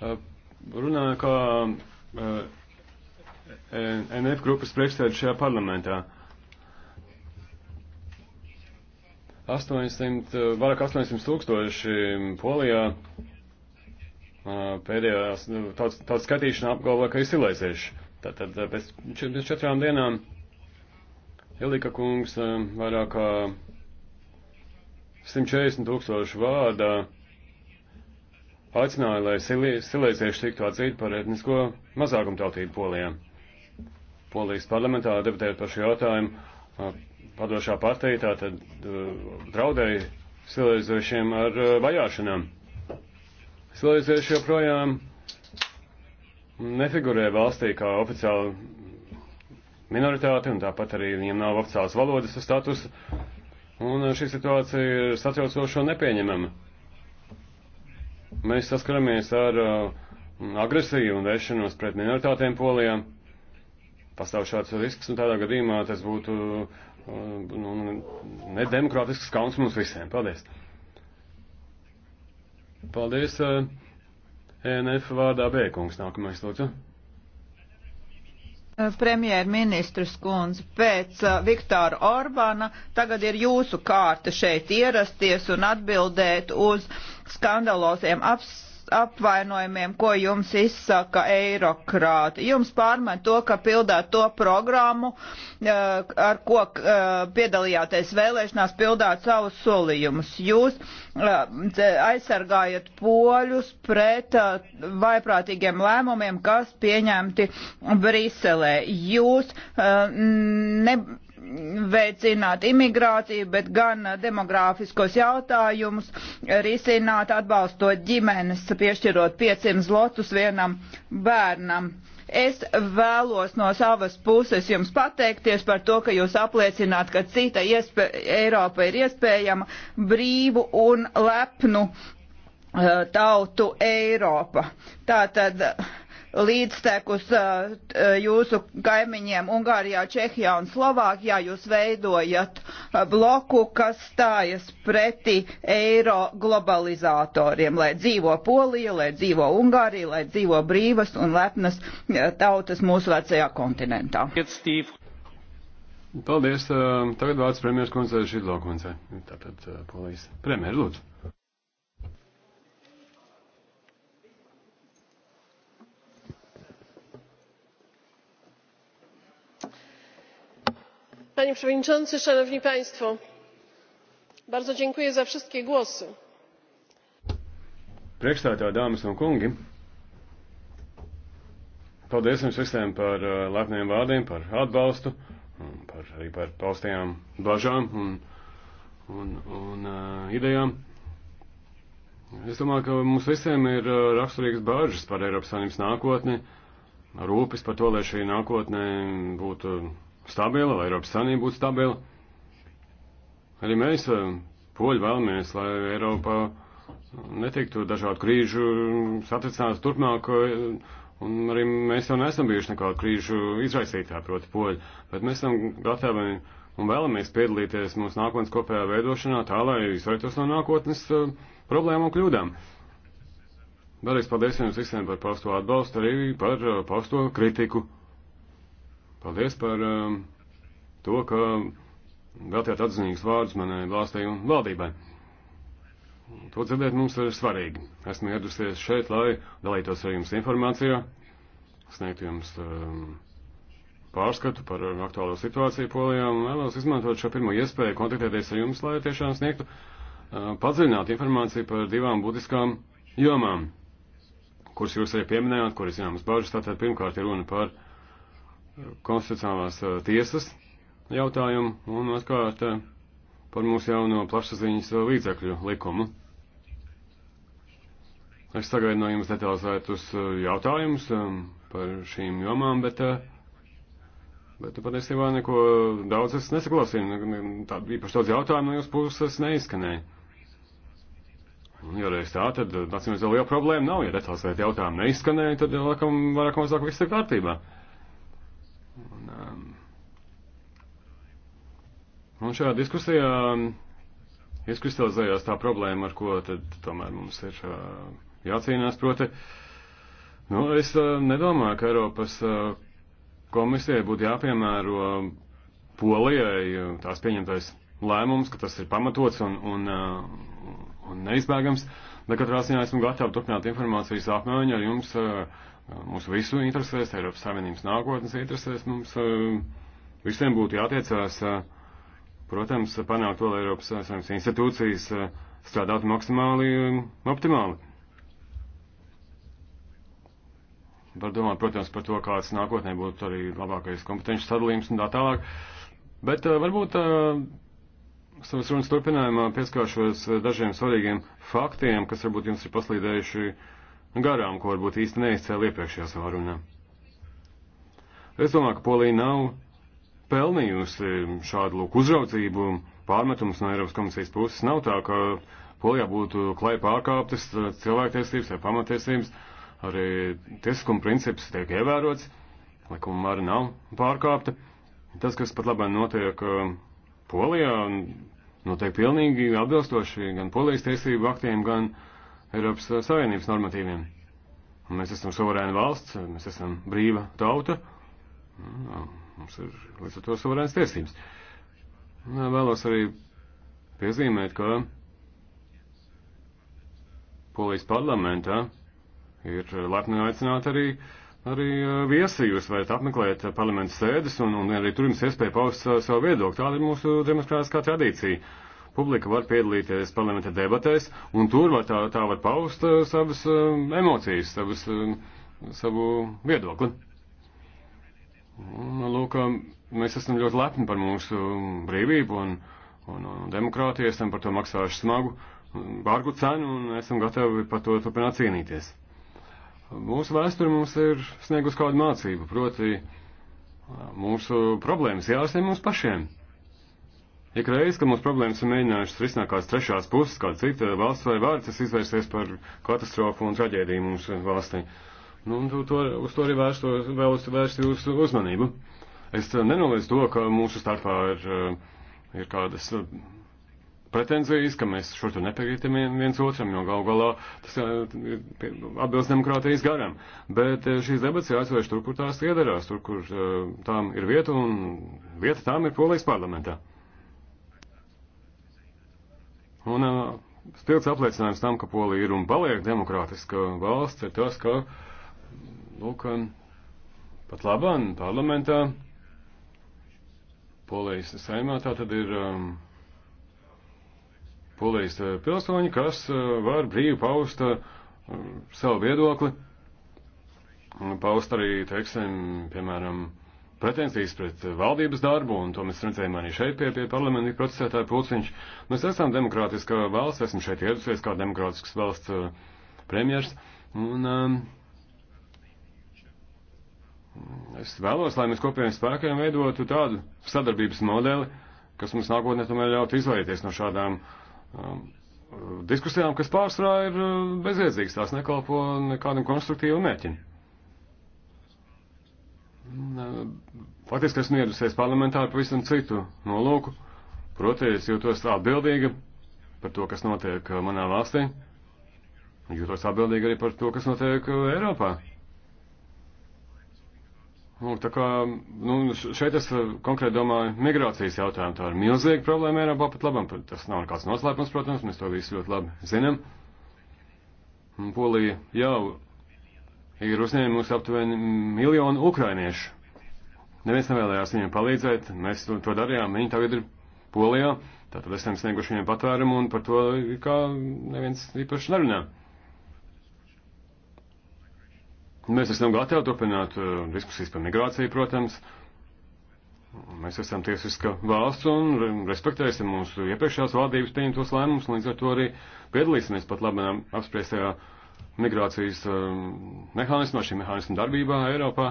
runāju kā NF grupas priekšstādā šajā parlamentā. 800, eh, vairāk 800 tūkstoši Polijā eh, pēdējās nu, tāds, tāds skatīšana apgalvo, ka ir silēsieši. Tātad eh, pēc četrām dienām Ilika kungs vairāk kā 140 tūkstošu vārdā aicināja, lai silēsieši tiktu atzīti par etnisko mazākumtautību Polijā. Polijas parlamentā debatējot par šo jautājumu, padošā partija tātad draudēja silēzošiem ar vajāšanām. Silēzoši joprojām nefigurē valstī kā oficiāla minoritāte, un tāpat arī viņiem nav oficiāls valodas status, un šī situācija ir satraucoša un nepieņemama. Mēs saskaramies ar agresiju un vēršanos pret minoritātēm polijām pastāv šāds risks, un tādā gadījumā tas būtu uh, nu, nu, nedemokrātisks kauns mums visiem. Paldies! Paldies! Uh, ENF vārdā Bēkungs nākamais lūdzu. Uh, premjerministrs kundze, pēc Viktora Orbāna tagad ir jūsu kārta šeit ierasties un atbildēt uz skandalosiem apstākļiem apvainojumiem, ko jums izsaka eirokrāti. Jums pārmet to, ka pildāt to programmu, eh, ar ko eh, piedalījāties vēlēšanās, pildāt savus solījumus. Jūs eh, aizsargājat poļus pret vaiprātīgiem lēmumiem, kas pieņemti Briselē. Jūs ne veicināt imigrāciju, bet gan uh, demogrāfiskos jautājumus risināt atbalstot ģimenes, piešķirot 500 zlotus vienam bērnam. Es vēlos no savas puses jums pateikties par to, ka jūs apliecināt, ka cita iespē, Eiropa ir iespējama brīvu un lepnu uh, tautu Eiropa. Tātad. Uh, līdztekus uh, uh, jūsu kaimiņiem Ungārijā, Čehijā un Slovākijā. Jūs veidojat uh, bloku, kas stājas pretī eiro globalizatoriem, lai dzīvo Polija, lai dzīvo Ungārija, lai dzīvo brīvas un lepnas tautas mūsu vecajā kontinentā. Paldies. Tagad vārds premjeras kundzei Šidlo kundzei. Tātad polijas premjeras lūdzu. panie przewodniczący! szanowni państwo! bardzo dziękuję za wszystkie głosy. priekšsēdētāj dāmas un kungi paldies jums visiem par eh, lepniem vārdiem par atbalstu un par arī par paustajām bažām un un, un uh, idejām. Es domāju, ka mums visiem ir uh, raksturīgas bāžas par Eiropas Savienības nākotni, rūpes par to, lai šī nākotne būtu stabila, lai Eiropas Sanība būtu stabila. Arī mēs, eh, poļi, vēlamies, lai Eiropa eh, netiktu dažādu krīžu satricinās turpmāk, eh, un arī mēs jau nesam bijuši nekādu krīžu izraisītāji, proti poļi, bet mēs esam gatavi un vēlamies piedalīties mūsu nākotnes kopējā veidošanā tā, lai izvairītos no nākotnes problēmu un kļūdām. Vēlreiz paldies jums visiem par pausto atbalstu, arī par pausto kritiku. Paldies par um, to, ka veltījāt atzinīgus vārdus manai valstī un valdībai. To dzirdēt mums ir svarīgi. Esmu ieradusies šeit, lai dalītos ar jums informācijā, sniegtu jums um, pārskatu par aktuālo situāciju Polijā un vēlos izmantot šo pirmo iespēju kontaktēties ar jums, lai tiešām sniegtu uh, padziļinātu informāciju par divām būtiskām jomām, kuras jūs arī pieminējāt, kuras zināmas bažas. Tātad pirmkārt ir runa par uh, konstitucionālās tiesas jautājumu un atkārt par mūsu jauno plašsaziņas līdzekļu likumu. Es sagaidu no jums detalizētus jautājumus par šīm jomām, bet, bet patiesībā neko daudz es nesaklausīju. Tāda īpaši daudz jautājumu no jūsu puses neizskanēja. Un, ja reiz tā, tad, acīm redzot, liela problēma nav. Ja detalizēti jautājumi neizskanēja, tad, laikam, vairāk mazāk viss ir kārtībā. Uh, Un, um, un šajā diskusijā izkristalizējās tā problēma, ar ko tad tomēr mums ir uh, jācīnās, proti, nu, es uh, nedomāju, ka Eiropas uh, komisijai būtu jāpiemēro Polijai uh, tās pieņemtais lēmums, ka tas ir pamatots un, un, uh, un neizbēgams, bet katrā ziņā esmu gatavs turpināt informācijas apmaiņu ar jums. Uh, mūsu visu interesēs, Eiropas Savienības nākotnes interesēs, mums eh, visiem būtu jātiecās, eh, protams, panākt to, lai Eiropas Savienības institūcijas eh, strādātu maksimāli optimāli. Var domāt, protams, par to, kāds nākotnē būtu arī labākais kompetenci sadalījums un tā tālāk. Bet varbūt savas runas turpinājumā pieskāršos dažiem svarīgiem faktiem, kas varbūt jums ir paslīdējuši uh, garām, ko varbūt īsti neizcēla iepriekšējā savā runā. Es domāju, ka Polija nav pelnījusi šādu lūk uzraudzību, pārmetumus no Eiropas komisijas puses. Nav tā, ka Polijā būtu klai pārkāptas eh, cilvēktiesības vai pamatiesības, arī tiesiskuma princips tiek ievērots, likuma vara nav pārkāpta. Tas, kas pat labāk notiek eh, Polijā, notiek pilnīgi atbilstoši gan Polijas tiesību aktiem, gan uh, Eiropas Savienības normatīviem. Un mēs esam suverēna valsts, mēs esam brīva tauta. Nu, mums ir līdz ar to suverēnas tiesības. Nu, vēlos arī piezīmēt, ka Polijas parlamentā ir lepni aicināt arī, arī viesi. Jūs varat apmeklēt parlamentu sēdes un, un arī tur jums iespēja paust savu viedokli. Tāda ir mūsu demokrātiskā tradīcija publika var piedalīties parlamenta debatēs, un tur var tā, tā var paust uh, savas uh, emocijas, savas, uh, savu viedokli. Un, lūk, mēs esam ļoti lepni par mūsu brīvību un, un, un demokrātiju, esam par to maksājuši smagu, vārgu mm, cenu un esam gatavi par to turpināt cīnīties. Mūsu vēsture mums ir sniegus kādu mācību, proti mūsu problēmas jāsniem mums pašiem. Ik reiz, kad mums problēmas ir mēģinājušas risināt kāds trešās puses, kāda cita valsts vai vārds, tas izvērsies par katastrofu un traģēdiju mūsu valstī. Nu, un to, uz to arī vērstu, vēlos vērst jūsu uzmanību. Es nenoliedzu to, ka mūsu starpā ir, eh, ir kādas eh, pretenzijas, ka mēs šur tur nepiekrītam viens otram, jo gal galā tas eh, atbilst demokrātijas garam. Bet šīs debats jāatsvērš tur, kur tās iedarās, tur, kur tām ir vieta un vieta tām ir polijas parlamentā. Un uh, spilgts apliecinājums tam, ka Polija ir un paliek demokrātiska valsts, ir tas, ka, lūk, pat labāk parlamentā Polijas saimā tā tad ir um, Polijas pilsoņi, kas uh, var brīvi paust uh, savu viedokli, paust arī, teiksim, piemēram, pretensijas pret valdības darbu, un to mēs redzējām arī šeit pie, pie parlamenta procesētāja pulciņš. Mēs esam demokrātiska valsts, esmu šeit ieradusies kā demokrātiskas valsts uh, premjers, un um, es vēlos, lai mēs kopējiem spēkiem veidotu tādu sadarbības modeli, kas mums nākotnē tomēr ļautu izvairīties no šādām um, diskusijām, kas pārsvarā ir uh, bezjēdzīgas, tās nekalpo nekādam konstruktīvam mērķim. Faktiski esmu ieradusies parlamentā ar pavisam citu nolūku. Proti, es jūtos atbildīga par to, kas notiek uh, manā valstī. Jūtos atbildīga arī par to, kas notiek uh, Eiropā. Nu, tā kā, nu, šeit es uh, konkrēti domāju migrācijas jautājumu. Tā ir milzīga problēma Eiropā pat labam. Tas nav nekāds noslēpums, protams, mēs to visu ļoti labi zinām. Polija jau ir uzņēmusi aptuveni miljonu ukrainiešu. Neviens nevēlējās viņiem palīdzēt, mēs to darījām, viņi tagad ir Polijā, tātad esam snieguši viņiem patvērumu un par to kā neviens īpaši nerunā. Mēs esam gatavi turpināt uh, diskusijas par migrāciju, protams. Mēs esam tiesiska valsts un respektēsim mūsu iepriekšējās valdības pieņemtos lēmumus, līdz ar to arī piedalīsimies pat labam apspriestajā migrācijas eh, mehānismu, no šī mehānismu darbībā Eiropā.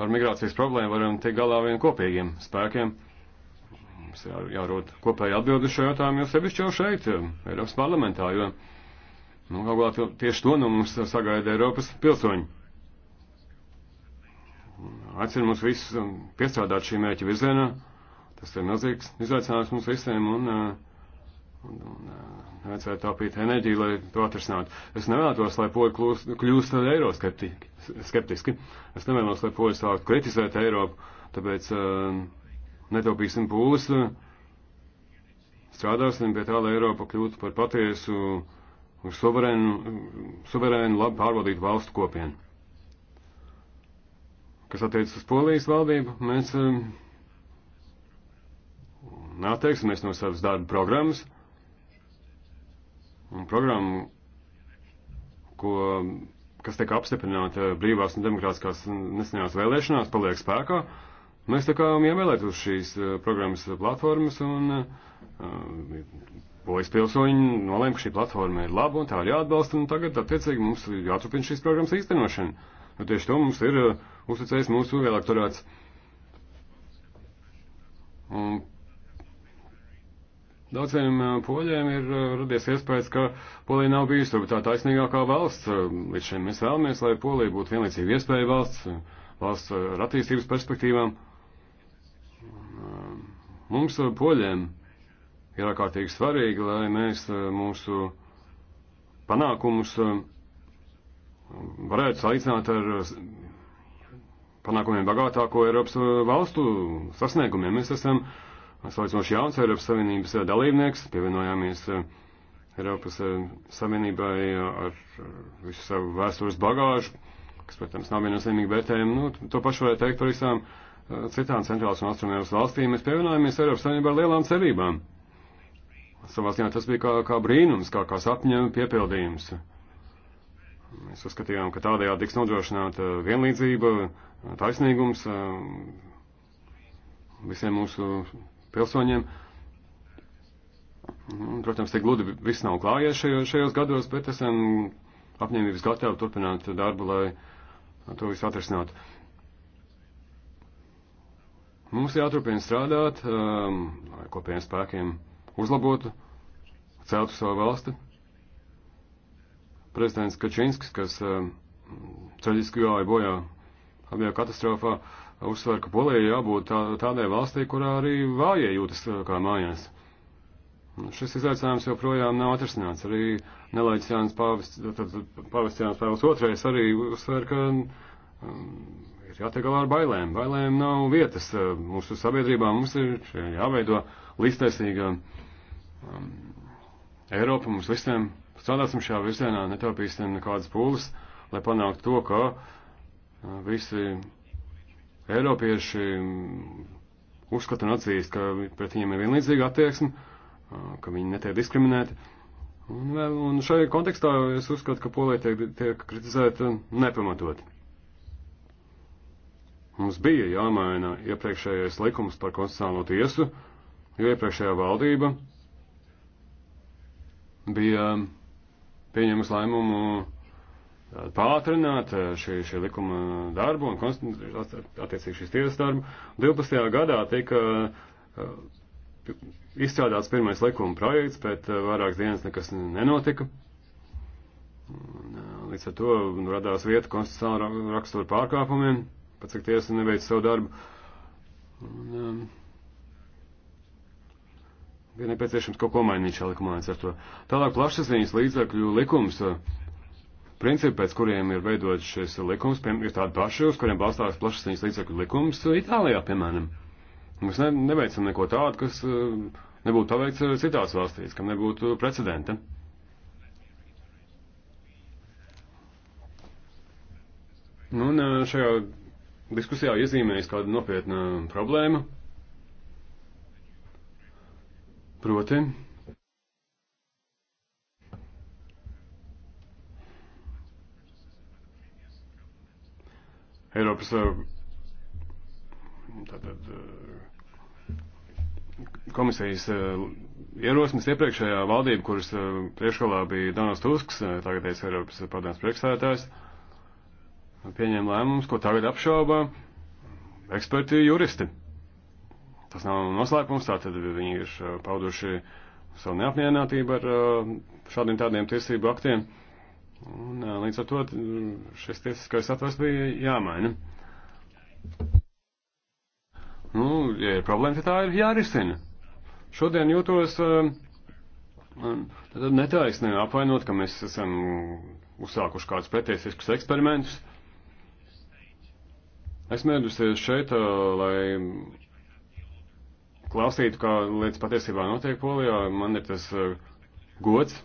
Ar migrācijas problēmu varam tikt galā vien kopīgiem spēkiem. Mums jā, jārūt kopēji atbildi šo jautājumu, jo sevišķi jau šeit, eh, Eiropas parlamentā, jo, nu, kaut kā tieši to no nu mums sagaida Eiropas pilsoņi. Aicinu mums visus eh, piestrādāt šī mērķa virzienā. Tas ir milzīgs izaicinājums mums visiem un, un, un vajadzētu taupīt enerģiju, lai to atrisinātu. Es nevēlētos, lai poļi kļūst par eiro skeptiski. Es nevēlos, lai poļi sāktu kritizēt Eiropu, tāpēc uh, netaupīsim pūles. Strādāsim pie tā, lai Eiropa kļūtu par patiesu, suverēnu, suverēnu labi pārvaldītu valstu kopienu. Kas attiecas uz Polijas valdību, mēs uh, um, atteiksimies no savas darba programmas un programmu, ko, kas tiek apstiprināta brīvās un demokrātiskās nesenajās vēlēšanās, paliek spēkā. Mēs tā kā ievēlēt uz šīs eh, programmas platformas un uh, eh, polijas eh, pilsoņi nolēma, ka šī platforma ir laba un tā ir jāatbalsta, un tagad, attiecīgi, mums jāturpina šīs programmas īstenošana. Nu, tieši to mums ir uh, uzticējis mūsu elektorāts. Un Daudziem eh, poļiem ir eh, radies iespējas, ka Polija nav bijusi varbūt tā taisnīgākā valsts. Eh, līdz šim mēs vēlamies, lai Polija būtu vienlīdzīga iespēja valsts, valsts ar attīstības perspektīvām. Mums poļiem ir ārkārtīgi svarīgi, lai mēs mūsu panākumus varētu salīdzināt ar panākumiem bagātāko Eiropas valstu sasniegumiem. Mēs esam uh, salīdzinoši jauns Eiropas Savienības eh, dalībnieks, pievienojāmies eh, Eiropas eh, Savienībai ar visu savu vēstures bagāžu, kas, protams, nav viennozīmīgi vērtējumi. Nu, to pašu varētu teikt par visām citām centrālas un austrumēras valstīm. Mēs pievienojāmies Eiropas Savienībai ar lielām cerībām. Savā ziņā tas bija kā, kā brīnums, kā, kā sapņa piepildījums. Mēs uzskatījām, ka tādējādi tiks nodrošināta vienlīdzība, taisnīgums visiem mūsu pilsoņiem. Un, nu, protams, te gludi viss nav klājies šajos, šajos gados, bet esam apņēmības gatavi turpināt darbu, lai to visu atrisinātu. Mums jāturpina strādāt, um, lai kopējiem spēkiem uzlabotu, celtu savu valsti. Prezidents Kačinskis, kas um, traģiski gāja bojā aviokatastrofā, katastrofā, uzsver, ka Polijai jābūt tā, tādai valstī, kurā arī vājie jūtas uh, kā mājās. Šis izaicinājums joprojām nav atrisināts. Arī nelaiķis Jānis Pāvests Jānis Pāvils II arī uzsver, ka um, ir jātiek galā ar bailēm. Bailēm nav vietas uh, mūsu sabiedrībā. Mums ir jāveido līdztaisīga um, Eiropa mums visiem. Strādāsim šajā virzienā, netaupīsim nekādas pūles, lai panāktu to, ka uh, visi Eiropieši uzskata un atzīst, ka pret viņiem ir vienlīdzīga attieksme, ka viņi netiek diskriminēti. Un, vēl, un šajā kontekstā es uzskatu, ka polija tiek, tiek kritizēta nepamatot. Mums bija jāmaina iepriekšējais likums par konstitucionālo tiesu, jo iepriekšējā valdība bija pieņēmusi lēmumu pātrināt eh, šī, šī likuma darbu un attiecīgi šīs tiesas darbu. 12. gadā tika eh, izstrādāts pirmais likuma projekts, bet eh, vairākas dienas nekas nenotika. Līdz ar to nu, radās vieta konstitucionāla rakstura pārkāpumiem, pat cik tiesa neveic savu darbu. Un, um, ehm, ir nepieciešams kaut ko mainīt šajā likumā ar to. Tālāk plašsaziņas līdzakļu likums Principi, pēc kuriem ir veidots šis likums, piemēram, ir tādi paši, uz kuriem balstās plašsaziņas līdzekļu likums Itālijā, piemēram. Mēs ne, neveicam neko tādu, kas eh, nebūtu paveikts eh, citās valstīs, kam nebūtu precedenta. Nu, un eh, šajā diskusijā iezīmējas kāda nopietna problēma. Proti, Eiropas eh, tātad, eh, komisijas eh, ierosmes iepriekšējā valdība, kuras priekšgalā bija Donalds Tusks, tagad ir Eiropas padomus priekšsēdētājs, pieņēma lēmumus, ko tagad apšaubā eksperti juristi. Tas nav noslēpums, tātad viņi ir pauduši savu neapmierinātību ar šādiem tādiem tiesību aktiem. Un līdz ar to mm, šis tiesiskais atvers bija jāmaina. Nu, ja ir problēma, tad tā ir jārisina. Šodien jūtos uh, netaisni apvainot, ka mēs esam uzsākuši kādus pretiesiskus eksperimentus. Esmu ieradusies šeit, uh, lai klausītu, kā lietas patiesībā notiek polijā. Man ir tas uh, gods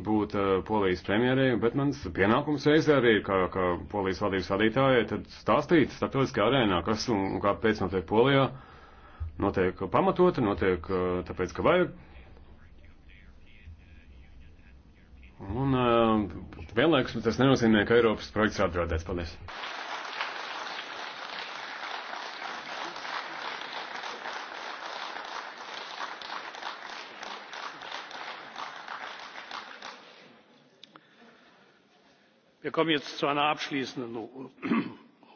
būt uh, polijas premjerē, bet mans pienākums reizē arī ir, kā, kā polijas valdības vadītājai, tad stāstīt starptautiskajā arēnā, kas un, un kāpēc notiek polijā, notiek pamatota, notiek uh, tāpēc, ka vajag. Un uh, eh, vienlaikus tas nenozīmē, ka Eiropas projekts ir apdraudēts. Paldies! Wir kommen jetzt zu einer abschließenden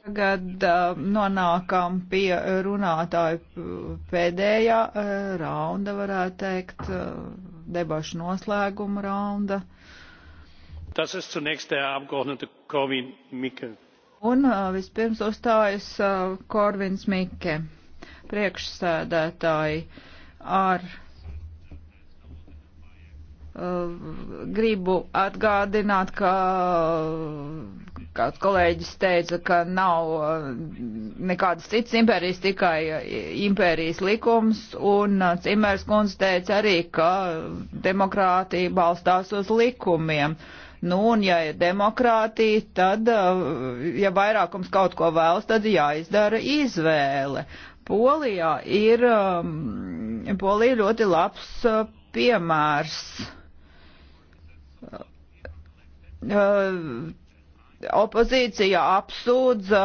Tagad uh, nonākam pie runātāju pēdējā uh, raunda, varētu teikt, uh, debašu noslēguma raunda. Tas ir zunächst der Abgeordnete Corvin Mikke. Un vispirms uzstājas Korvins Mikke, priekšsēdētāji ar gribu atgādināt, ka kāds kolēģis teica, ka nav eh, nekādas citas impērijas, tikai eh, impērijas likums, un eh, Cimērs kundze teica arī, ka demokrātija balstās uz likumiem. Nu, un ja ir demokrātija, tad, ja vairākums kaut ko vēlas, tad jāizdara izvēle. Polijā ir, um, Polija ļoti labs piemērs opozīcija apsūdza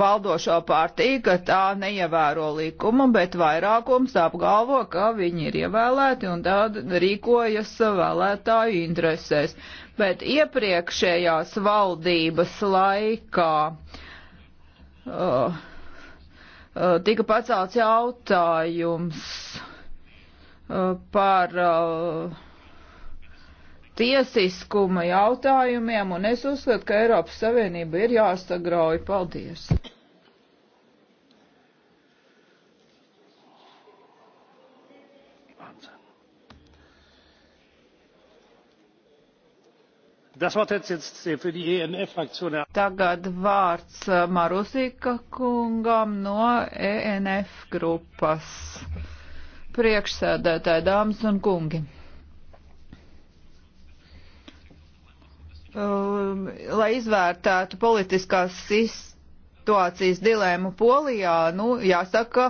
valdošo partiju, ka tā neievēro likumu, bet vairākums apgalvo, ka viņi ir ievēlēti un tad rīkojas vēlētāju interesēs. Bet iepriekšējās valdības laikā uh, tika pacelts jautājums uh, par uh, tiesiskuma jautājumiem, un es uzskatu, ka Eiropas Savienība ir jāsagrauj. Paldies! Äh, e Tagad vārds äh, Marusika kungam no ENF grupas. Priekšsēdētāji, dāmas un kungi. um, lai izvērtētu politiskās situācijas dilēmu Polijā, nu, jāsaka,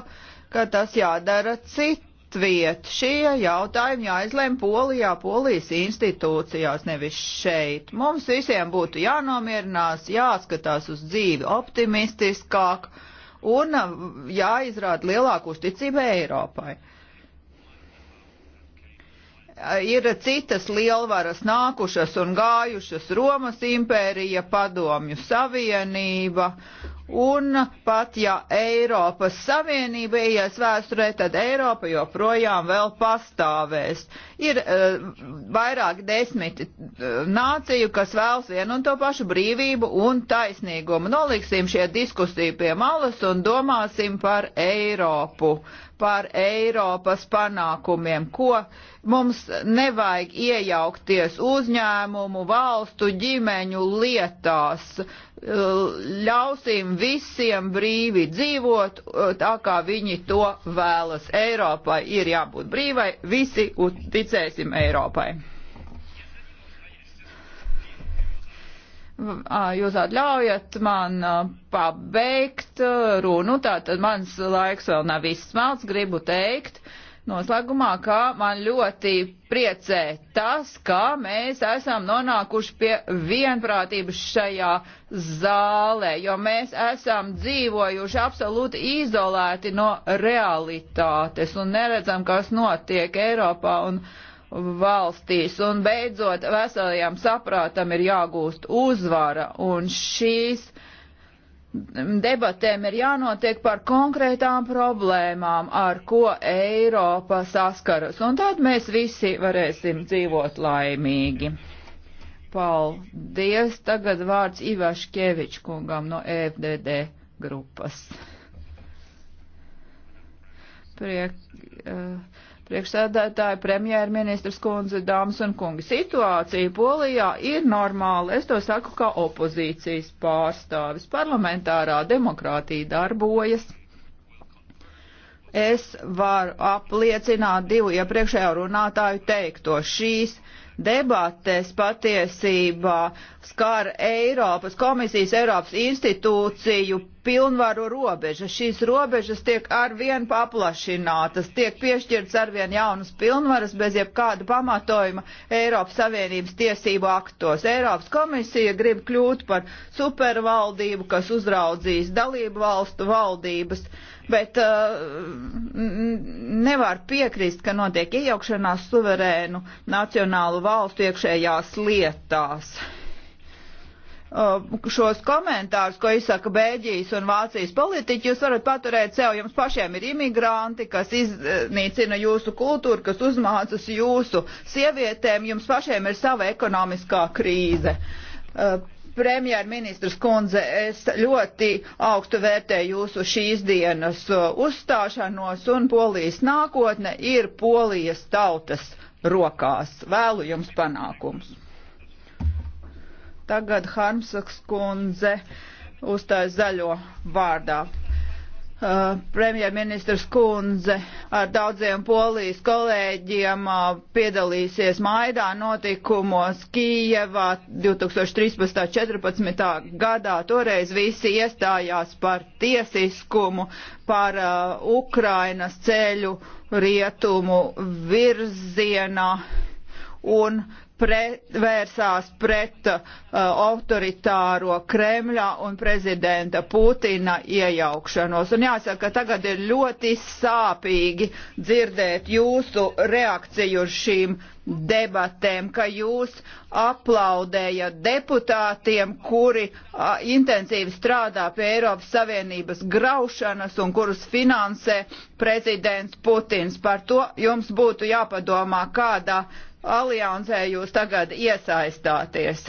ka tas jādara citviet. Šie jautājumi jāizlēm Polijā, Polijas institūcijās, nevis šeit. Mums visiem būtu jānomierinās, jāskatās uz dzīvi optimistiskāk un jāizrāda lielāku uzticību Eiropai. Uh, ir citas lielvaras nākušas un gājušas Romas impērija, Padomju Savienība Un pat ja Eiropas Savienība ies vēsturē, tad Eiropa joprojām vēl pastāvēs. Ir uh, vairāk desmit uh, nāciju, kas vēlas vienu un to pašu brīvību un taisnīgumu. Noliksim šie diskusiju pie malas un domāsim par Eiropu, par Eiropas panākumiem, ko mums nevajag iejaukties uzņēmumu, valstu, ģimeņu lietās. Uh, ļausim visiem brīvi dzīvot tā, kā viņi to vēlas. Eiropai ir jābūt brīvai, visi ticēsim Eiropai. Jūs atļaujat man pabeigt runu, tātad mans laiks vēl nav izsmelts, gribu teikt, Noslēgumā, kā man ļoti priecē tas, ka mēs esam nonākuši pie vienprātības šajā zālē, jo mēs esam dzīvojuši absolūti izolēti no realitātes un neredzam, kas notiek Eiropā un valstīs. Un beidzot, veselajam saprātam ir jāgūst uzvara un šīs debatēm ir jānotiek par konkrētām problēmām, ar ko Eiropa saskaras, un tad mēs visi varēsim dzīvot laimīgi. Paldies! Tagad vārds Ivaškevičs kungam no FDD grupas. Priek, uh, Priekšsēdētāji, premjerministrs kundze, dāmas un kungi, situācija Polijā ir normāla. Es to saku kā opozīcijas pārstāvis. Parlamentārā demokrātija darbojas. Es varu apliecināt divu iepriekšējo runātāju teikto. Šīs debatēs patiesībā skar Eiropas komisijas, Eiropas institūciju pilnvaru robežas. Šīs robežas tiek arvien paplašinātas, tiek piešķirts arvien jaunas pilnvaras bez jebkāda pamatojuma Eiropas Savienības tiesību aktos. Eiropas komisija grib kļūt par supervaldību, kas uzraudzīs dalību valstu valdības. Uh, bet uh, nevar piekrist, ka notiek iejaukšanās suverēnu nacionālu valstu iekšējās lietās uh, šos komentārus, ko izsaka Bēļģijas un Vācijas politiķi, jūs varat paturēt sev. Jums pašiem ir imigranti, kas iznīcina jūsu kultūru, kas uzmācas jūsu sievietēm. Jums pašiem ir sava ekonomiskā krīze. Uh, Premjerministras kundze, es ļoti augstu vērtēju jūsu šīs dienas uh, uzstāšanos un polijas nākotne ir polijas tautas rokās. Vēlu jums panākums. Tagad Harmsaks kundze uzstājas zaļo vārdā. Uh, premjerministrs Kunze ar daudziem polijas kolēģiem uh, piedalīsies Maidā notikumos Kijevā 2013.14. gadā. Toreiz visi iestājās par tiesiskumu, par uh, Ukrainas ceļu rietumu virzienā un pret, vērsās pret uh, autoritāro Kremļa un prezidenta Putina iejaukšanos. Un jāsaka, tagad ir ļoti sāpīgi dzirdēt jūsu reakciju uz šīm debatēm, ka jūs aplaudējat deputātiem, kuri a, intensīvi strādā pie Eiropas Savienības graušanas un kurus finansē prezidents Putins. Par to jums būtu jāpadomā, kādā aliansē jūs tagad iesaistāties.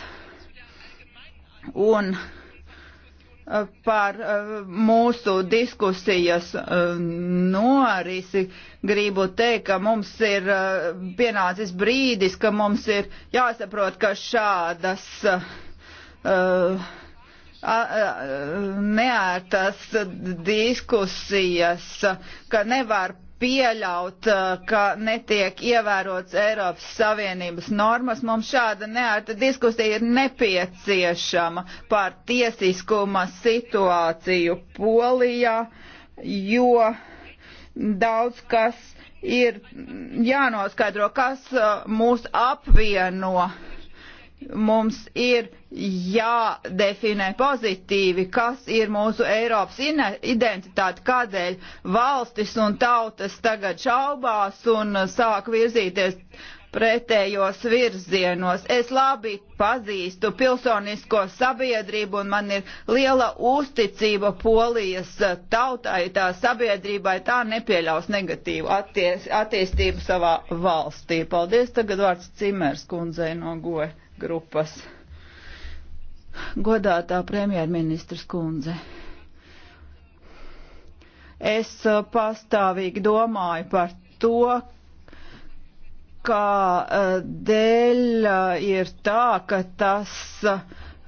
Un uh, par uh, mūsu diskusijas uh, norisi gribu teikt, ka mums ir pienācis brīdis, ka mums ir jāsaprot, ka šādas uh, neērtas diskusijas, ka nevar pieļaut, uh, ka netiek ievērots Eiropas Savienības normas. Mums šāda neārta diskusija ir nepieciešama par tiesiskuma situāciju Polijā, jo daudz kas ir jānoskaidro, kas uh, mūs apvieno mums ir jādefinē pozitīvi, kas ir mūsu Eiropas identitāte, kādēļ valstis un tautas tagad šaubās un sāk virzīties pretējos virzienos. Es labi pazīstu pilsonisko sabiedrību un man ir liela uzticība polijas tautai, tā sabiedrībai, tā nepieļaus negatīvu atties, attīstību savā valstī. Paldies, tagad vārds Cimers kundzei no goja grupas. Godātā premjerministras kundze. Es uh, pastāvīgi domāju par to, kā uh, dēļ uh, ir tā, ka tas uh,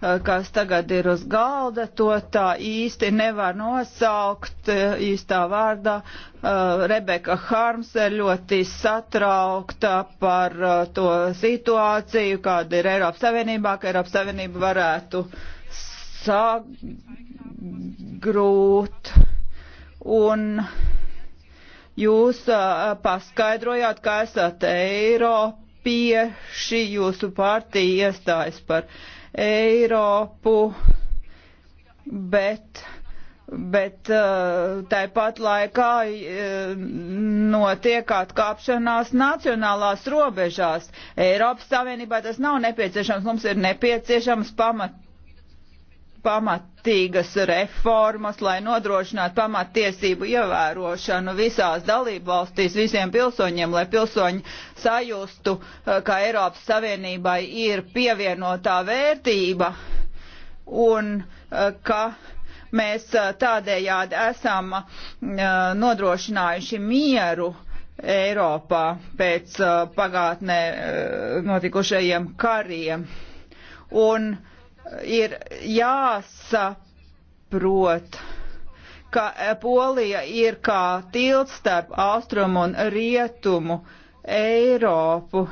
Eh, kas tagad ir uz galda, to tā īsti nevar nosaukt eh, īstā vārdā. Eh, Rebeka Harms ir ļoti satraukta par to situāciju, kāda ir Eiropas Savienībā, ka Eiropas Savienība varētu sagrūt. Un jūs paskaidrojāt, ka esat Eiropieši, jūsu partija iestājas par uh, Eiropu, bet bet uh, tāpat laikā uh, notiek atkāpšanās nacionālās robežās. Eiropas Savienībā tas nav nepieciešams, mums ir nepieciešams pamat pamatīgas reformas, lai nodrošinātu pamattiesību ievērošanu visās dalību valstīs visiem pilsoņiem, lai pilsoņi sajustu, eh, ka Eiropas Savienībai ir pievienotā vērtība un eh, ka mēs eh, tādējādi esam nodrošinājuši mieru Eiropā pēc pagātnē notikušajiem kariem. Un uh, ir jāsaprot, ka Polija ir kā tilts starp austrumu un rietumu Eiropu.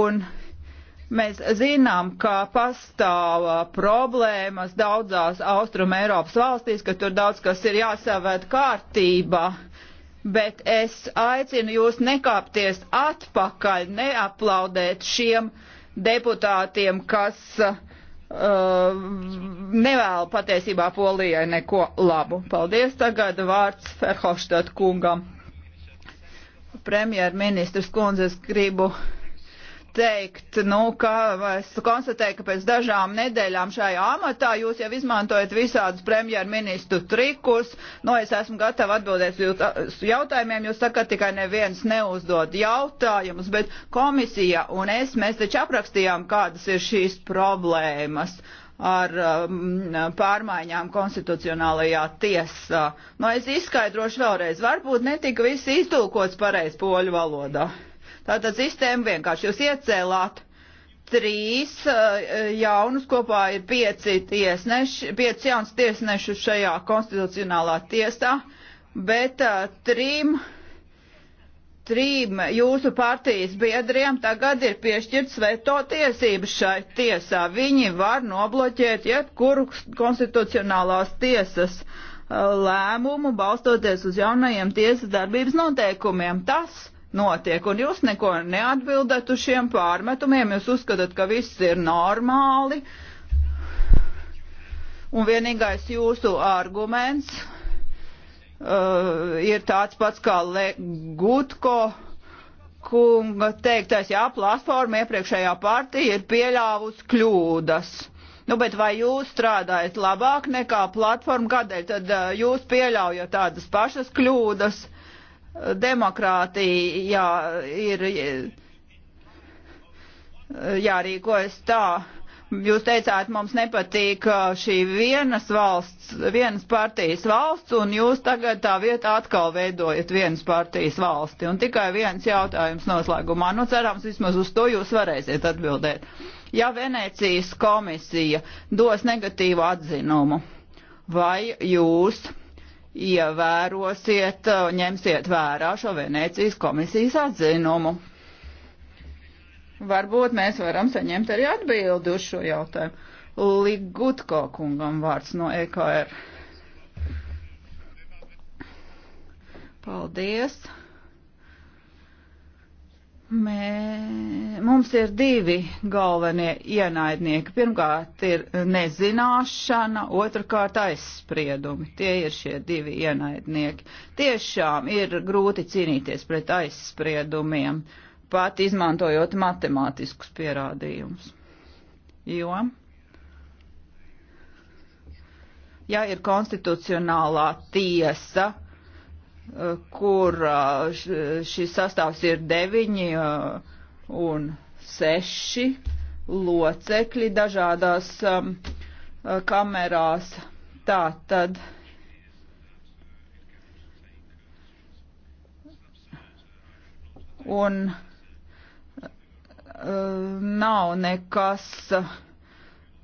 Un Mēs zinām, ka pastāv uh, problēmas daudzās Austrum Eiropas valstīs, ka tur daudz kas ir jāsavērt kārtībā, bet es aicinu jūs nekāpties atpakaļ, neaplaudēt šiem deputātiem, kas uh, Uh, nevēlu patiesībā Polijai neko labu. Paldies tagad vārds Ferhofstadt kungam. Premjerministrs kundzes gribu teikt, nu, ka es konstatēju, ka pēc dažām nedēļām šajā amatā jūs jau izmantojat visādus premjerministru trikus. Nu, es esmu gatava atbildēt uz jautājumiem. Jūs sakat, tikai neviens neuzdod jautājumus, bet komisija un es, mēs taču aprakstījām, kādas ir šīs problēmas ar um, pārmaiņām konstitucionālajā tiesā. Nu, es izskaidrošu vēlreiz. Varbūt netika viss iztulkots pareiz poļu valodā. Tātad sistēma vienkārši jūs iecēlāt trīs eh, jaunus, kopā ir pieci tiesneši, pieci jauns tiesnešu šajā konstitucionālā tiesā, bet eh, trim, trim jūsu partijas biedriem tagad ir piešķirts veto tiesības šai tiesā. Viņi var nobloķēt jebkuru konstitucionālās tiesas eh, lēmumu, balstoties uz jaunajiem tiesas darbības noteikumiem. Tas notiek, un jūs neko neatbildat uz šiem pārmetumiem, jūs uzskatāt, ka viss ir normāli, un vienīgais jūsu arguments uh, ir tāds pats kā Legutko kunga teiktais, jā, platforma iepriekšējā partija ir pieļāvusi kļūdas. Nu, bet vai jūs strādājat labāk nekā platforma, kādēļ tad uh, jūs pieļaujat tādas pašas kļūdas? Uh, demokrātija ir jārīkojas tā. Jūs teicāt, mums nepatīk šī vienas valsts, vienas partijas valsts, un jūs tagad tā vietā atkal veidojat vienas partijas valsti. Un tikai viens jautājums noslēgumā. Nu, cerams, vismaz uz to jūs varēsiet atbildēt. Ja Venecijas komisija dos negatīvu atzinumu, vai jūs ievērosiet, uh, ņemsiet vērā šo Venecijas komisijas atzinumu. Varbūt mēs varam saņemt arī atbildi uz šo jautājumu. Ligutko kungam vārds no EKR. Paldies! Mē, mums ir divi galvenie ienaidnieki. Pirmkārt ir nezināšana, otrkārt aizspriedumi. Tie ir šie divi ienaidnieki. Tiešām ir grūti cīnīties pret aizspriedumiem, pat izmantojot matemātiskus pierādījumus. Jo, ja ir konstitucionālā tiesa, kur šis sastāvs ir deviņi un seši locekļi dažādās kamerās. Tā tad. Un nav nekas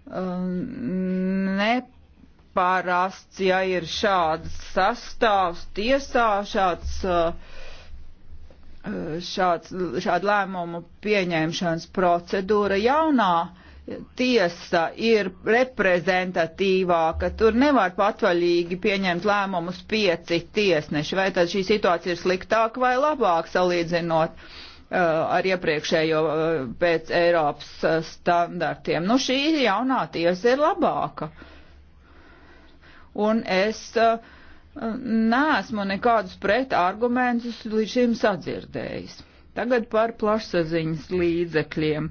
ne parasts, ja ir šāds sastāvs tiesā, šāds, uh, uh, šāds, šāda lēmumu pieņemšanas procedūra jaunā tiesa ir reprezentatīvāka, tur nevar patvaļīgi pieņemt lēmumus pieci tiesneši, vai tad šī situācija ir sliktāka vai labāka salīdzinot uh, ar iepriekšējo uh, pēc Eiropas uh, standartiem. Nu, šī jaunā tiesa ir labāka. Uh, un es uh, neesmu nekādus pretargumentus līdz šim sadzirdējis. Tagad par plašsaziņas līdzekļiem.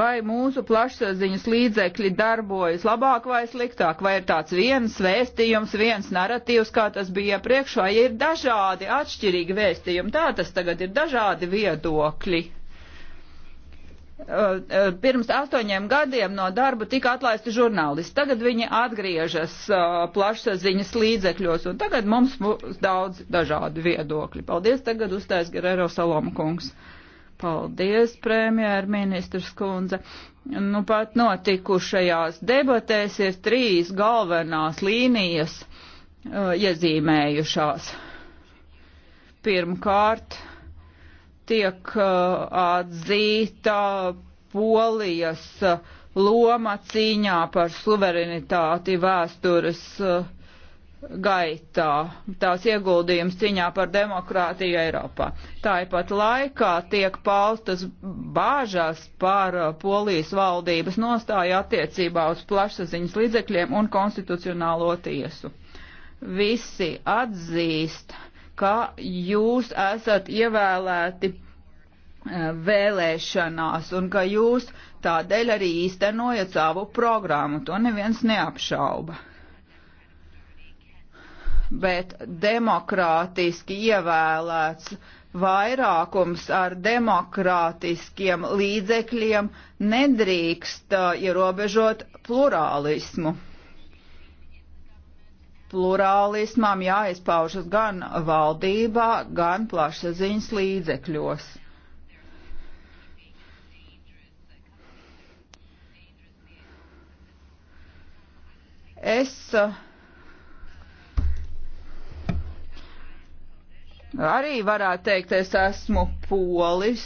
Vai mūsu plašsaziņas līdzekļi darbojas labāk vai sliktāk, vai ir tāds viens vēstījums, viens naratīvs, kā tas bija iepriekš, vai ir dažādi atšķirīgi vēstījumi. Tā tas tagad ir dažādi viedokļi. Eh, eh, pirms astoņiem gadiem no darba tika atlaisti žurnālisti. Tagad viņi atgriežas eh, plašsaziņas līdzekļos, un tagad mums būs daudz dažādu viedokļu. Paldies, tagad uztais Gerero Saloma kungs. Paldies, premjerministrs kundze. Nu, pat notikušajās debatēs ir trīs galvenās līnijas uh, iezīmējušās. Pirmkārt, uh, tiek uh, atzīta Polijas uh, loma cīņā par suverenitāti vēstures uh, gaitā, tās ieguldījums cīņā par demokrātiju Eiropā. Tāpat laikā tiek paustas bāžas par polijas valdības nostāju attiecībā uz plašsaziņas līdzekļiem un konstitucionālo tiesu. Visi atzīst, ka jūs esat ievēlēti eh, vēlēšanās un ka jūs tādēļ arī īstenojat savu programmu. To neviens neapšauba. Bet demokrātiski ievēlēts vairākums ar demokrātiskiem līdzekļiem nedrīkst eh, ierobežot plurālismu plurālismam jāizpaužas gan valdībā, gan plašsaziņas līdzekļos. Es eh, arī varētu teikt, es esmu polis,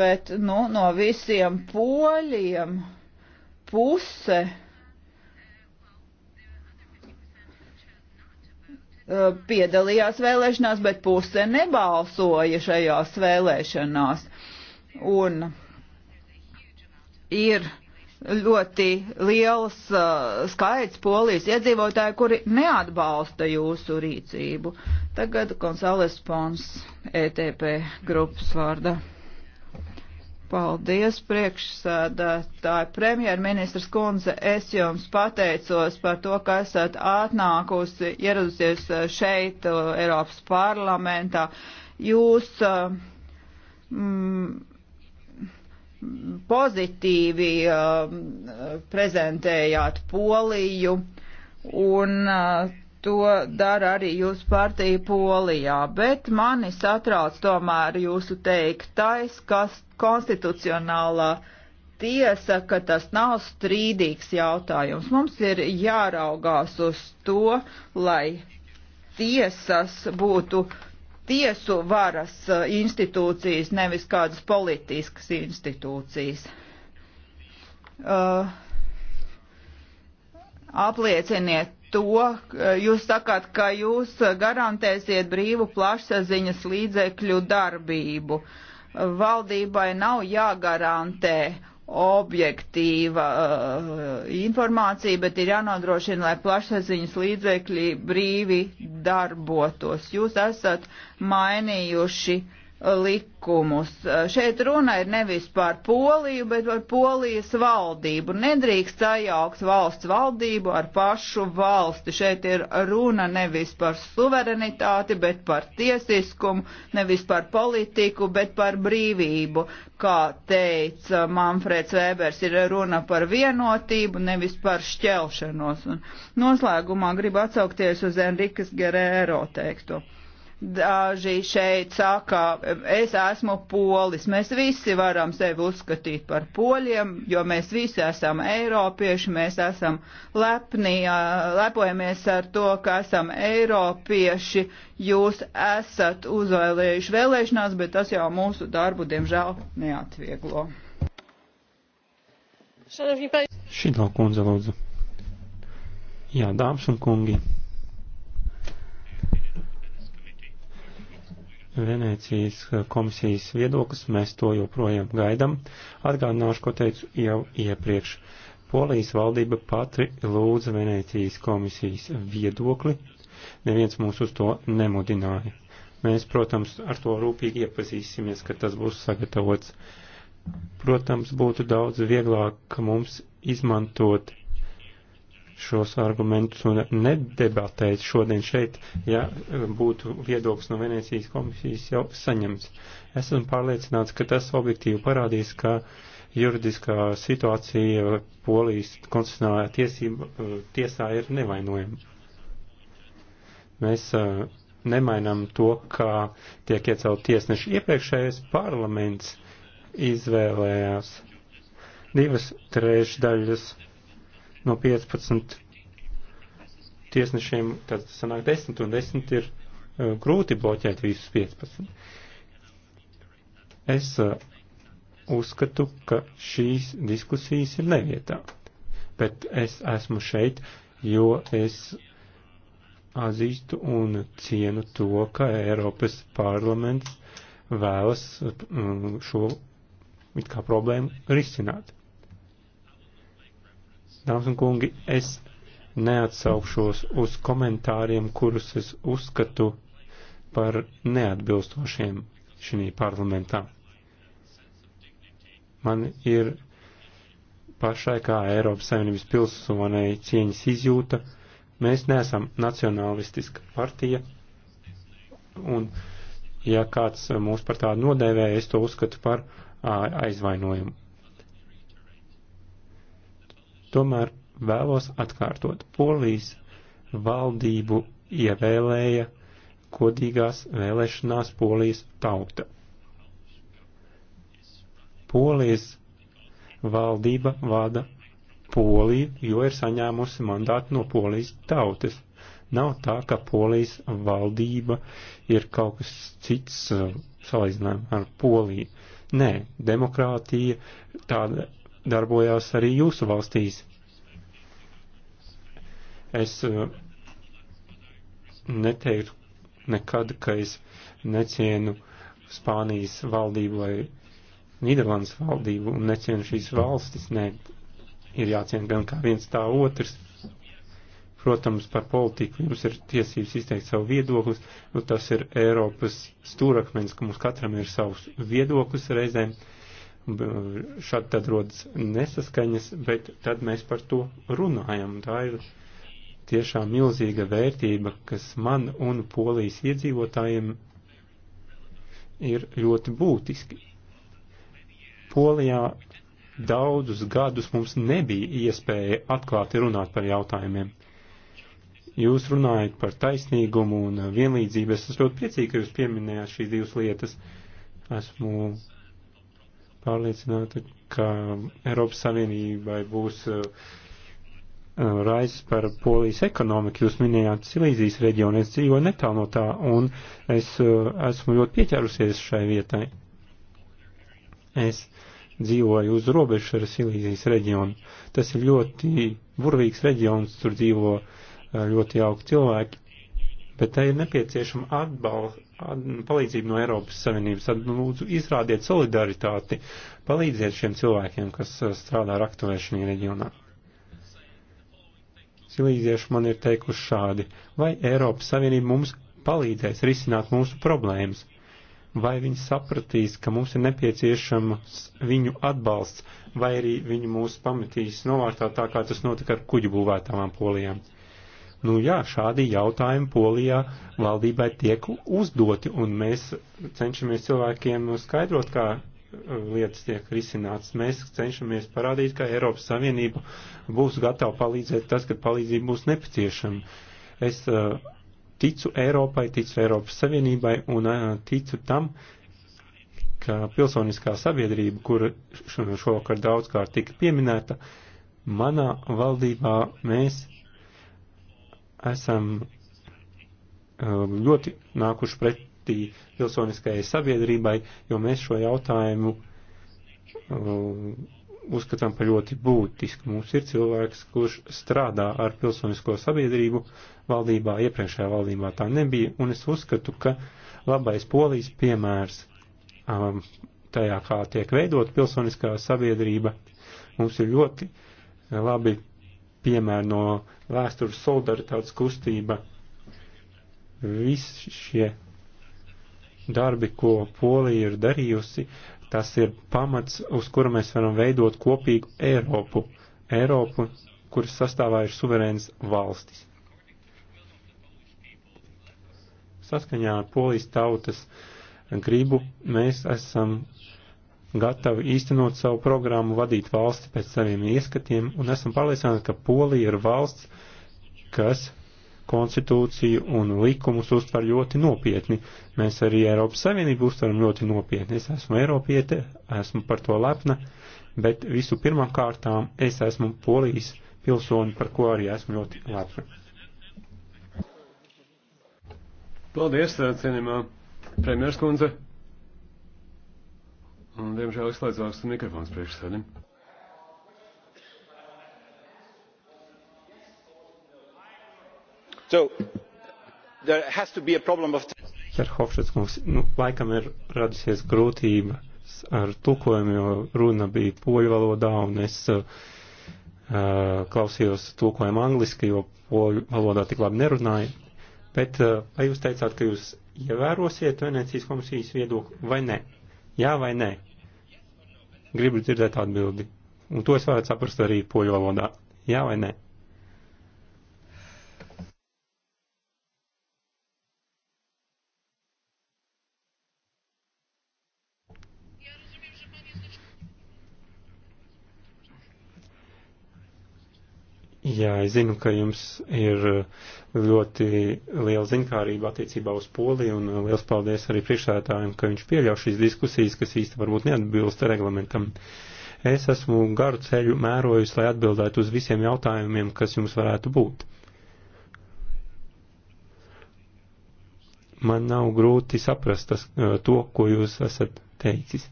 bet nu, no visiem poļiem puse Uh, piedalījās vēlēšanās, bet puse nebalsoja šajās vēlēšanās. Un ir ļoti liels uh, skaits polijas iedzīvotāju, kuri neatbalsta jūsu rīcību. Tagad Konsales Pons ETP grupas vārda. Paldies, priekšsēdētāji. Premjerministrs Kunze, es jums pateicos par to, ka esat atnākusi, ieradusies eh, šeit, eh, Eiropas parlamentā. Jūs eh, mm, pozitīvi uh, prezentējāt Poliju un uh, to dara arī jūsu partija Polijā, bet mani satrauc tomēr jūsu teiktais, kas konstitucionālā tiesa, ka tas nav strīdīgs jautājums. Mums ir jāraugās uz to, lai tiesas būtu tiesu varas eh, institūcijas, nevis kādas politiskas institūcijas. Uh, aplieciniet to, jūs sakāt, ka jūs garantēsiet brīvu plašsaziņas līdzekļu darbību. Valdībai nav jāgarantē objektīva uh, informācija, bet ir jānodrošina, lai plašsaziņas līdzekļi brīvi darbotos. Jūs esat mainījuši uh, likumus. Eh, šeit runa ir nevis par Poliju, bet par Polijas valdību. Nedrīkst sajaukt valsts valdību ar pašu valsti. Šeit ir runa nevis par suverenitāti, bet par tiesiskumu, nevis par politiku, bet par brīvību. Kā teica Manfreds Vēbers, ir runa par vienotību, nevis par šķelšanos. Un noslēgumā gribu atsaukties uz Enrikas Gerēro teikto Daži šeit saka, es esmu polis, mēs visi varam sevi uzskatīt par poļiem, jo mēs visi esam eiropieši, mēs esam lepni, lepojamies ar to, ka esam eiropieši, jūs esat uzvēlējuši vēlēšanās, bet tas jau mūsu darbu, diemžēl, neatvieglo. Šitā kundze lūdzu. Jā, dāmas un kungi. Venēcijas eh, komisijas viedoklis, mēs to joprojām gaidam. Atgādināšu, ko teicu jau iepriekš. Polijas valdība patri lūdza Venēcijas komisijas viedokli, neviens mūs uz to nemudināja. Mēs, protams, ar to rūpīgi iepazīsimies, ka tas būs sagatavots. Protams, būtu daudz vieglāk, ka mums izmantot šos argumentus un nedebatēt šodien šeit, ja eh, būtu viedoklis no Venecijas komisijas jau saņemts. Esmu pārliecināts, ka tas objektīvi parādīs, ka juridiskā situācija Polijas konstitucionālajā tiesība, eh, tiesā ir nevainojama. Mēs eh, nemainam to, kā tiek iecelt tiesneši. Iepriekšējais parlaments izvēlējās divas trešdaļas no 15 tiesnešiem, tad sanāk 10, un 10 ir uh, grūti bloķēt visus 15. Es uh, uzskatu, ka šīs diskusijas ir nevietā, bet es esmu šeit, jo es atzīstu un cienu to, ka Eiropas parlaments vēlas e, šo it kā problēmu risināt. Dāmas un kungi, es neatsaukšos uz komentāriem, kurus es uzskatu par neatbilstošiem šī parlamentā. Man ir pašai kā Eiropas Savienības pilsonai cieņas izjūta. Mēs neesam nacionalistiska partija, un ja kāds mūs par tādu nodēvē, es to uzskatu par aizvainojumu. Tomēr vēlos atkārtot, polijas valdību ievēlēja kodīgās vēlēšanās polijas tauta. Polijas valdība vada Poliju, jo ir saņēmusi mandātu no polijas tautas. Nav tā, ka polijas valdība ir kaut kas cits uh, salīdzinājumā ar Poliju. Nē, demokrātija tāda darbojās arī jūsu valstīs. Es uh, neteiktu nekad, ka es necienu Spānijas valdību vai Nīderlandes valdību un necienu šīs valstis. Nē, ir jāciena gan kā viens tā otrs. Protams, par politiku jums ir tiesības izteikt savu viedoklis, jo tas ir Eiropas stūrakmens, ka mums katram ir savs viedoklis reizēm. Uh, šad tad rodas nesaskaņas, bet tad mēs par to runājam. Tā ir tiešām milzīga vērtība, kas man un polijas iedzīvotājiem ir ļoti būtiski. Polijā daudzus gadus mums nebija iespēja atklāti runāt par jautājumiem. Jūs runājat par taisnīgumu un vienlīdzību. Es esmu ļoti priecīgi, ka jūs pieminējāt šīs divas lietas. Esmu pārliecināta, ka Eiropas Savienībai būs uh, uh, raizes par polijas ekonomiku. Jūs minējāt Silīzijas reģionu, es dzīvoju netālu no tā, un es uh, esmu ļoti pieķērusies šai vietai. Es dzīvoju uz robežas ar Silīzijas reģionu. Tas ir ļoti burvīgs reģions, tur dzīvo ļoti jauki cilvēki, bet tai ir nepieciešama atbalsta Nu, palīdzību no Eiropas Savienības, tad nu, lūdzu izrādiet solidaritāti, palīdziet šiem cilvēkiem, kas uh, strādā raktuvēšanī reģionā. Silīzieši man ir teikuši šādi, vai Eiropas Savienība mums palīdzēs risināt mūsu problēmas, vai viņi sapratīs, ka mums ir nepieciešams viņu atbalsts, vai arī viņi mūs pametīs novārtā tā, kā tas notika ar kuģu būvētām polijām. Nu jā, šādi jautājumi Polijā valdībai tiek uzdoti, un mēs cenšamies cilvēkiem skaidrot, kā uh, lietas tiek risināts. Mēs cenšamies parādīt, ka Eiropas Savienība būs gatava palīdzēt tas, kad palīdzība būs nepieciešama. Es uh, ticu Eiropai, ticu Eiropas Savienībai un uh, ticu tam, ka pilsoniskā sabiedrība, kur šovakar daudzkārt tika pieminēta, manā valdībā mēs esam um, ļoti nākuši pretī pilsoniskajai sabiedrībai, jo mēs šo jautājumu um, uzskatām par ļoti būtisku. Mums ir cilvēks, kurš strādā ar pilsonisko sabiedrību valdībā, iepriekšējā valdībā tā nebija, un es uzskatu, ka labais polijas piemērs um, tajā, kā tiek veidot pilsoniskā sabiedrība, mums ir ļoti labi piemēru no vēstures solidaritātes kustība. Visi šie darbi, ko Polija ir darījusi, tas ir pamats, uz kura mēs varam veidot kopīgu Eiropu. Eiropu, kuras sastāvā ir suverēnas valstis. Saskaņā ar polijas tautas gribu mēs esam gatavi īstenot savu programmu, vadīt valsti pēc saviem ieskatiem, un esam pārliecināti, ka Polija ir valsts, kas konstitūciju un likumus uztver ļoti nopietni. Mēs arī Eiropas Savienību uztveram ļoti nopietni. Es esmu Eiropiete, esmu par to lepna, bet visu pirmām kārtām es esmu Polijas pilsoni, par ko arī esmu ļoti lepna. Paldies, cienījumā premjerskundze. Un, diemžēl, izslēdzās mikrofons priekšsēdim. So, there has to be a problem of... Verhofstadt kungs, nu, laikam ir radusies grūtība ar tulkojumu, jo runa bija poļu valodā, un es uh, uh, klausījos tulkojumu angliski, jo poļu valodā tik labi nerunāju. Bet uh, vai jūs teicāt, ka jūs ievērosiet Venecijas komisijas viedokli vai nē? Jā vai nē? Gribu dzirdēt atbildi. Un to es varētu saprast arī poļu valodā. Jā vai nē? Jā, es zinu, ka jums ir ļoti liela zinkārība attiecībā uz Poliju, un uh, liels paldies arī priekšsētājiem, ka viņš pieļauj šīs diskusijas, kas īsti varbūt neatbilst reglamentam. Es esmu garu ceļu mērojus, lai atbildētu uz visiem jautājumiem, kas jums varētu būt. Man nav grūti saprast tas, uh, to, ko jūs esat teicis.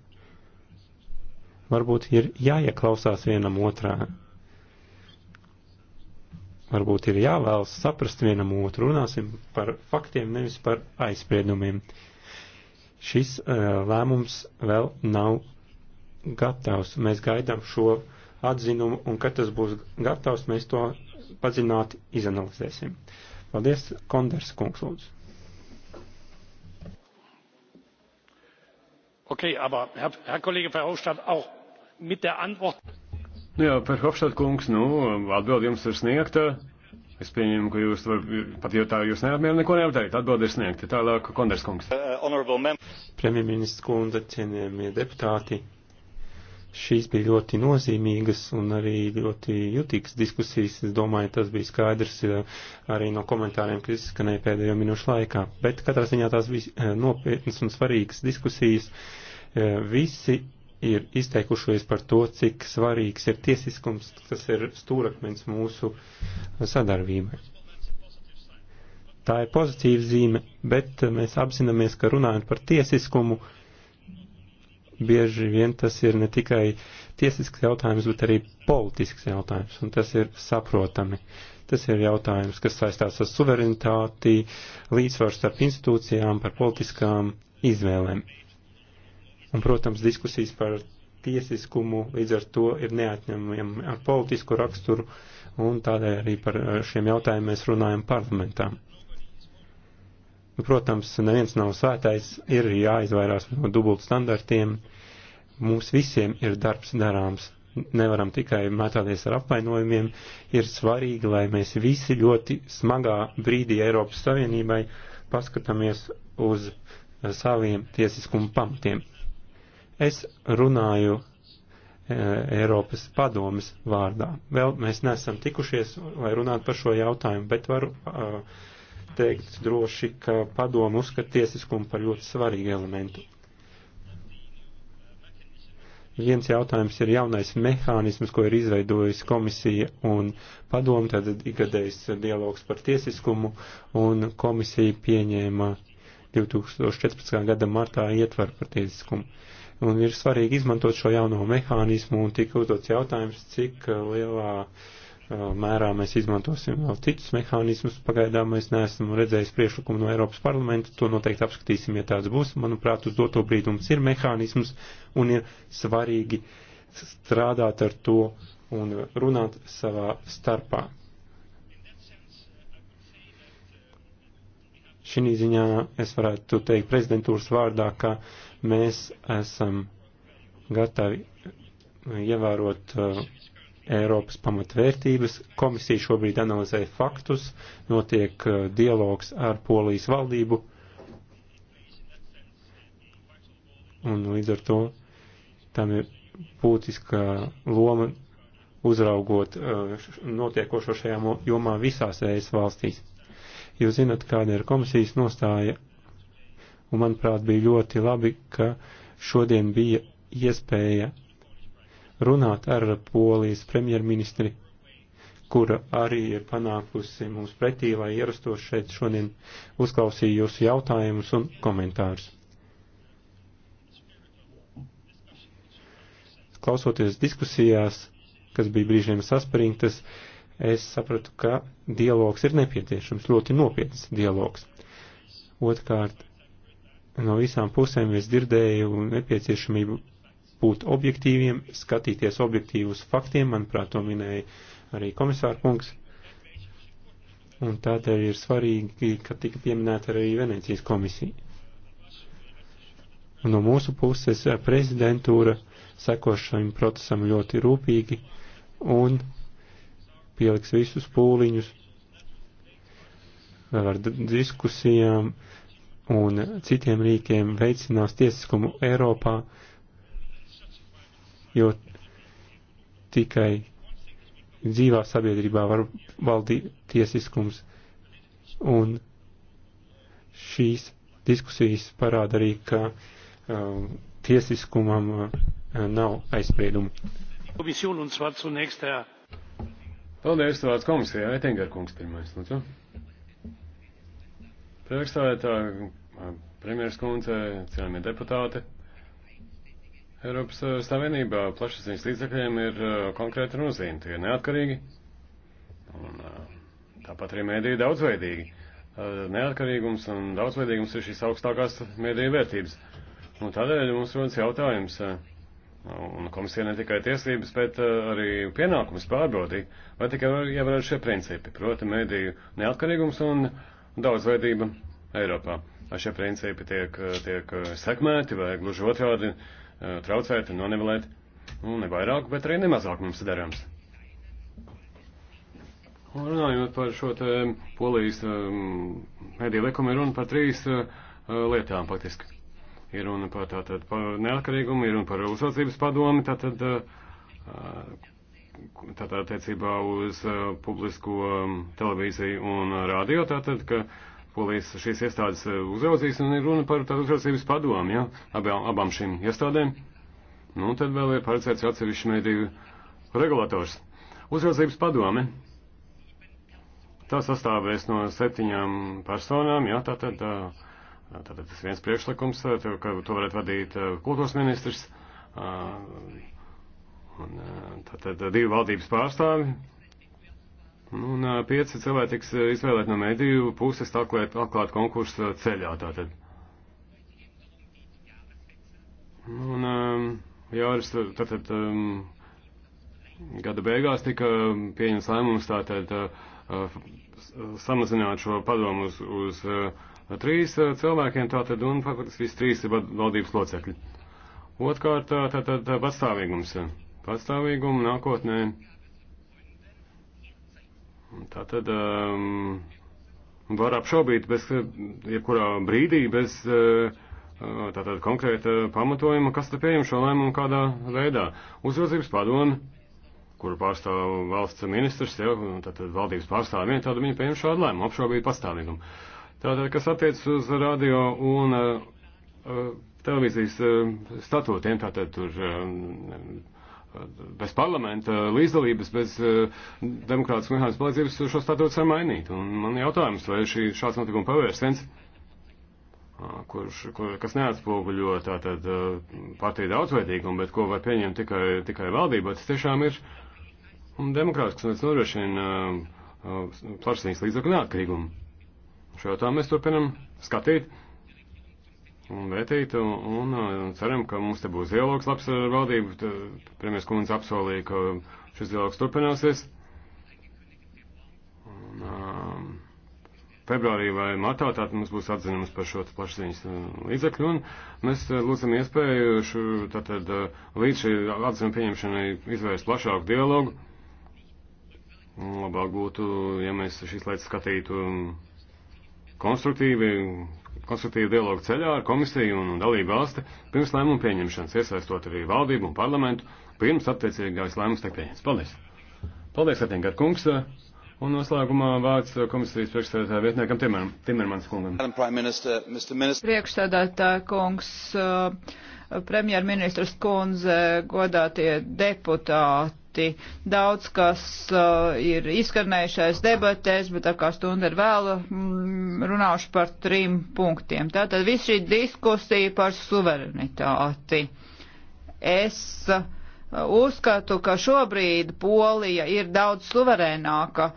Varbūt ir jāieklausās vienam otrā, varbūt ir jāvēlas saprast vienam otru, runāsim par faktiem, nevis par aizspriedumiem. Šis uh, lēmums vēl nav gatavs. Mēs gaidām šo atzinumu, un kad tas būs gatavs, mēs to padzināti izanalizēsim. Paldies, Konders kungs, lūdzu. Okay, aber Herr, Herr Kollege Verhofstadt, auch mit der Antwort. Nu jā, par Hofštāt kungs, nu, atbildi jums ir sniegta. Es pieņemu, ka jūs var, pat jau tā jūs neapmierina neko neapdarīt. Atbildi ir sniegta. Tālāk, Konders kungs. Uh, Premjerministra kundze, cienījamie deputāti, šīs bija ļoti nozīmīgas un arī ļoti jutīgas diskusijas. Es domāju, tas bija skaidrs uh, arī no komentāriem, kas izskanēja pēdējo minūšu laikā. Bet katrā ziņā tās bija uh, nopietnas un svarīgas diskusijas. Uh, visi ir izteikušies par to, cik svarīgs ir tiesiskums, tas ir stūrakmens mūsu sadarbībai. Tā ir pozitīva zīme, bet mēs apzināmies, ka runājot par tiesiskumu, bieži vien tas ir ne tikai tiesisks jautājums, bet arī politisks jautājums, un tas ir saprotami. Tas ir jautājums, kas saistās ar suverenitāti, līdzsvaru starp institūcijām, par politiskām izvēlēm. Un, protams, diskusijas par tiesiskumu līdz ar to ir neatņemami ar politisku raksturu, un tādēļ arī par eh, šiem jautājumiem mēs runājam parlamentā. Nu, protams, neviens nav svētais, ir jāizvairās no dubult standartiem. Mums visiem ir darbs darāms. Nevaram tikai mētāties ar apvainojumiem. Ir svarīgi, lai mēs visi ļoti smagā brīdī Eiropas Savienībai paskatāmies uz eh, saviem tiesiskuma pamatiem. Es runāju e, Eiropas padomas vārdā. Vēl mēs nesam tikušies, lai runātu par šo jautājumu, bet varu uh, teikt droši, ka padomu uzskata tiesiskumu par ļoti svarīgu elementu. Viens jautājums ir jaunais mehānisms, ko ir izveidojis komisija un padomu, tad ikgadējs dialogs par tiesiskumu, un komisija pieņēma 2014. gada martā ietvaru par tiesiskumu. Uh, Un ir svarīgi izmantot šo jauno mehānismu un tika uzdots jautājums, cik uh, lielā uh, mērā mēs izmantosim vēl citus mehānismus. Pagaidām mēs neesam redzējis priešlikumu no Eiropas parlamenta, to noteikti apskatīsim, ja tāds būs. Manuprāt, uz doto brīdi mums ir mehānisms un ir svarīgi strādāt ar to un runāt savā starpā. Šī ziņā es varētu teikt prezidentūras vārdā, ka mēs esam gatavi ievērot uh, Eiropas pamatvērtības. Komisija šobrīd analizē faktus, notiek uh, dialogs ar Polijas valdību. Un līdz ar to tam ir būtiska loma uzraugot uh, notiekošo šajā jomā visās ES valstīs. Jūs zinat, kāda ir komisijas nostāja, un manuprāt bija ļoti labi, ka šodien bija iespēja runāt ar Polijas premjerministri, kura arī ir panākusi mums pretī, lai ierastos šeit šodien uzklausīju jūsu jautājumus un komentārus. Klausoties diskusijās, kas bija brīžiem saspringtas, uh, es sapratu, ka dialogs ir nepieciešams, ļoti nopietns dialogs. Otkārt, no visām pusēm es dzirdēju nepieciešamību būt objektīviem, skatīties objektīvus faktiem, manuprāt, to minēja arī komisāra kungs. Un tādēļ ir svarīgi, ka tika pieminēta arī Venecijas komisija. Un no mūsu puses prezidentūra seko šim procesam ļoti rūpīgi un pieliks visus pūliņus vēl ar diskusijām un citiem rīkiem veicinās tiesiskumu Eiropā, jo tikai dzīvā sabiedrībā var valdīt tiesiskums. Un šīs diskusijas parāda arī, ka um, tiesiskumam uh, nav aizspriedumu. Komisija un svārts un ekstrā. Paldies, vārds komisijā, Etingar kungs pirmais, lūdzu. Priekšstājētā, premjeras kundze, cienījamie deputāti. Eiropas eh, Savienībā plašsaziņas līdzekļiem ir eh, konkrēta nozīme, tie ir neatkarīgi. Un, eh, tāpat arī mēdīja daudzveidīgi. Neatkarīgums un daudzveidīgums ir šīs augstākās mēdīja vērtības. Un tādēļ mums rodas jautājums. Uh, Un komisija ne tikai tiesības, bet eh, arī pienākums pārbaudīt, vai tikai ievērot šie principi, proti mediju neatkarīgums un daudzveidība Eiropā. Vai šie principi tiek, eh, tiek eh, sekmēti vai gluži otrādi traucēti, nonivelēti? Nu, ne vairāk, bet arī nemazāk mums darāms. Un runājot par šo te polijas mediju likumu, ir runa par trīs lietām faktiski ir runa par tātad par neatkarīgumu, ir runa par uzraudzības padomi, tātad, tātad attiecībā uz publisko televīziju un radio, tātad, ka polijas šīs iestādes uzraudzīs un ir runa par tātad uzraudzības padomu, ja, abām, abām šīm iestādēm. Nu, tad vēl ir paredzēts atsevišķi mediju regulators. Uzraudzības padome. Tā sastāvēs no septiņām personām, jā, tātad. Tā, Tātad tas viens priekšlikums, eh, ka to varētu vadīt eh, kultūras ministrs. Eh, un, tātad divi valdības pārstāvi. Un pieci cilvēki tiks izvēlēti no mediju puses atklāt, atklāt konkursu ceļā. Tātad. Un Jāris, tātad gada beigās tika pieņems lēmums tātad samazināt šo padomu uz, uz Trīs eh, cilvēkiem tātad un faktiski visi trīs ir valdības locekļi. Otkārt, eh, tātad eh, pastāvīgums. Pastāvīgumu nākotnē. Tātad um, var apšaubīt bez jebkurā brīdī, bez tātad konkrēta pamatojuma, kas te pieņem šo lēmumu kādā veidā. Uzraudzības padomu kuru pārstāv valsts ministrs, jau tātad valdības pārstāvja, tāda viņa pieņem šādu lēmumu, apšaubīt pastāvīgumu. Tātad, kas attiec uz radio un uh, televīzijas uh, statūtiem, tātad tur um, bez parlamenta līdzdalības, bez uh, demokrātas mehānismu palīdzības šo statūtu var mainīt. Un man jautājums, vai šī šāds notikuma pavērsiens, uh, kurš, kur, kas neatspoguļo tātad uh, partiju daudzveidīgumu, bet ko var pieņemt tikai, tikai valdība, tas tiešām ir demokrātisks un tas nodrošina plašsaziņas līdzekļu neatkarīgumu. Šo jautājumu mēs turpinam skatīt un vērtīt, un, un ceram, ka mums te būs dialogs labs ar valdību. Premjers Kundze apsolīja, ka šis dialogs turpināsies. Un, um, februārī vai martā tātad mums būs atzinums par šo plašsaziņas uh, līdzekļu, un mēs uh, lūdzam iespēju šo, tātad, uh, līdz šī atzinuma pieņemšanai izvērst plašāku dialogu. Un labāk būtu, ja mēs šīs lietas skatītu um, konstruktīvi, konstruktīvi dialogu ceļā ar komisiju un dalību valsti pirms lēmumu pieņemšanas, iesaistot arī valdību un parlamentu, pirms attiecīgais lēmums tiek pieņemts. Paldies! Paldies, Atīngār kungs! Un noslēgumā vārds komisijas priekšstādātāja vietniekam Timer, Timermans kungam. Priekšstādātāja kungs, eh, premjerministrs kundze, godātie deputāti ļoti daudz, kas uh, ir izskanējušais debatēs, bet tā kā stunda ir vēla, mm, runāšu par trim punktiem. Tātad viss šī diskusija par suverenitāti. Es uh, uzskatu, ka šobrīd Polija ir daudz suverēnāka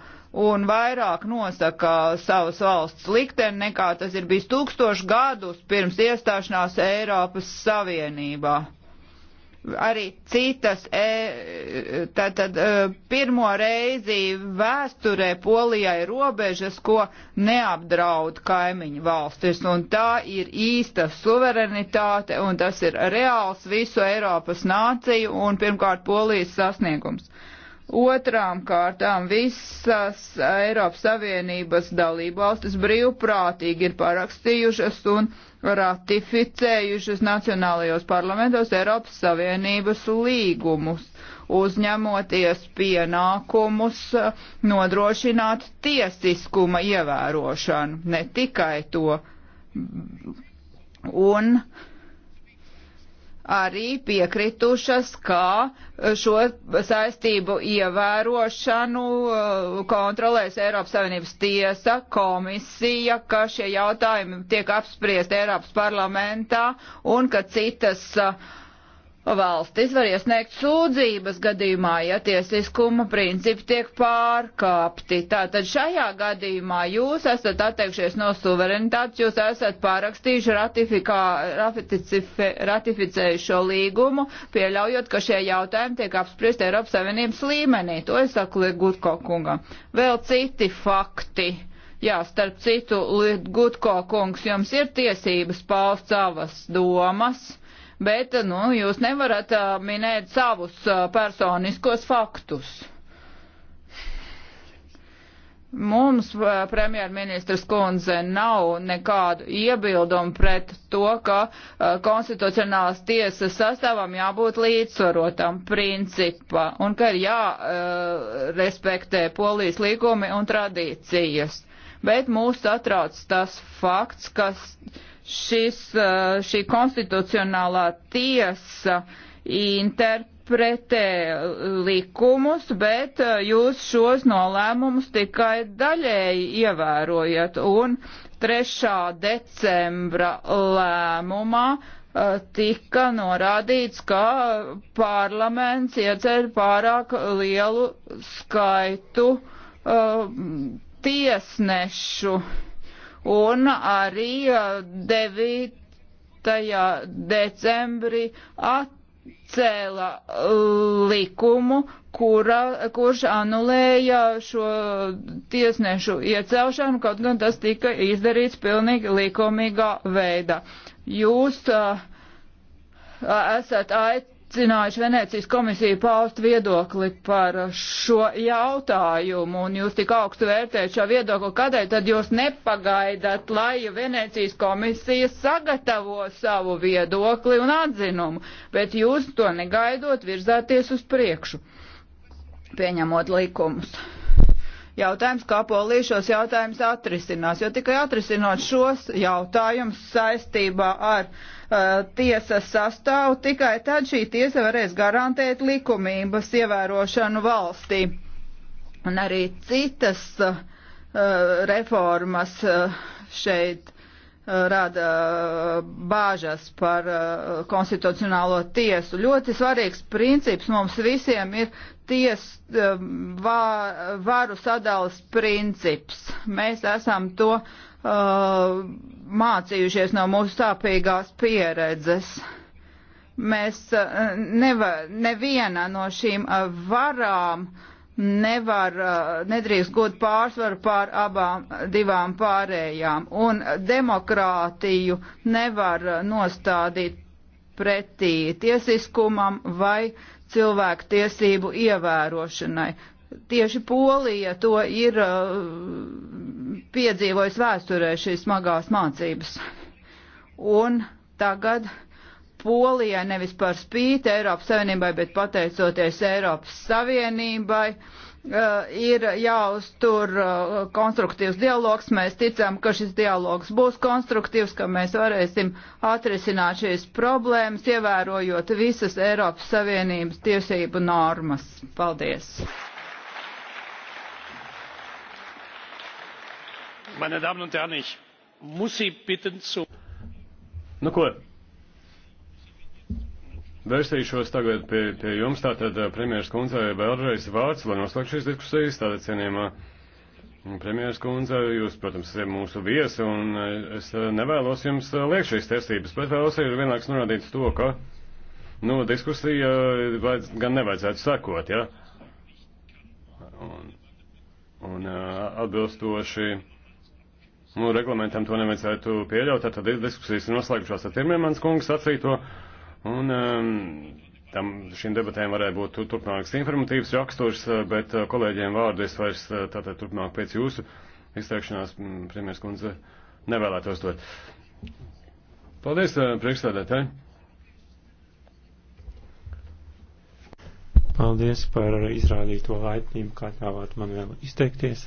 un vairāk nosaka savas valsts likteni nekā tas ir bijis tūkstoši gadus pirms iestāšanās Eiropas Savienībā arī citas, e, tātad e, pirmo reizi vēsturē Polijai robežas, ko neapdraud kaimiņu valstis, un tā ir īsta suverenitāte, un tas ir reāls visu Eiropas nāciju un pirmkārt Polijas sasniegums. Otrām kārtām visas Eiropas Savienības dalībvalstis brīvprātīgi ir parakstījušas un ratificējušas nacionālajos parlamentos Eiropas Savienības līgumus, uzņemoties pienākumus nodrošināt tiesiskuma ievērošanu, ne tikai to. Un uh, arī piekritušas, ka šo saistību ievērošanu uh, kontrolēs Eiropas Savienības tiesa, komisija, ka šie jautājumi tiek apspriesti Eiropas parlamentā un ka citas uh, valstis var iesniegt sūdzības gadījumā, ja tiesiskuma principi tiek pārkāpti. Tātad šajā gadījumā jūs esat atteikšies no suverenitātes, jūs esat pārakstījuši ratifikā, ratificējuši šo līgumu, pieļaujot, ka šie jautājumi tiek apspriest Eiropas Savienības līmenī. To es saku Ligutko kungam. Vēl citi fakti. Jā, starp citu, Ligutko kungs, jums ir tiesības paust savas domas bet nu, jūs nevarat minēt savus personiskos faktus. Mums premjerministras kundze nav nekādu iebildumu pret to, ka konstitucionālās tiesas sastāvam jābūt līdzsvarotam principa un ka ir jārespektē polijas līgumi un tradīcijas. Bet mūs atrauc tas fakts, kas Šis, uh, šī konstitucionālā tiesa interpretē likumus, bet uh, jūs šos nolēmumus tikai daļēji ievērojat. Un 3. decembra lēmumā uh, tika norādīts, ka parlaments ieceļ pārāk lielu skaitu uh, tiesnešu un arī 9. Uh, decembrī atcēla uh, likumu, kura, kurš anulēja šo tiesnešu iecelšanu, kaut gan tas tika izdarīts pilnīgi likumīgā veidā. Jūs uh, esat aicinājums aicinājuši Venecijas komisiju paust viedokli par šo jautājumu, un jūs tik augstu vērtējat šo viedokli, kādēļ tad jūs nepagaidat, lai Venecijas komisija sagatavo savu viedokli un atzinumu, bet jūs to negaidot virzāties uz priekšu, pieņemot likumus jautājums, kā Polija šos jautājumus atrisinās, jo tikai atrisinot šos jautājumus saistībā ar uh, tiesas sastāvu, tikai tad šī tiesa varēs garantēt likumības ievērošanu valstī. Un arī citas uh, reformas uh, šeit rada bāžas par konstitucionālo tiesu. Ļoti svarīgs princips mums visiem ir ties um, vā, varu sadalas princips. Mēs esam to uh, mācījušies no mūsu sāpīgās pieredzes. Mēs uh, nevar, neviena no šīm uh, varām nevar, uh, nedrīkst gūt pārsvaru pār abām divām pārējām, un demokrātiju nevar uh, nostādīt pretī tiesiskumam vai cilvēku tiesību ievērošanai. Tieši Polija to ir uh, piedzīvojis vēsturē šīs smagās mācības. Un tagad Polijai nevis par spīti Eiropas Savienībai, bet pateicoties Eiropas Savienībai, uh, Eh, ir jāuztur eh, konstruktīvs dialogs. Mēs ticam, ka šis dialogs būs konstruktīvs, ka mēs varēsim atrisināt šīs problēmas, ievērojot visas Eiropas Savienības tiesību normas. Paldies! Meine Damen und Herren, ich muss Sie bitten zu. Nu, ko, Vērsīšos tagad pie, pie jums, tātad eh, premjeras kundzei vēlreiz vārds, lai noslēgtu šīs diskusijas, tātad cienījumā. Premjeras kundze, jūs, protams, esat mūsu viesi, un eh, es eh, nevēlos jums liek šīs tiesības, bet vēlos arī vienlaiks norādīt to, ka, nu, diskusija vajadz, gan nevajadzētu sakot, ja? Un, un atbilstoši, nu, reglamentam to nevajadzētu pieļaut, tad diskusijas ir noslēgušās ar pirmie mans kungs sacīto. Un um, tam šīm debatēm varēja būt turpmākas informatīvas raksturs, uh, bet uh, kolēģiem vārdu es vairs uh, tātad turpmāk pēc jūsu izteikšanās, mm, premjeras kundze, nevēlētos dot. Paldies, priekšstādētāji! Paldies par izrādīto laipnību, kā ļāvāt man vēl izteikties.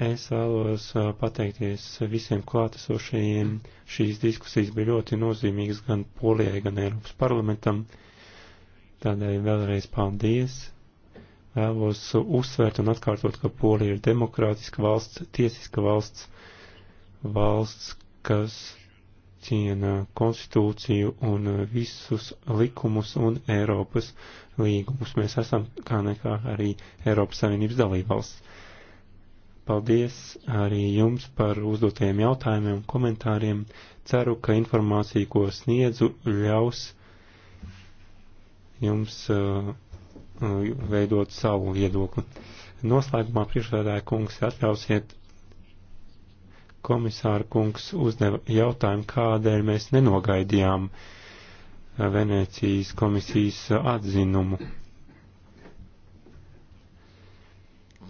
Es vēlos pateikties visiem klātesošajiem. Šīs diskusijas bija ļoti nozīmīgas gan Polijai, gan Eiropas parlamentam. Tādēļ vēlreiz paldies. Vēlos uzsvērt un atkārtot, ka Polija ir demokrātiska valsts, tiesiska valsts, valsts, kas ciena konstitūciju un visus likumus un Eiropas līgumus. Mēs esam kā nekā arī Eiropas Savienības dalībvalsts Paldies arī jums par uzdotajiem jautājumiem un komentāriem. Ceru, ka informācija, ko sniedzu, ļaus jums uh, uh, veidot savu viedokli. Noslēgumā priekšsēdētāja kungs atļausiet komisāra kungs uzdeva jautājumu, kādēļ mēs nenogaidījām Venecijas komisijas atzinumu.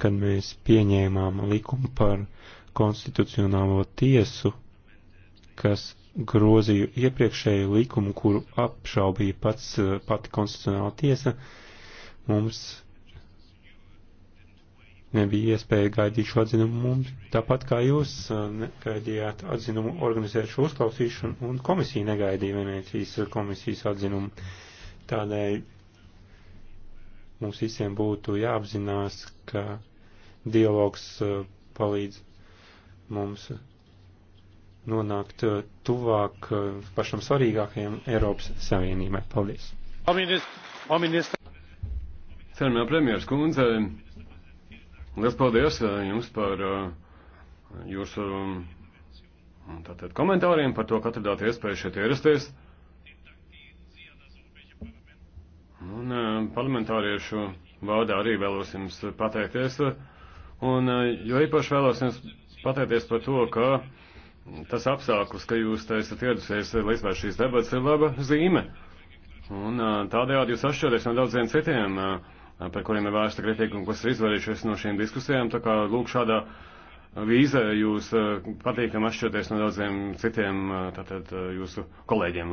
kad mēs pieņēmām likumu par konstitucionālo tiesu, kas grozīju iepriekšēju likumu, kuru apšaubīja pats, eh, pati konstitucionāla tiesa, mums nebija iespēja gaidīt šo atzinumu mums, tāpat kā jūs eh, negaidījāt atzinumu organizējušu uzklausīšanu un komisija negaidīja Venecijas komisijas atzinumu. Tādēļ mums visiem būtu jāapzinās, ka dialogs eh, palīdz mums nonākt eh, tuvāk eh, pašam svarīgākajam Eiropas Savienībai. Paldies! Cernā premjeras kundze, liels paldies jums par jūsu mm, tātad, komentāriem, par to, ka atradāt iespēju šeit ierasties. Un parlamentāriešu vārdā arī vēlos jums pateikties. Uh, Un eh, jo īpaši vēlos jums pateikties par to, ka tas apstākļus, ka jūs te esat ieradusies, lai izvērst šīs debatas, ir laba zīme. Un eh, tādējādi jūs atšķiraties no daudziem citiem, eh, par kuriem ir vērsta kritika un kas ir izvairījušies no šīm diskusijām. Tā kā lūk šādā vīzē jūs patīkam atšķiraties no daudziem citiem tātad, jūsu kolēģiem.